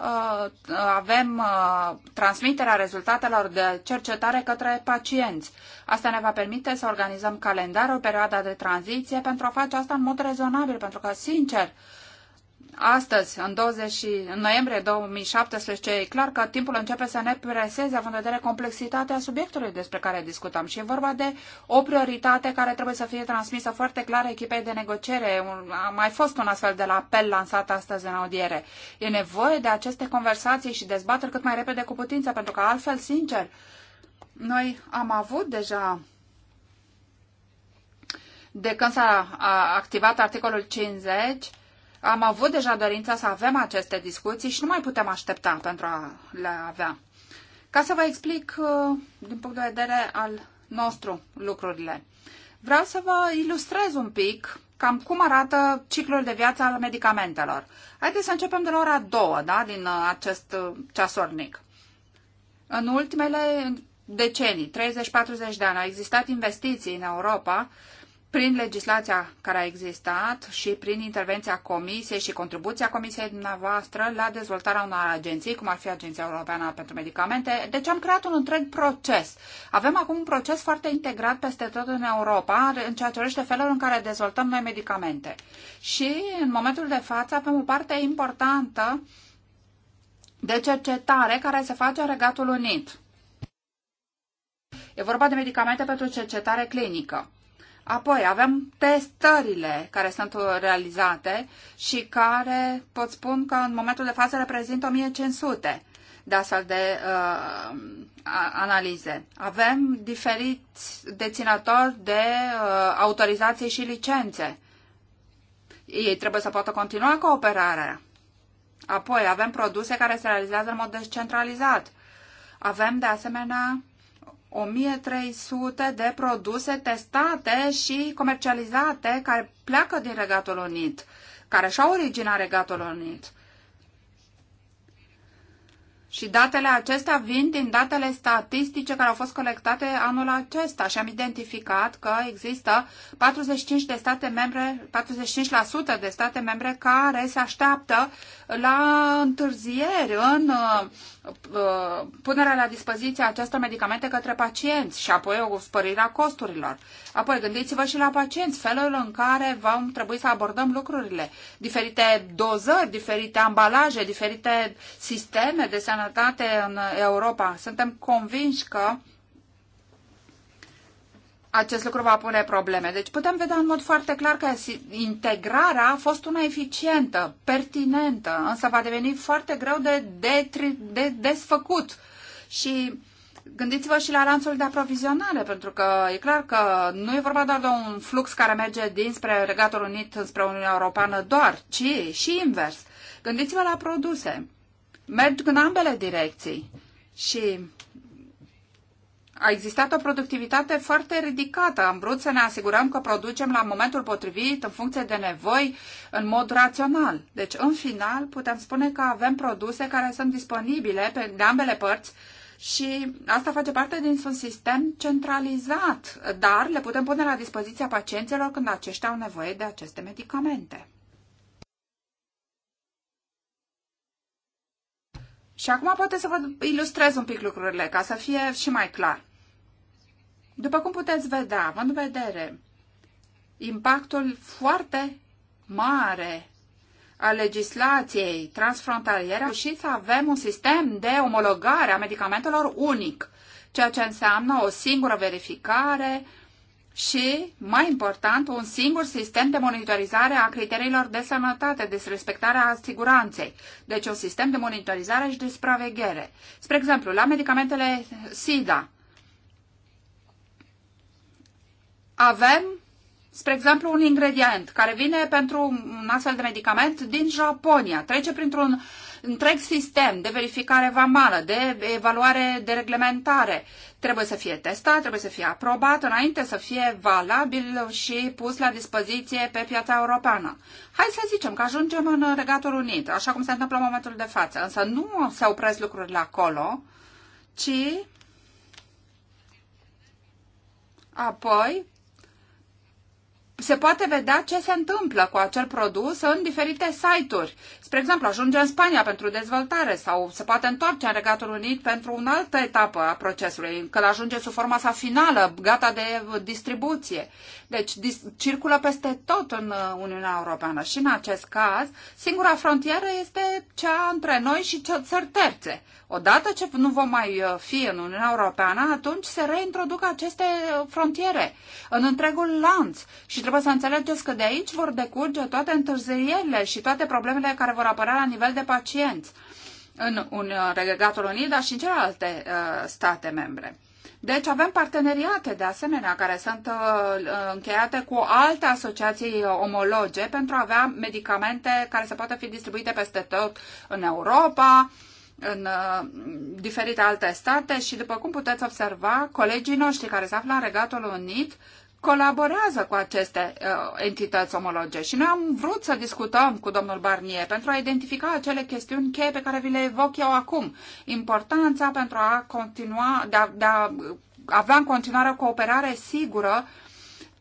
Speaker 1: uh, avem uh, transmiterea rezultatelor de cercetare către pacienți. Asta ne va permite să organizăm calendarul, perioada de tranziție, pentru a face asta în mod rezonabil, pentru că, sincer, uh, astăzi, în, 20, în noiembrie 2017, e clar că timpul începe să ne preseze, având în vedere complexitatea subiectului despre care discutăm. Și e vorba de o prioritate care trebuie să fie transmisă foarte clar echipei de negociere. A mai fost un astfel de apel lansat astăzi în audiere. E nevoie de aceste conversații și dezbateri cât mai repede cu putință, pentru că altfel, sincer, noi am avut deja de când s-a activat articolul 50, am avut deja dorința să avem aceste discuții și nu mai putem aștepta pentru a le avea. Ca să vă explic uh, din punct de vedere al nostru lucrurile, vreau să vă ilustrez un pic cam cum arată ciclul de viață al medicamentelor. Haideți să începem de la ora 2 da, din uh, acest uh, ceasornic. În ultimele decenii, 30-40 de ani, au existat investiții în Europa prin legislația care a existat și prin intervenția Comisiei și contribuția Comisiei dumneavoastră la dezvoltarea unor agenții, cum ar fi Agenția Europeană pentru Medicamente. Deci am creat un întreg proces. Avem acum un proces foarte integrat peste tot în Europa în ceea ce privește felul în care dezvoltăm noi medicamente. Și în momentul de față avem o parte importantă de cercetare care se face în Regatul Unit. E vorba de medicamente pentru cercetare clinică. Apoi avem testările care sunt realizate și care pot spun că în momentul de față reprezintă 1500 de astfel de uh, analize. Avem diferiți deținători de uh, autorizații și licențe. Ei trebuie să poată continua cooperarea. Apoi avem produse care se realizează în mod descentralizat. Avem de asemenea 1300 de produse testate și comercializate care pleacă din Regatul Unit, care și-au originat Regatul Unit. Și datele acestea vin din datele statistice care au fost colectate anul acesta și am identificat că există 45 de state membre, 45% de state membre care se așteaptă la întârzieri în uh, uh, punerea la dispoziție acestor medicamente către pacienți și apoi o spărire a costurilor. Apoi gândiți-vă și la pacienți, felul în care vom trebui să abordăm lucrurile. Diferite dozări, diferite ambalaje, diferite sisteme de sănătate sănătate în Europa. Suntem convinși că acest lucru va pune probleme. Deci putem vedea în mod foarte clar că integrarea a fost una eficientă, pertinentă, însă va deveni foarte greu de, de, de desfăcut. Și gândiți-vă și la lanțul de aprovizionare, pentru că e clar că nu e vorba doar de un flux care merge dinspre Regatul Unit spre Uniunea Europeană doar, ci și invers. Gândiți-vă la produse merg în ambele direcții și a existat o productivitate foarte ridicată. Am vrut să ne asigurăm că producem la momentul potrivit, în funcție de nevoi, în mod rațional. Deci, în final, putem spune că avem produse care sunt disponibile pe, de ambele părți și asta face parte din un sistem centralizat, dar le putem pune la dispoziția pacienților când aceștia au nevoie de aceste medicamente. Și acum poate să vă ilustrez un pic lucrurile, ca să fie și mai clar. După cum puteți vedea, având în vedere impactul foarte mare a legislației transfrontaliere, și să avem un sistem de omologare a medicamentelor unic, ceea ce înseamnă o singură verificare, și, mai important, un singur sistem de monitorizare a criteriilor de sănătate, de respectarea asiguranței. deci un sistem de monitorizare și de supraveghere. Spre exemplu, la medicamentele SIDA avem, spre exemplu, un ingredient care vine pentru un astfel de medicament din Japonia, trece printr-un uh, întreg sistem de verificare vamală, de evaluare, de reglementare trebuie să fie testat, trebuie să fie aprobat înainte să fie valabil și pus la dispoziție pe piața europeană. Hai să zicem că ajungem în Regatul Unit, așa cum se întâmplă în momentul de față, însă nu se opresc lucrurile acolo, ci apoi se poate vedea ce se întâmplă cu acel produs în diferite site-uri. Spre exemplu, ajunge în Spania pentru dezvoltare sau se poate întoarce în Regatul Unit pentru o altă etapă a procesului, că ajunge sub forma sa finală, gata de distribuție. Deci dis- circulă peste tot în uh, Uniunea Europeană și în acest caz, singura frontieră este cea între noi și cea țări terțe. Odată ce nu vom mai uh, fi în Uniunea Europeană, atunci se reintroduc aceste uh, frontiere în întregul lanț. Și trebuie să înțelegeți că de aici vor decurge toate întârzierile și toate problemele care vor apărea la nivel de pacienți în, un uh, Regatul Unit, dar și în celelalte uh, state membre. Deci avem parteneriate de asemenea care sunt încheiate cu alte asociații omologe pentru a avea medicamente care să poată fi distribuite peste tot în Europa, în uh, diferite alte state și, după cum puteți observa, colegii noștri care se află în Regatul Unit colaborează cu aceste uh, entități omologe și noi am vrut să discutăm cu domnul Barnier pentru a identifica acele chestiuni cheie pe care vi le evoc eu acum. Importanța pentru a continua, de a, de a avea în continuare o cooperare sigură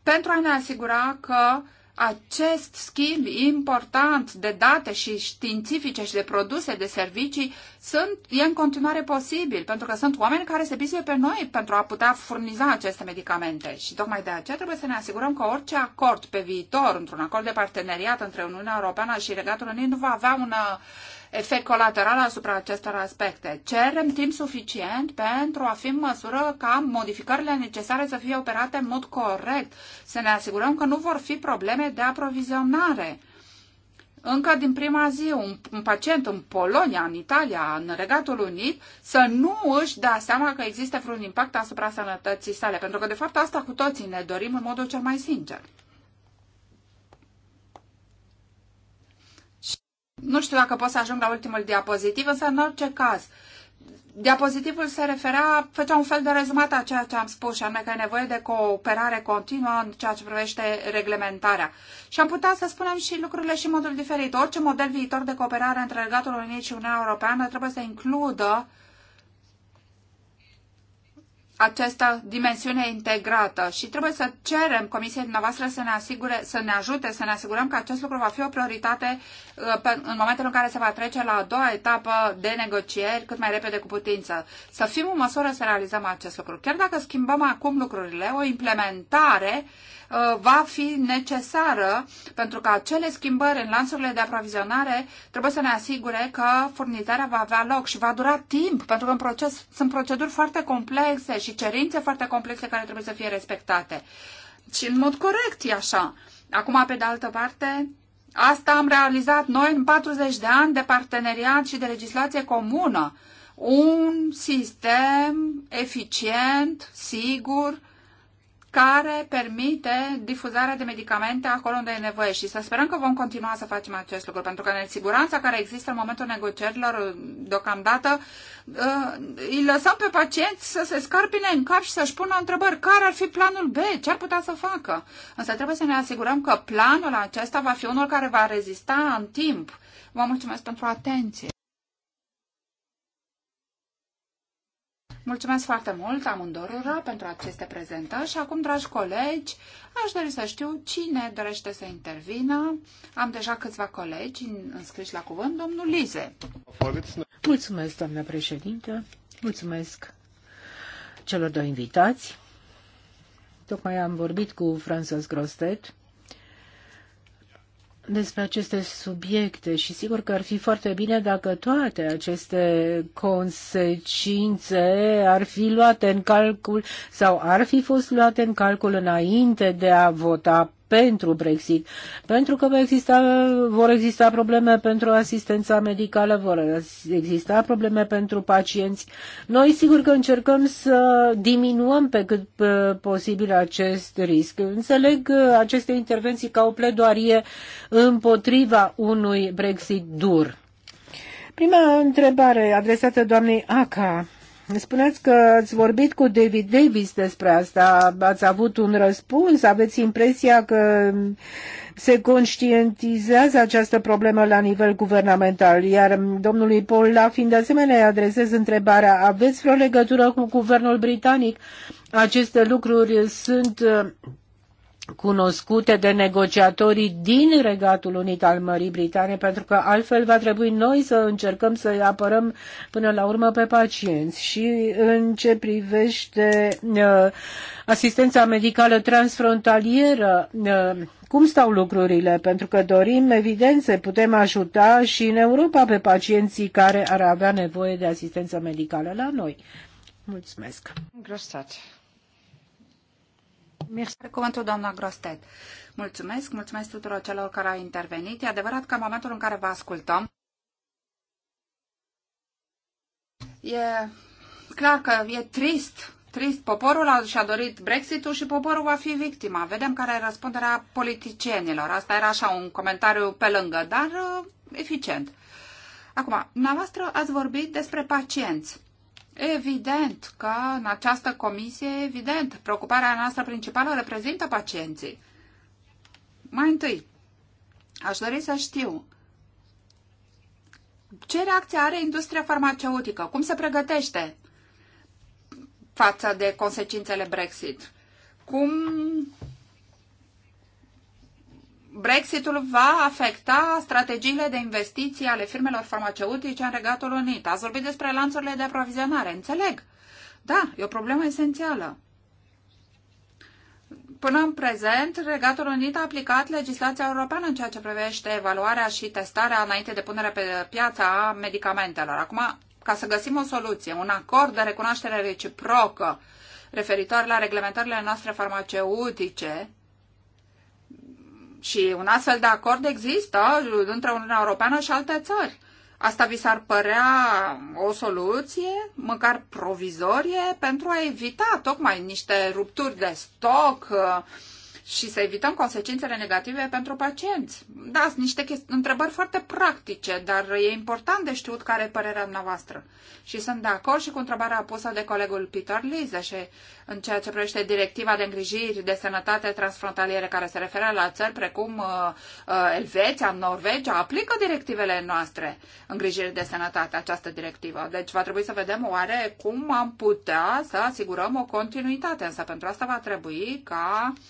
Speaker 1: pentru a ne asigura că uh, acest schimb important de date și științifice și de produse, de servicii, sunt, e în continuare posibil, pentru că sunt oameni care se bizuie pe noi pentru a putea furniza aceste medicamente. Și tocmai de aceea trebuie să ne asigurăm că orice acord pe viitor, într-un acord de parteneriat între Uniunea Europeană și Regatul Unit, nu va avea un efect colateral asupra acestor aspecte. Cerem timp suficient pentru a fi în măsură ca modificările necesare să fie operate în mod corect, să ne asigurăm că nu vor fi probleme de aprovizionare. Încă din prima zi, un, un pacient în Polonia, în Italia, în Regatul Unit, să nu își dea seama că există vreun impact asupra sănătății sale, pentru că, de fapt, asta cu toții ne dorim în modul cel mai sincer. Nu știu dacă pot să ajung la ultimul diapozitiv, însă în orice caz, diapozitivul se referea, făcea un fel de rezumat a ceea ce am spus, și anume că e nevoie de cooperare continuă în ceea ce privește reglementarea. Și am putea să spunem și lucrurile și în modul diferit. Orice model viitor de cooperare între Regatul Unit și Uniunea Europeană trebuie să includă uh, această dimensiune integrată și trebuie să cerem Comisiei dumneavoastră să ne, asigure, să ne ajute, să ne asigurăm că acest lucru va fi o prioritate uh, în momentul în care se va trece la a doua etapă de negocieri cât mai repede cu putință. Să fim în măsură să realizăm acest lucru. Chiar dacă schimbăm acum lucrurile, o implementare Uh, va fi necesară pentru că acele schimbări în lanțurile de aprovizionare trebuie să ne asigure că furnizarea va avea loc și va dura timp pentru că în proces, sunt proceduri foarte complexe și cerințe foarte complexe care trebuie să fie respectate. Și în mod corect e așa. Acum, pe de altă parte, asta am realizat noi în 40 de ani de parteneriat și de legislație comună. Un sistem eficient, sigur, care permite difuzarea de medicamente acolo unde e nevoie și să sperăm că vom continua să facem acest lucru, pentru că nesiguranța care există în momentul negocierilor deocamdată uh, îi lăsăm pe pacienți să se scarpine în cap și să-și pună întrebări care ar fi planul B, ce ar putea să facă. Însă trebuie să ne asigurăm că planul acesta va fi unul care va rezista în timp. Vă mulțumesc pentru atenție. Mulțumesc foarte mult amândorora pentru aceste prezentări și acum, dragi colegi, aș dori să știu cine dorește să intervină. Am deja câțiva colegi înscriși la
Speaker 3: cuvânt, domnul Lize. Mulțumesc, doamna președintă. Mulțumesc celor doi invitați. Tocmai am vorbit cu Francis Grostet despre aceste subiecte și sigur că ar fi foarte bine dacă toate aceste consecințe ar fi luate în calcul sau ar fi fost luate în calcul înainte de a vota pentru Brexit, pentru că exista, vor exista probleme pentru asistența medicală, vor exista probleme pentru pacienți. Noi sigur că încercăm să diminuăm pe cât posibil acest risc. Înțeleg uh, aceste intervenții ca o pledoarie împotriva unui Brexit dur. Prima întrebare adresată doamnei Aca Spuneți că ați vorbit cu David Davis despre asta, ați avut un răspuns, aveți impresia că se conștientizează această problemă la nivel guvernamental. Iar domnului Paul la fiind de asemenea adresez întrebarea, aveți vreo legătură cu guvernul britanic? Aceste lucruri sunt uh, cunoscute de negociatorii din Regatul Unit al Mării Britane, pentru că altfel va trebui noi să încercăm să i apărăm până la urmă pe pacienți. Și în ce privește uh, asistența medicală transfrontalieră, uh, cum stau lucrurile? Pentru că dorim, evident, să putem ajuta și în Europa pe pacienții care ar avea nevoie de asistență medicală la noi. Mulțumesc. Grostat.
Speaker 1: Cuvântul doamna Grostet. Mulțumesc, mulțumesc tuturor celor care au intervenit. E adevărat că în momentul în care vă ascultăm, e clar că e trist Trist, poporul a, și-a dorit Brexitul și poporul va fi victima. Vedem care e răspunderea politicienilor. Asta era așa un comentariu pe lângă, dar uh, eficient. Acum, dumneavoastră ați vorbit despre pacienți. Evident că în această comisie, evident, preocuparea noastră principală reprezintă pacienții. Mai întâi, aș dori să știu ce reacție are industria farmaceutică, cum se pregătește față de consecințele Brexit, cum Brexitul va afecta strategiile de investiții ale firmelor farmaceutice în Regatul Unit. Ați vorbit despre lanțurile de aprovizionare, înțeleg. Da, e o problemă esențială. Până în prezent, Regatul Unit a aplicat legislația europeană în ceea ce privește evaluarea și testarea înainte de punerea pe piață a medicamentelor. Acum, ca să găsim o soluție, un acord de recunoaștere reciprocă referitor la reglementările noastre farmaceutice, și un astfel de acord există între Uniunea Europeană și alte țări. Asta vi s-ar părea o soluție, măcar provizorie, pentru a evita tocmai niște rupturi de stoc, uh, și să evităm consecințele negative pentru pacienți. Da, sunt niște întrebări foarte practice, dar e important de știut care e părerea noastră. Și sunt de acord și cu întrebarea pusă de colegul Peter Lise, și în ceea ce privește directiva de îngrijiri de sănătate transfrontaliere care se referă la țări precum uh, uh, Elveția, Norvegia, aplică directivele noastre îngrijiri de sănătate, această directivă. Deci va trebui să vedem oare cum am putea să asigurăm o continuitate, însă pentru asta va trebui ca uh,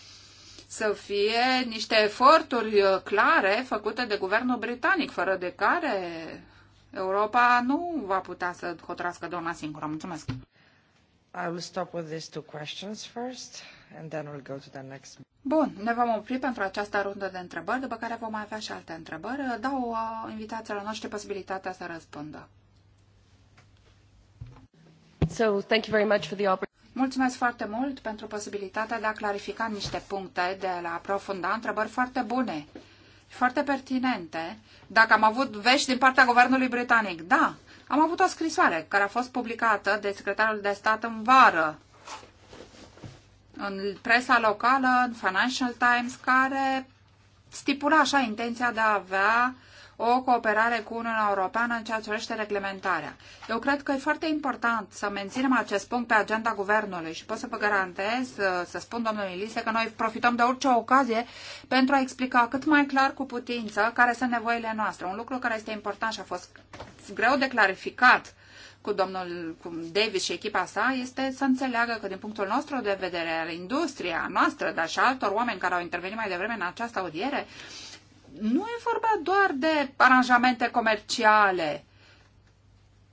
Speaker 1: să fie niște eforturi uh, clare făcute de guvernul britanic, fără de care Europa nu va putea să hotărască de una singură. Mulțumesc. I will stop with these two questions first and then we'll go to the next. Bun, ne vom opri pentru această rundă de întrebări, după care vom avea și alte întrebări. Dau uh, la noastră posibilitatea să răspundă. So, thank you very much for the opportunity. Mulțumesc foarte mult pentru posibilitatea de a clarifica niște puncte, de a aprofunda întrebări foarte bune foarte pertinente. Dacă am avut vești din partea guvernului britanic, da, am avut o scrisoare care a fost publicată de secretarul de stat în vară în presa locală, în Financial Times, care stipula așa intenția de a avea uh, o cooperare cu Uniunea Europeană în ceea ce privește reglementarea. Eu cred că e foarte important să menținem acest punct pe agenda guvernului și pot să vă garantez, să spun domnului Lise, că noi profităm de orice ocazie pentru a explica cât mai clar cu putință care sunt nevoile noastre. Un lucru care este important și a fost greu de clarificat cu domnul cu Davis și echipa sa este să înțeleagă că din punctul nostru de vedere al industria noastră, dar și altor oameni care au intervenit mai devreme în această audiere, uh, nu e vorba doar de aranjamente comerciale,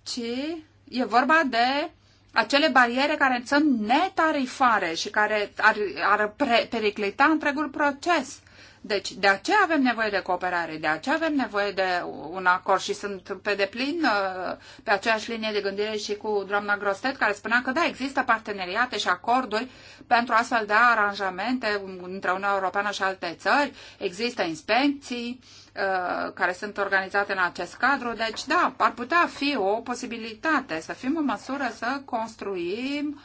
Speaker 1: ci e vorba de acele bariere care sunt netarifare și care ar, ar periclita întregul proces. Deci, de aceea avem nevoie de cooperare, de aceea avem nevoie de un acord și sunt pe deplin uh, pe aceeași linie de gândire și cu doamna Grostet, care spunea că da, există parteneriate și acorduri pentru astfel de aranjamente între Uniunea Europeană și alte țări, există inspecții uh, care sunt organizate în acest cadru, deci da, ar putea fi o posibilitate să fim în măsură să construim uh,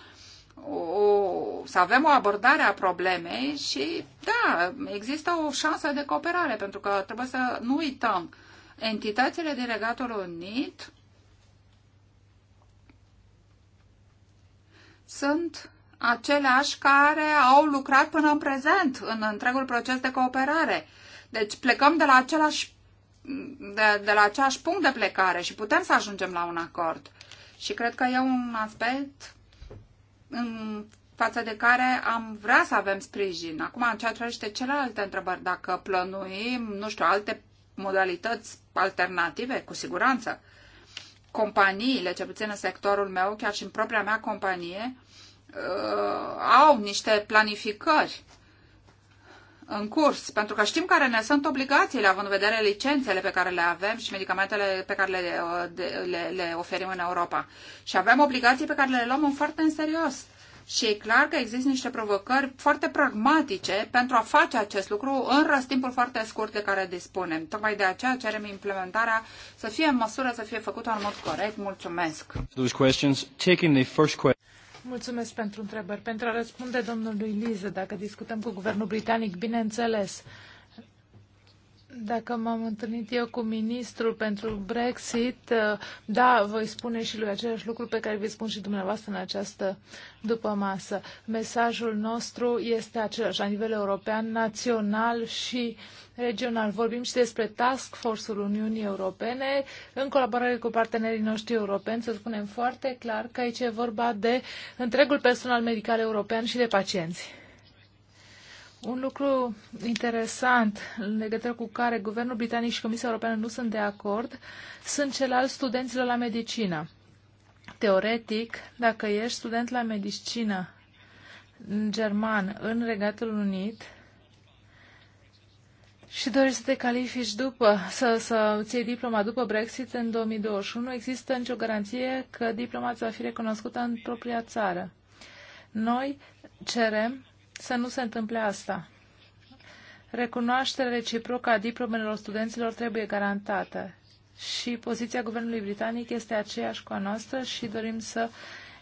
Speaker 1: o, să avem o abordare a problemei și, da, există o șansă de cooperare, pentru că trebuie să nu uităm, entitățile din Regatul Unit sunt aceleași care au lucrat până în prezent în întregul proces de cooperare. Deci plecăm de la același de, de la aceeași punct de plecare și putem să ajungem la un acord. Și cred că e un aspect în față de care am vrea să avem sprijin. Acum, în ceea ce privește celelalte întrebări, dacă plănuim, nu știu, alte modalități alternative, cu siguranță, companiile, ce puțin în sectorul meu, chiar și în propria mea companie, uh, au niște planificări în curs, pentru că știm care ne sunt obligațiile, având în vedere licențele pe care le avem și medicamentele pe care le, le, le oferim în Europa. Și avem obligații pe care le luăm în foarte în serios. Și e clar că există niște provocări foarte pragmatice pentru a face acest lucru în răstimpul foarte scurt de care dispunem. Tocmai de aceea cerem implementarea să fie în măsură să fie făcută în mod corect. Mulțumesc!
Speaker 2: Mulțumesc pentru întrebări. Pentru a răspunde domnului Lize, dacă discutăm cu guvernul britanic, bineînțeles, dacă m-am întâlnit eu cu ministrul pentru Brexit, uh, da, voi spune și lui același lucru pe care vi spun și dumneavoastră în această după masă. Mesajul nostru este același la nivel european, național și regional. Vorbim și despre Task Force-ul Uniunii Europene, în colaborare cu partenerii noștri europeni, să spunem foarte clar că aici e vorba de întregul personal medical european și de pacienți. Un lucru interesant în legătură cu care Guvernul Britanic și Comisia Europeană nu sunt de acord sunt cel al studenților la medicină. Teoretic, dacă ești student la medicină în german în Regatul Unit și dorești să te califici după, să, să ții diploma după Brexit în 2021, există nicio garanție că diploma ți va fi recunoscută în propria țară. Noi cerem să nu se întâmple asta. Recunoașterea reciprocă a diplomelor studenților trebuie garantată și poziția guvernului britanic este aceeași cu a noastră și dorim să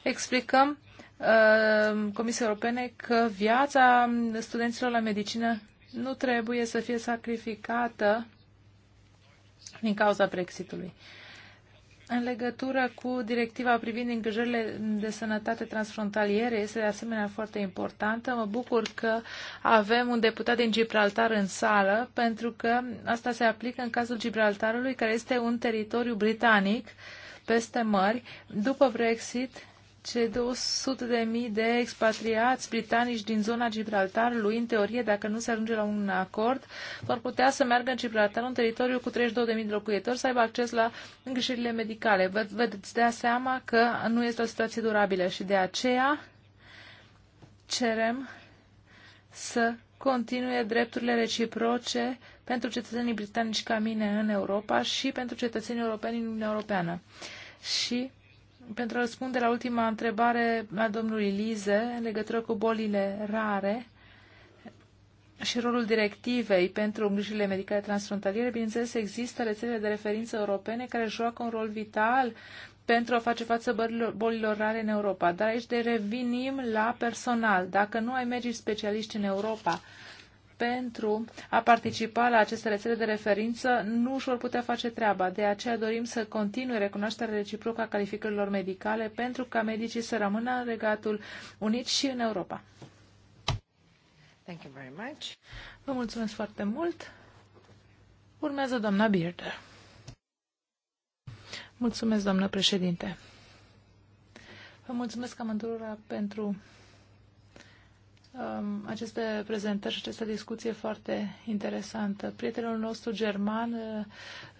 Speaker 2: explicăm uh, Comisiei Europene că viața studenților la medicină nu trebuie să fie sacrificată din cauza Brexitului. În legătură cu directiva privind îngrijările de sănătate transfrontaliere, este de asemenea foarte importantă. Mă bucur că avem un deputat din Gibraltar în sală, pentru că asta se aplică în cazul Gibraltarului, care este un teritoriu britanic peste mări. După Brexit, ce 200 de mii de expatriați britanici din zona Gibraltarului, în teorie, dacă nu se ajunge la un acord, vor putea să meargă în Gibraltar, un teritoriu cu 32.000 de locuitori, să aibă acces la îngrijirile medicale. Vă veți de seama că nu este o situație durabilă și de aceea cerem să continue drepturile reciproce pentru cetățenii britanici ca mine în Europa și pentru cetățenii europeni în Uniunea Europeană. Și pentru a răspunde la ultima întrebare a domnului Lize în legătură cu bolile rare și rolul directivei pentru îngrijirile medicale transfrontaliere, bineînțeles, există rețele de referință europene care joacă un rol vital pentru a face față bolilor rare în Europa. Dar aici de revenim la personal. Dacă nu ai medici specialiști în Europa pentru a participa la aceste rețele de referință nu își vor putea face treaba. De aceea dorim să continue recunoașterea reciprocă a calificărilor medicale pentru ca medicii să rămână în regatul unit și în Europa. Thank you very much. Vă mulțumesc foarte mult. Urmează doamna Birder. Mulțumesc, doamnă președinte. Vă mulțumesc amândurora pentru um, aceste prezentări și această discuție foarte interesantă. Prietenul nostru german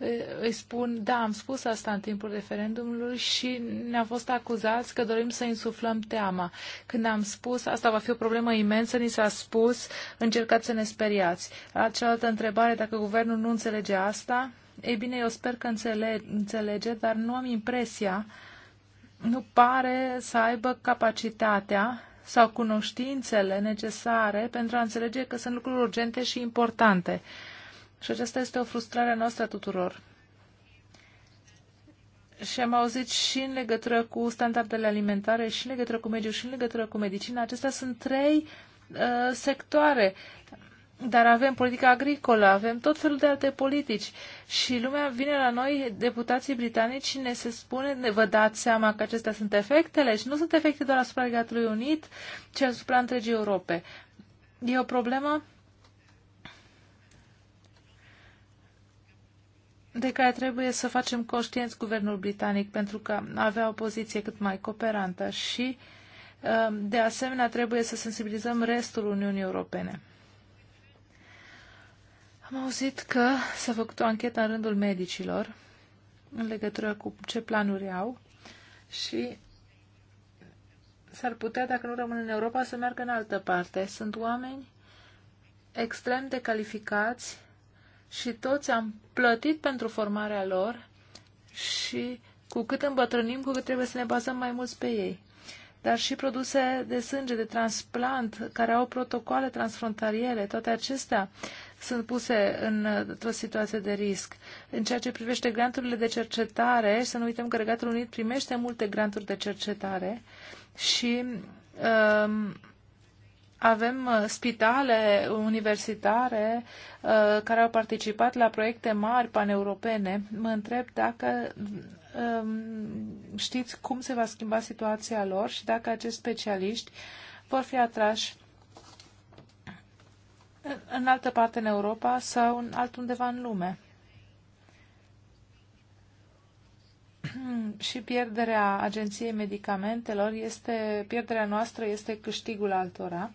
Speaker 2: uh, îi spun, da, am spus asta în timpul referendumului și ne-a fost acuzați că dorim să insuflăm teama. Când am spus, asta va fi o problemă imensă, ni s-a spus, încercați să ne speriați. La cealaltă întrebare, dacă guvernul nu înțelege asta, ei bine, eu sper că înțelege, înțelege dar nu am impresia, nu pare să aibă capacitatea sau cunoștințele necesare pentru a înțelege că sunt lucruri urgente și importante. Și aceasta este o frustrare noastră a tuturor. Și am auzit și în legătură cu standardele alimentare, și în legătură cu mediul, și în legătură cu medicina. Acestea sunt trei uh, sectoare dar avem politica agricolă, avem tot felul de alte politici și lumea vine la noi, deputații britanici, și ne se spune, ne vă dați seama că acestea sunt efectele și nu sunt efecte doar asupra Regatului Unit, ci asupra întregii Europe. E o problemă de care trebuie să facem conștienți guvernul britanic pentru că avea o poziție cât mai cooperantă și, um, de asemenea, trebuie să sensibilizăm restul Uniunii Europene. Am auzit că s-a făcut o anchetă în rândul medicilor în legătură cu ce planuri au și s-ar putea, dacă nu rămân în Europa, să meargă în altă parte. Sunt oameni extrem de calificați și toți am plătit pentru formarea lor și cu cât îmbătrânim, cu cât trebuie să ne bazăm mai mult pe ei. Dar și produse de sânge, de transplant, care au protocoale transfrontaliere, toate acestea sunt puse într-o situație de risc. În ceea ce privește granturile de cercetare, să nu uităm că Regatul Unit primește multe granturi de cercetare și um, avem uh, spitale universitare uh, care au participat la proiecte mari paneuropene. Mă întreb dacă um, știți cum se va schimba situația lor și dacă acești specialiști vor fi atrași în altă parte în Europa sau în altundeva în lume. și pierderea agenției medicamentelor este, pierderea noastră este câștigul altora.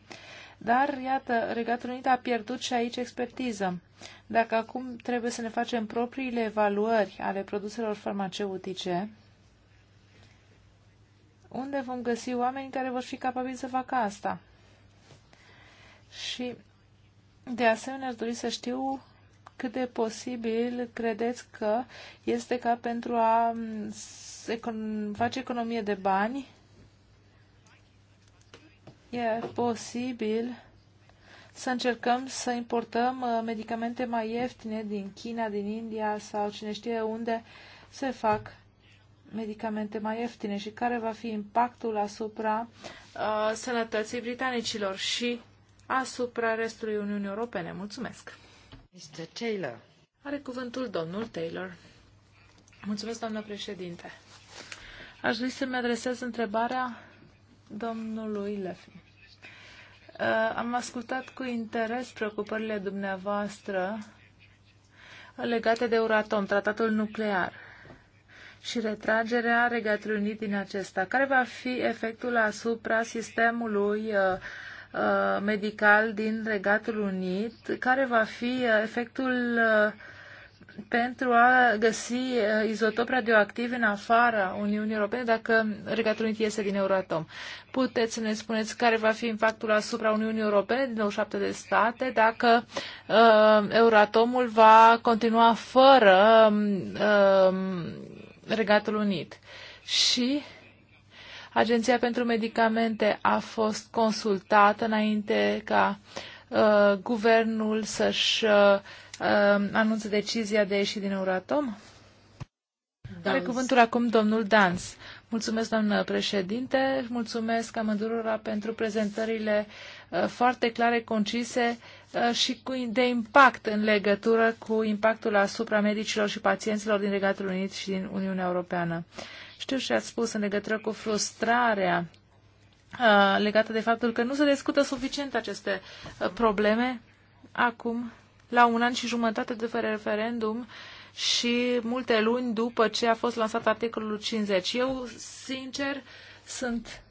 Speaker 2: Dar, iată, Regatul Unit a pierdut și aici expertiză. Dacă acum trebuie să ne facem propriile evaluări ale produselor farmaceutice, unde vom găsi oameni care vor fi capabili să facă asta? Și de asemenea, aș dori să știu cât de posibil credeți că este ca pentru a face economie de bani e posibil să încercăm să importăm uh, medicamente mai ieftine din China, din India sau cine știe unde se fac medicamente mai ieftine și care va fi impactul asupra uh, sănătății britanicilor și asupra restului Uniunii Europene. Mulțumesc! Mr. Taylor. Are cuvântul domnul Taylor. Mulțumesc, doamnă președinte. Aș dori să-mi adresez întrebarea domnului Lefi. Uh, am ascultat cu interes preocupările dumneavoastră legate de Euratom, tratatul nuclear și retragerea Regatului Unit din acesta. Care va fi efectul asupra sistemului uh, Uh, medical din Regatul Unit, care va fi uh, efectul uh, pentru a găsi izotop radioactiv în afara Uniunii Europene dacă Regatul Unit iese din Euratom. Puteți să ne spuneți care va fi impactul asupra Uniunii Europene din 27 de state dacă uh, Euratomul va continua fără uh, Regatul Unit. Și Agenția pentru Medicamente a fost consultată înainte ca uh, guvernul să-și uh, uh, anunțe decizia de a ieși din Euratom? Dans. Are cuvântul acum domnul Dans. Mulțumesc, doamnă președinte, mulțumesc amândurora pentru prezentările uh, foarte clare, concise uh, și cu de impact în legătură cu impactul asupra medicilor și pacienților din Regatul Unit și din Uniunea Europeană. Știu și ați spus în legătură cu frustrarea uh, legată de faptul că nu se discută suficient aceste uh, probleme acum, la un an și jumătate de fără referendum și multe luni după ce a fost lansat articolul 50. Eu, sincer, sunt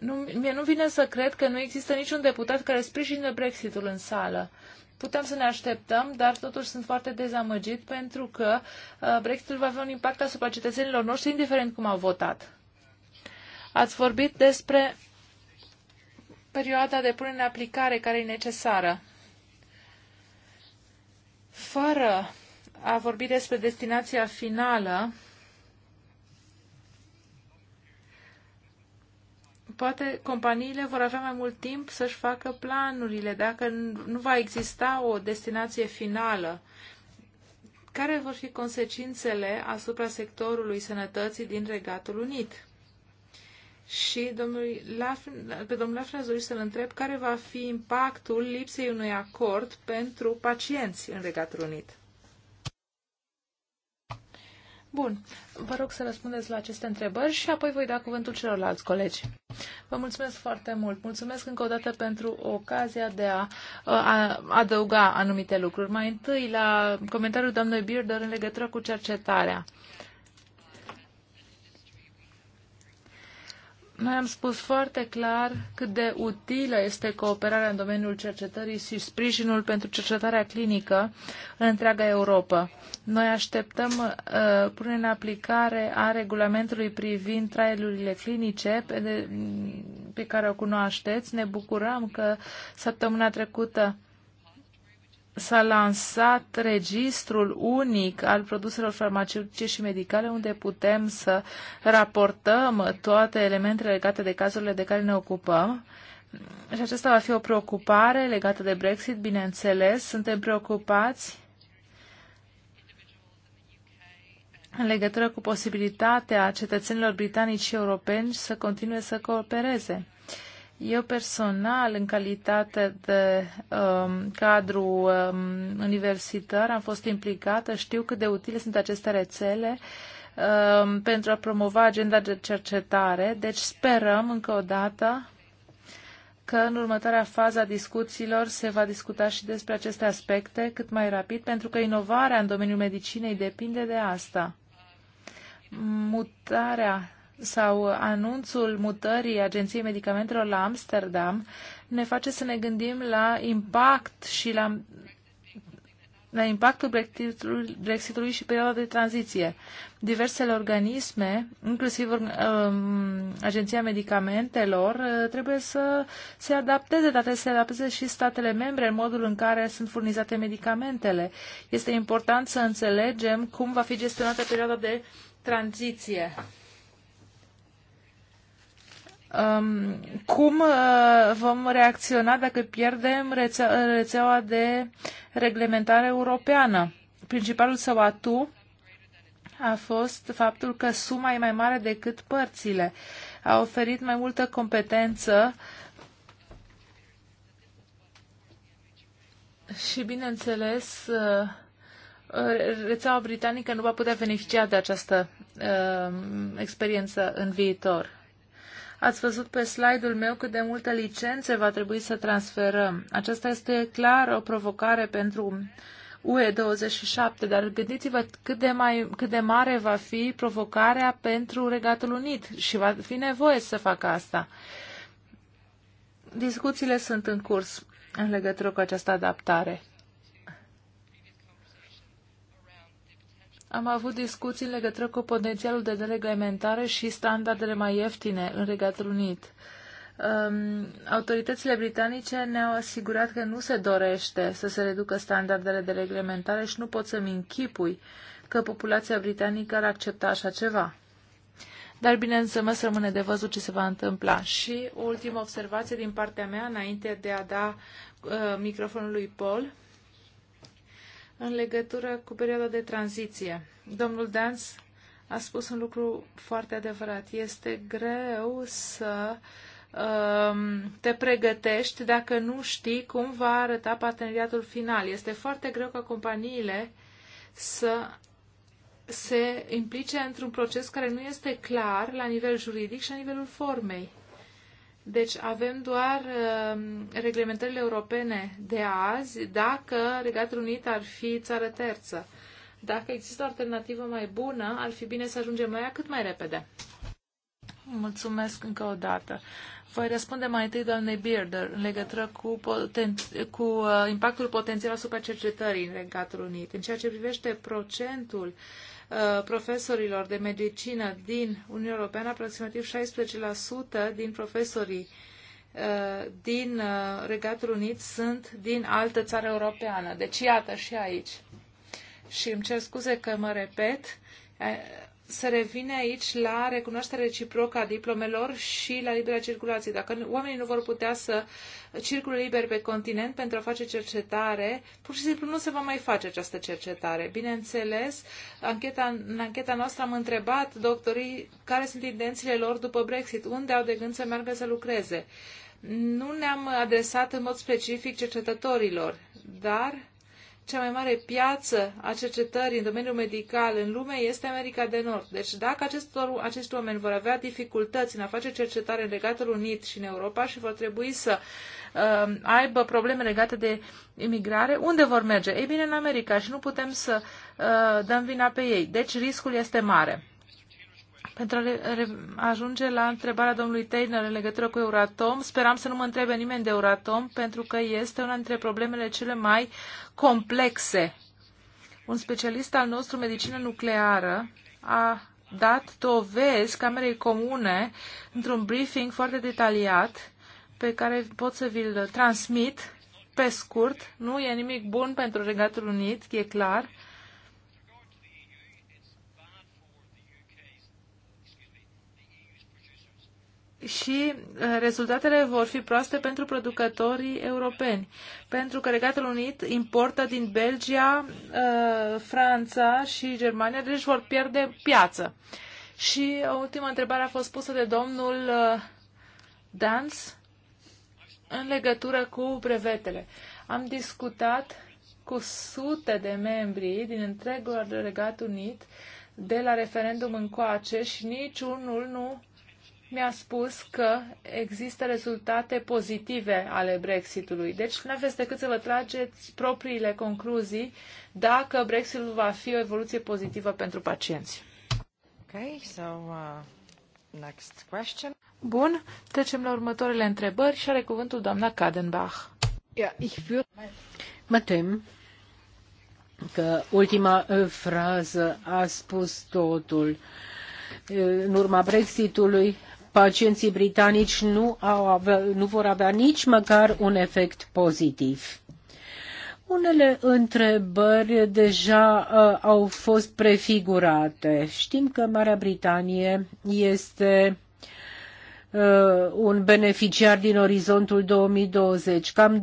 Speaker 2: nu, mie nu vine să cred că nu există niciun deputat care sprijină Brexitul în sală putem să ne așteptăm, dar totuși sunt foarte dezamăgit pentru că uh, Brexitul va avea un impact asupra cetățenilor noștri, indiferent cum au votat. Ați vorbit despre perioada de punere în aplicare care e necesară. Fără a vorbi despre destinația finală, poate companiile vor avea mai mult timp să-și facă planurile, dacă nu va exista o destinație finală. Care vor fi consecințele asupra sectorului sănătății din Regatul Unit? Și domnul pe domnul Lafn aș să-l întreb care va fi impactul lipsei unui acord pentru pacienți în Regatul Unit. Bun. Vă rog să răspundeți la aceste întrebări și apoi voi da cuvântul celorlalți colegi. Vă mulțumesc foarte mult. Mulțumesc încă o dată pentru ocazia de a, a adăuga anumite lucruri. Mai întâi la comentariul doamnei Birder în legătură cu cercetarea. Noi am spus foarte clar cât de utilă este cooperarea în domeniul cercetării și sprijinul pentru cercetarea clinică în întreaga Europa. Noi așteptăm uh, punerea în aplicare a regulamentului privind trailurile clinice pe, de, pe care o cunoașteți. Ne bucurăm că săptămâna trecută s-a lansat registrul unic al produselor farmaceutice și medicale unde putem să raportăm toate elementele legate de cazurile de care ne ocupăm. Și aceasta va fi o preocupare legată de Brexit, bineînțeles. Suntem preocupați în legătură cu posibilitatea cetățenilor britanici și europeni să continue să coopereze. Eu personal, în calitate de um, cadru um, universitar, am fost implicată, știu cât de utile sunt aceste rețele um, pentru a promova agenda de cercetare, deci sperăm încă o dată că în următoarea fază a discuțiilor se va discuta și despre aceste aspecte cât mai rapid, pentru că inovarea în domeniul medicinei depinde de asta. Mutarea sau anunțul mutării Agenției Medicamentelor la Amsterdam ne face să ne gândim la impact și la, la impactul Brexitului, Brexitului și perioada de tranziție. Diversele organisme, inclusiv um, Agenția Medicamentelor, uh, trebuie să se adapteze, dar trebuie să se adapteze și statele membre în modul în care sunt furnizate medicamentele. Este important să înțelegem cum va fi gestionată perioada de tranziție Um, cum uh, vom reacționa dacă pierdem rețea, rețeaua de reglementare europeană? Principalul său atu a fost faptul că suma e mai mare decât părțile. A oferit mai multă competență și, bineînțeles, uh, rețeaua britanică nu va putea beneficia de această uh, experiență în viitor. Ați văzut pe slide-ul meu cât de multe licențe va trebui să transferăm. Aceasta este clar o provocare pentru UE27, dar gândiți-vă cât de, mai, cât de mare va fi provocarea pentru Regatul Unit și va fi nevoie să facă asta. Discuțiile sunt în curs în legătură cu această adaptare. am avut discuții în legătură cu potențialul de dereglementare și standardele mai ieftine în Regatul Unit. Um, autoritățile britanice ne-au asigurat că nu se dorește să se reducă standardele de reglementare și nu pot să-mi închipui că populația britanică ar accepta așa ceva. Dar bineînțeles rămâne de văzut ce se va întâmpla. Și ultima ultimă observație din partea mea, înainte de a da uh, microfonul lui Paul în legătură cu perioada de tranziție. Domnul Dans a spus un lucru foarte adevărat. Este greu să um, te pregătești dacă nu știi cum va arăta parteneriatul final. Este foarte greu ca companiile să se implice într-un proces care nu este clar la nivel juridic și la nivelul formei. Deci avem doar uh, reglementările europene de azi dacă Regatul Unit ar fi țară terță. Dacă există o alternativă mai bună, ar fi bine să ajungem mai cât mai repede. Mulțumesc încă o dată. Voi răspunde mai întâi doamnei Bearder în legătură cu, poten- cu uh, impactul potențial asupra cercetării în Regatul Unit. În ceea ce privește procentul uh, Uh, profesorilor de medicină din Uniunea Europeană, aproximativ 16% din profesorii uh, din uh, Regatul Unit sunt din altă țară europeană. Deci iată și aici. Și îmi cer scuze că mă repet, se revine aici la recunoașterea reciprocă a diplomelor și la libera circulație. Dacă oamenii nu vor putea să circule liber pe continent pentru a face cercetare, pur și simplu nu se va mai face această cercetare. Bineînțeles, ancheta, în ancheta noastră am întrebat doctorii care sunt intențiile lor după Brexit, unde au de gând să meargă să lucreze. Nu ne-am adresat în mod specific cercetătorilor, dar cea mai mare piață a cercetării în domeniul medical în lume este America de Nord. Deci dacă acestor, acești oameni vor avea dificultăți în a face cercetare în Regatul Unit și în Europa și vor trebui să uh, aibă probleme legate de imigrare, unde vor merge? Ei bine, în America și nu putem să uh, dăm vina pe ei. Deci riscul este mare. Pentru a ajunge la întrebarea domnului Taylor în legătură cu Euratom, speram să nu mă întrebe nimeni de Euratom, pentru că este una dintre problemele cele mai complexe. Un specialist al nostru, medicină nucleară, a dat dovezi Camerei Comune într-un briefing foarte detaliat pe care pot să vi-l transmit pe scurt. Nu e nimic bun pentru Regatul Unit, e clar și eh, rezultatele vor fi proaste pentru producătorii europeni, pentru că Regatul Unit importă din Belgia, eh, Franța și Germania, deci vor pierde piață. Și o ultima întrebare a fost pusă de domnul eh, Dans în legătură cu brevetele. Am discutat cu sute de membri din întregul Regat Unit de la referendum încoace și niciunul nu mi-a spus că există rezultate pozitive ale Brexitului. Deci nu aveți decât să vă trageți propriile concluzii dacă Brexitul va fi o evoluție pozitivă pentru pacienți.
Speaker 1: Okay, so, uh, next question.
Speaker 2: Bun, trecem la următoarele întrebări și are cuvântul doamna Kadenbach.
Speaker 3: Yeah, ich für... Mă tem că ultima uh, frază a spus totul. Uh, în urma Brexitului pacienții britanici nu, au avea, nu vor avea nici măcar un efect pozitiv. Unele întrebări deja uh, au fost prefigurate. Știm că Marea Britanie este uh, un beneficiar din orizontul 2020. Cam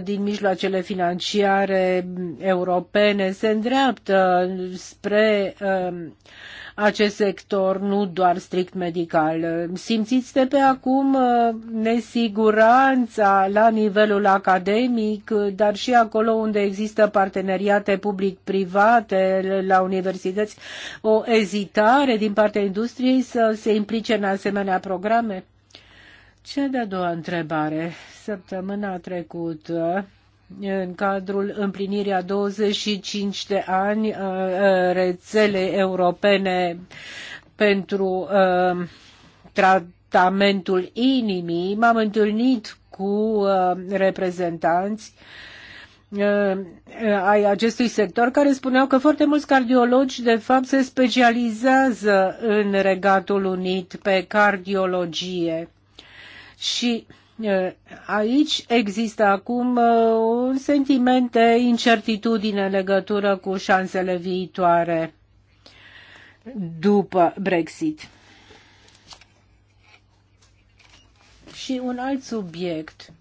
Speaker 3: 20% din mijloacele financiare europene se îndreaptă spre uh, acest sector, nu doar strict medical. Simțiți de pe acum uh, nesiguranța la nivelul academic, uh, dar și acolo unde există parteneriate public-private la universități, o ezitare din partea industriei să se implice în asemenea programe? Cea de-a doua întrebare. Săptămâna trecută în cadrul împlinirii a 25 de ani uh, uh, rețele europene pentru uh, tratamentul inimii, m-am întâlnit cu reprezentanți ai acestui sector care spuneau că foarte mulți cardiologi de fapt se specializează în Regatul Unit pe cardiologie și Aici există acum un sentiment de incertitudine în legătură cu șansele viitoare după Brexit. Și un alt subiect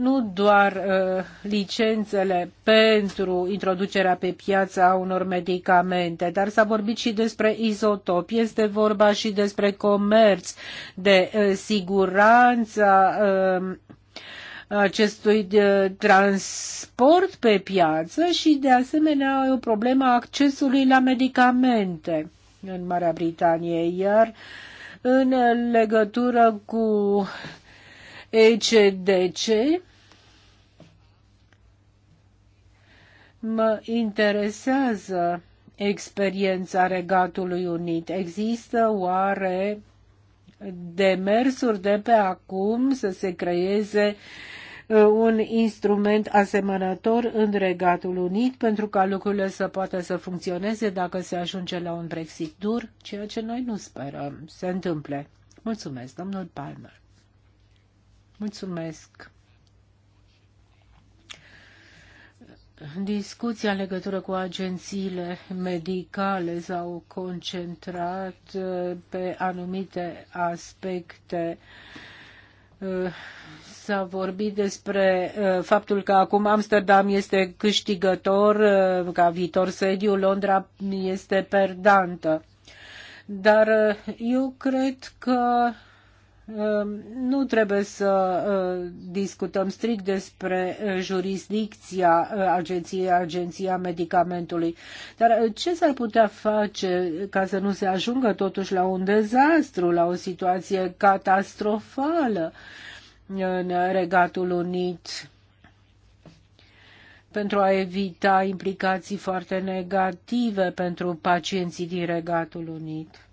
Speaker 3: nu doar uh, licențele pentru introducerea pe piață a unor medicamente, dar s-a vorbit și despre izotop, este vorba și despre comerț, de uh, siguranța um, acestui uh, transport pe piață și de asemenea o problemă a accesului la medicamente în Marea Britanie, iar în legătură cu ECDC mă interesează experiența Regatului Unit. Există oare demersuri de pe acum să se creeze uh, un instrument asemănător în Regatul Unit pentru ca lucrurile să poată să funcționeze dacă se ajunge la un Brexit dur, ceea ce noi nu sperăm se întâmple. Mulțumesc, domnul Palmer. Mulțumesc. Discuția în legătură cu agențiile medicale s-au concentrat uh, pe anumite aspecte. Uh, s-a vorbit despre uh, faptul că acum Amsterdam este câștigător ca viitor sediu, Londra este perdantă. Dar eu cred că Ehm, nu trebuie să ehm, discutăm strict despre ehm, jurisdicția agenției, agenția medicamentului. Dar ce s-ar putea face ca să nu se ajungă totuși la un dezastru, la o situație catastrofală în Regatul Unit? pentru a evita implicații foarte negative pentru pacienții din Regatul Unit.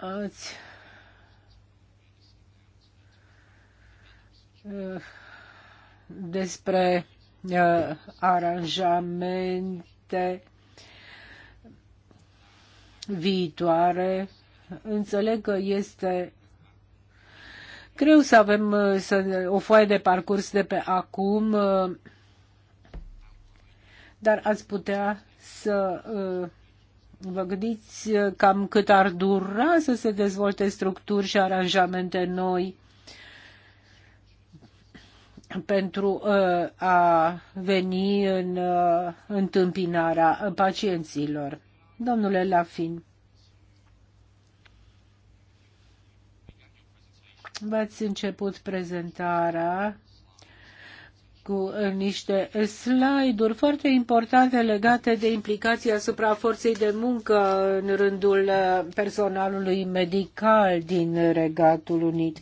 Speaker 3: Azi eh, despre uh, aranjamente viitoare. Înțeleg că este greu să avem eh, să, o foaie de parcurs de pe acum, dar ați putea să uh, Vă gândiți uh, cam cât ar dura să se dezvolte structuri și aranjamente noi pentru uh, a veni în uh, întâmpinarea pacienților. Domnule Lafin, v-ați început prezentarea cu uh, niște slide-uri foarte importante legate de implicații asupra forței de muncă în rândul uh, personalului medical din Regatul Unit.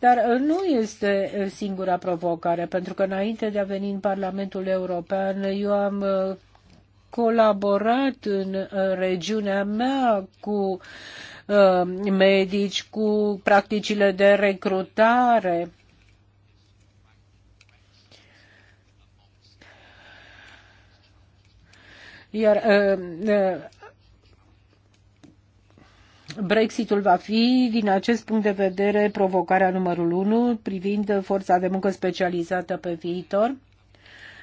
Speaker 3: Dar uh, nu este singura provocare, pentru că înainte de a veni în Parlamentul European, eu am colaborat în regiunea mea cu medici, cu practicile de recrutare Iar uh, uh, Brexitul va fi, din acest punct de vedere, provocarea numărul unu privind forța de muncă specializată pe viitor.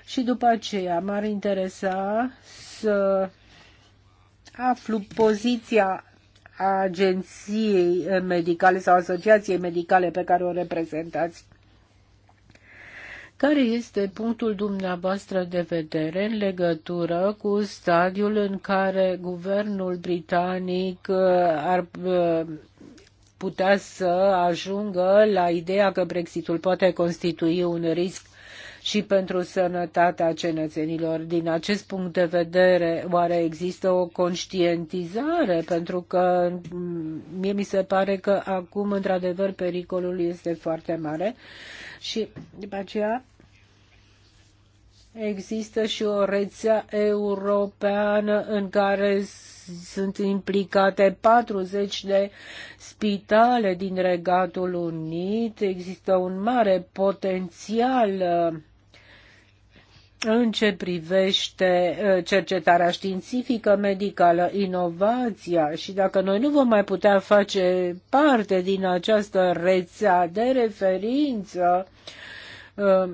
Speaker 3: Și după aceea m-ar interesa să aflu poziția agenției medicale sau asociației medicale pe care o reprezentați care este punctul dumneavoastră de vedere în legătură cu stadiul în care guvernul britanic uh, ar uh, putea să ajungă la ideea că Brexitul poate constitui un risc și pentru sănătatea cetățenilor. Din acest punct de vedere, oare există o conștientizare? Pentru că mm, mie mi se pare că acum, într-adevăr, pericolul este foarte mare. Și după aceea Există și o rețea europeană în care sunt implicate 40 de spitale din Regatul Unit. Există un mare potențial uh, în ce privește uh, cercetarea științifică, medicală, inovația și dacă noi nu vom mai putea face parte din această rețea de referință, uh,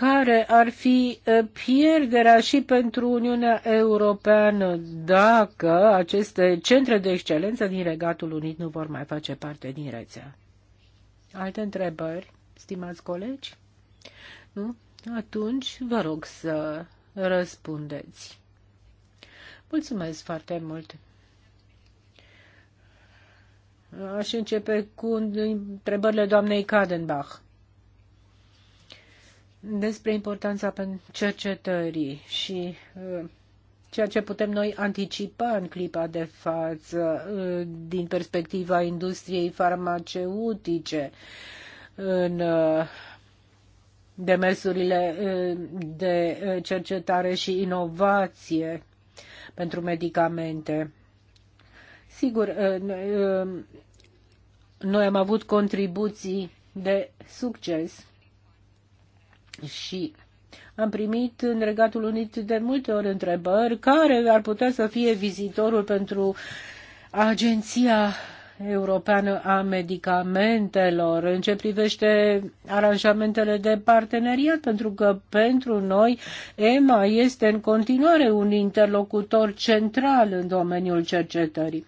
Speaker 3: care ar fi pierderea și pentru Uniunea Europeană dacă aceste centre de excelență din Regatul Unit nu vor mai face parte din rețea. Alte întrebări, stimați colegi? Nu? Atunci vă rog să răspundeți. Mulțumesc foarte mult! Aș începe cu întrebările doamnei Kadenbach despre importanța cercetării și uh, ceea ce putem noi anticipa în clipa de față uh, din perspectiva industriei farmaceutice în uh, demersurile de cercetare și inovație pentru medicamente. Sigur, noi am avut contribuții de succes și am primit în Regatul Unit de multe ori întrebări care ar putea să fie vizitorul pentru Agenția Europeană a Medicamentelor în ce privește aranjamentele de parteneriat, pentru că pentru noi EMA este în continuare un interlocutor central în domeniul cercetării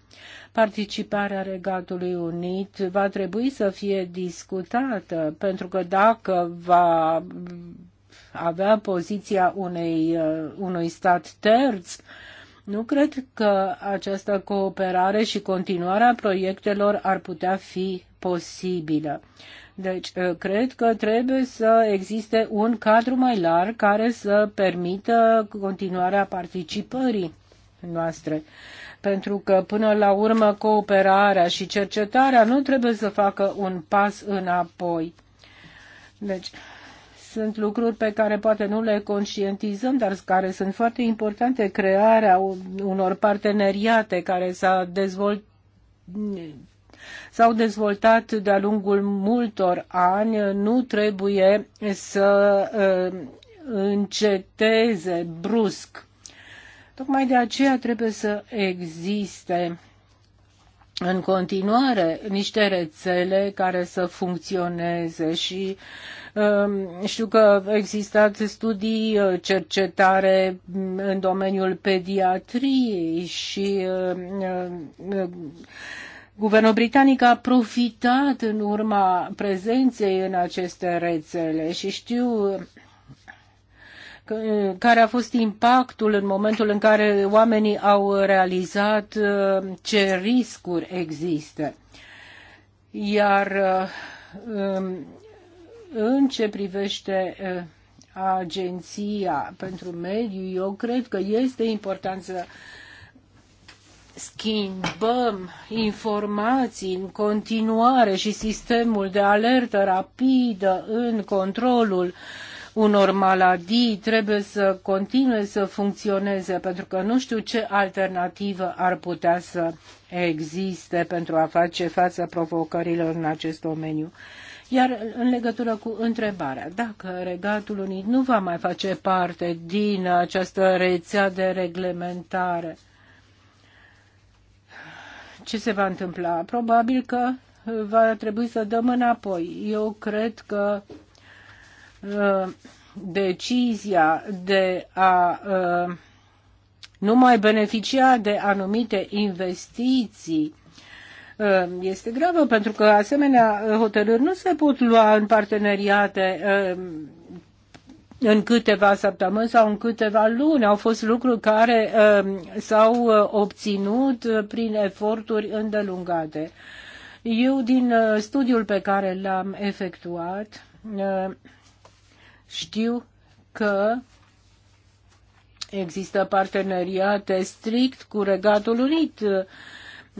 Speaker 3: participarea Regatului Unit va trebui să fie discutată, pentru că dacă va avea poziția unei, uh, unui stat terț, nu cred că această cooperare și continuarea proiectelor ar putea fi posibilă. Deci, uh, cred că trebuie să existe un cadru mai larg care să permită continuarea participării noastre pentru că până la urmă cooperarea și cercetarea nu trebuie să facă un pas înapoi. Deci, sunt lucruri pe care poate nu le conștientizăm, dar care sunt foarte importante, crearea unor parteneriate care s-a dezvolt, s-au dezvoltat de-a lungul multor ani, nu trebuie să uh, înceteze brusc. Tocmai de aceea trebuie să existe în continuare niște rețele care să funcționeze și um, știu că există existat studii, uh, cercetare mm, în domeniul pediatriei și uh, uh, Guvernul britanic a profitat în urma prezenței în aceste rețele și știu care a fost impactul în momentul în care oamenii au realizat uh, ce riscuri există. Iar uh, um, în ce privește uh, Agenția pentru Mediu, eu cred că este important să schimbăm informații în continuare și sistemul de alertă rapidă în controlul uh, unor maladii trebuie să continue să funcționeze, pentru că nu știu ce alternativă ar putea să existe pentru a face față provocărilor în acest domeniu. Iar în legătură cu întrebarea, dacă Regatul Unit nu va mai face parte din această rețea de reglementare, ce se va întâmpla? Probabil că va trebui să dăm înapoi. Eu cred că Uh, decizia de a uh, nu mai beneficia de anumite investiții uh, este gravă pentru că asemenea hotărâri nu se pot lua în parteneriate în câteva săptămâni sau în câteva luni. Au fost lucruri care s-au obținut prin eforturi îndelungate. Eu din studiul pe care l-am efectuat știu că există parteneriate strict cu Regatul Unit.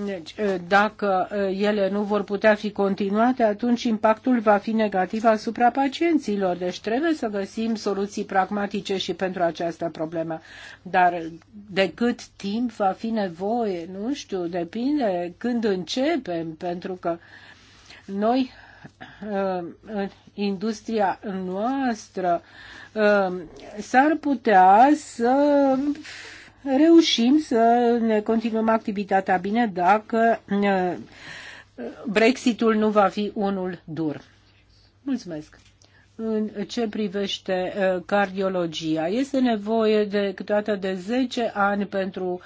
Speaker 3: Deci, dacă ele nu vor putea fi continuate, atunci impactul va fi negativ asupra pacienților. Deci trebuie să găsim soluții pragmatice și pentru această problemă. Dar de cât timp va fi nevoie, nu știu, depinde când începem, pentru că noi Uh, în industria noastră, uh, s-ar putea să reușim să ne continuăm activitatea bine dacă uh, Brexitul nu va fi unul dur. Mulțumesc! în ce privește cardiologia. Este nevoie de câteodată de 10 ani pentru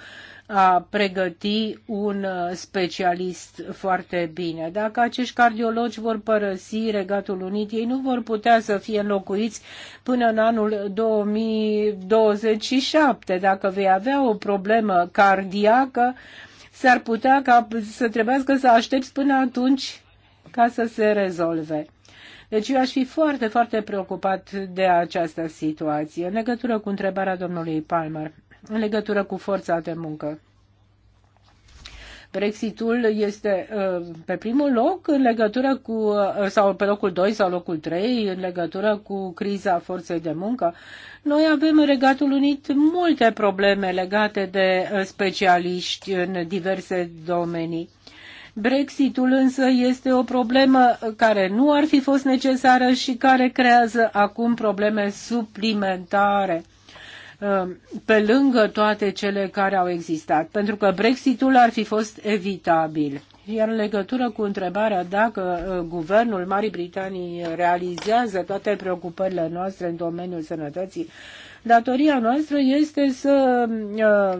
Speaker 3: a pregăti un uh, specialist foarte bine. Dacă acești cardiologi vor părăsi Regatul Unit, ei nu vor putea să fie înlocuiți până în anul 2027. Dacă vei avea o problemă cardiacă, s-ar putea ca să trebuiască să aștepți până atunci ca să se rezolve. Deci eu aș fi foarte, foarte preocupat de această situație. În legătură cu întrebarea domnului Palmer, în legătură cu forța de muncă. Brexitul este uh, pe primul loc în legătură cu, uh, sau pe locul 2 sau locul 3 în legătură cu criza forței de muncă. Noi avem în Regatul Unit multe probleme legate de uh, specialiști în diverse domenii. Brexitul însă este o problemă care nu ar fi fost necesară și care creează acum probleme suplimentare Uh, pe lângă toate cele care au existat, pentru că Brexitul ar fi fost evitabil. Iar în legătură cu întrebarea dacă uh, guvernul Marii Britanii realizează toate preocupările noastre în domeniul sănătății, datoria noastră este să uh,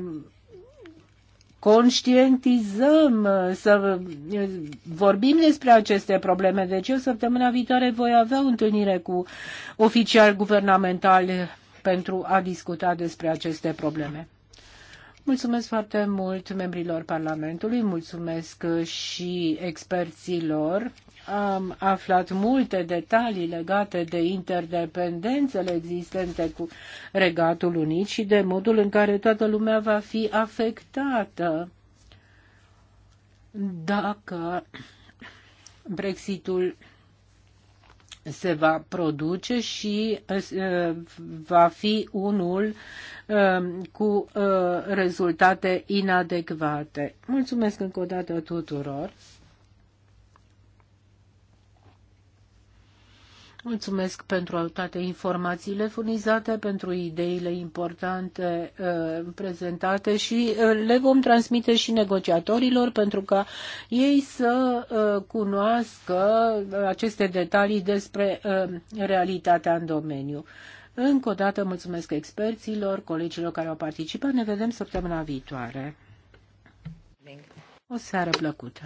Speaker 3: conștientizăm, să vorbim despre aceste probleme. Deci eu săptămâna viitoare voi avea o întâlnire cu oficiali guvernamentali pentru a discuta despre aceste probleme. Mulțumesc foarte mult membrilor Parlamentului, mulțumesc și experților. Am aflat multe detalii legate de interdependențele existente cu Regatul Unit și de modul în care toată lumea va fi afectată dacă Brexitul se va produce și uh, va fi unul uh, cu uh, rezultate inadecvate. Mulțumesc încă o dată tuturor! Mulțumesc pentru toate informațiile furnizate, pentru ideile importante uh, prezentate și uh, le vom transmite și negociatorilor pentru ca ei să uh, cunoască uh, aceste detalii despre uh, realitatea în domeniu. Încă o dată mulțumesc experților, colegilor care au participat. Ne vedem săptămâna viitoare. O seară plăcută.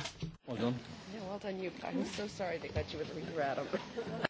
Speaker 2: Well done. Yeah, well done you. I'm so sorry they got you with a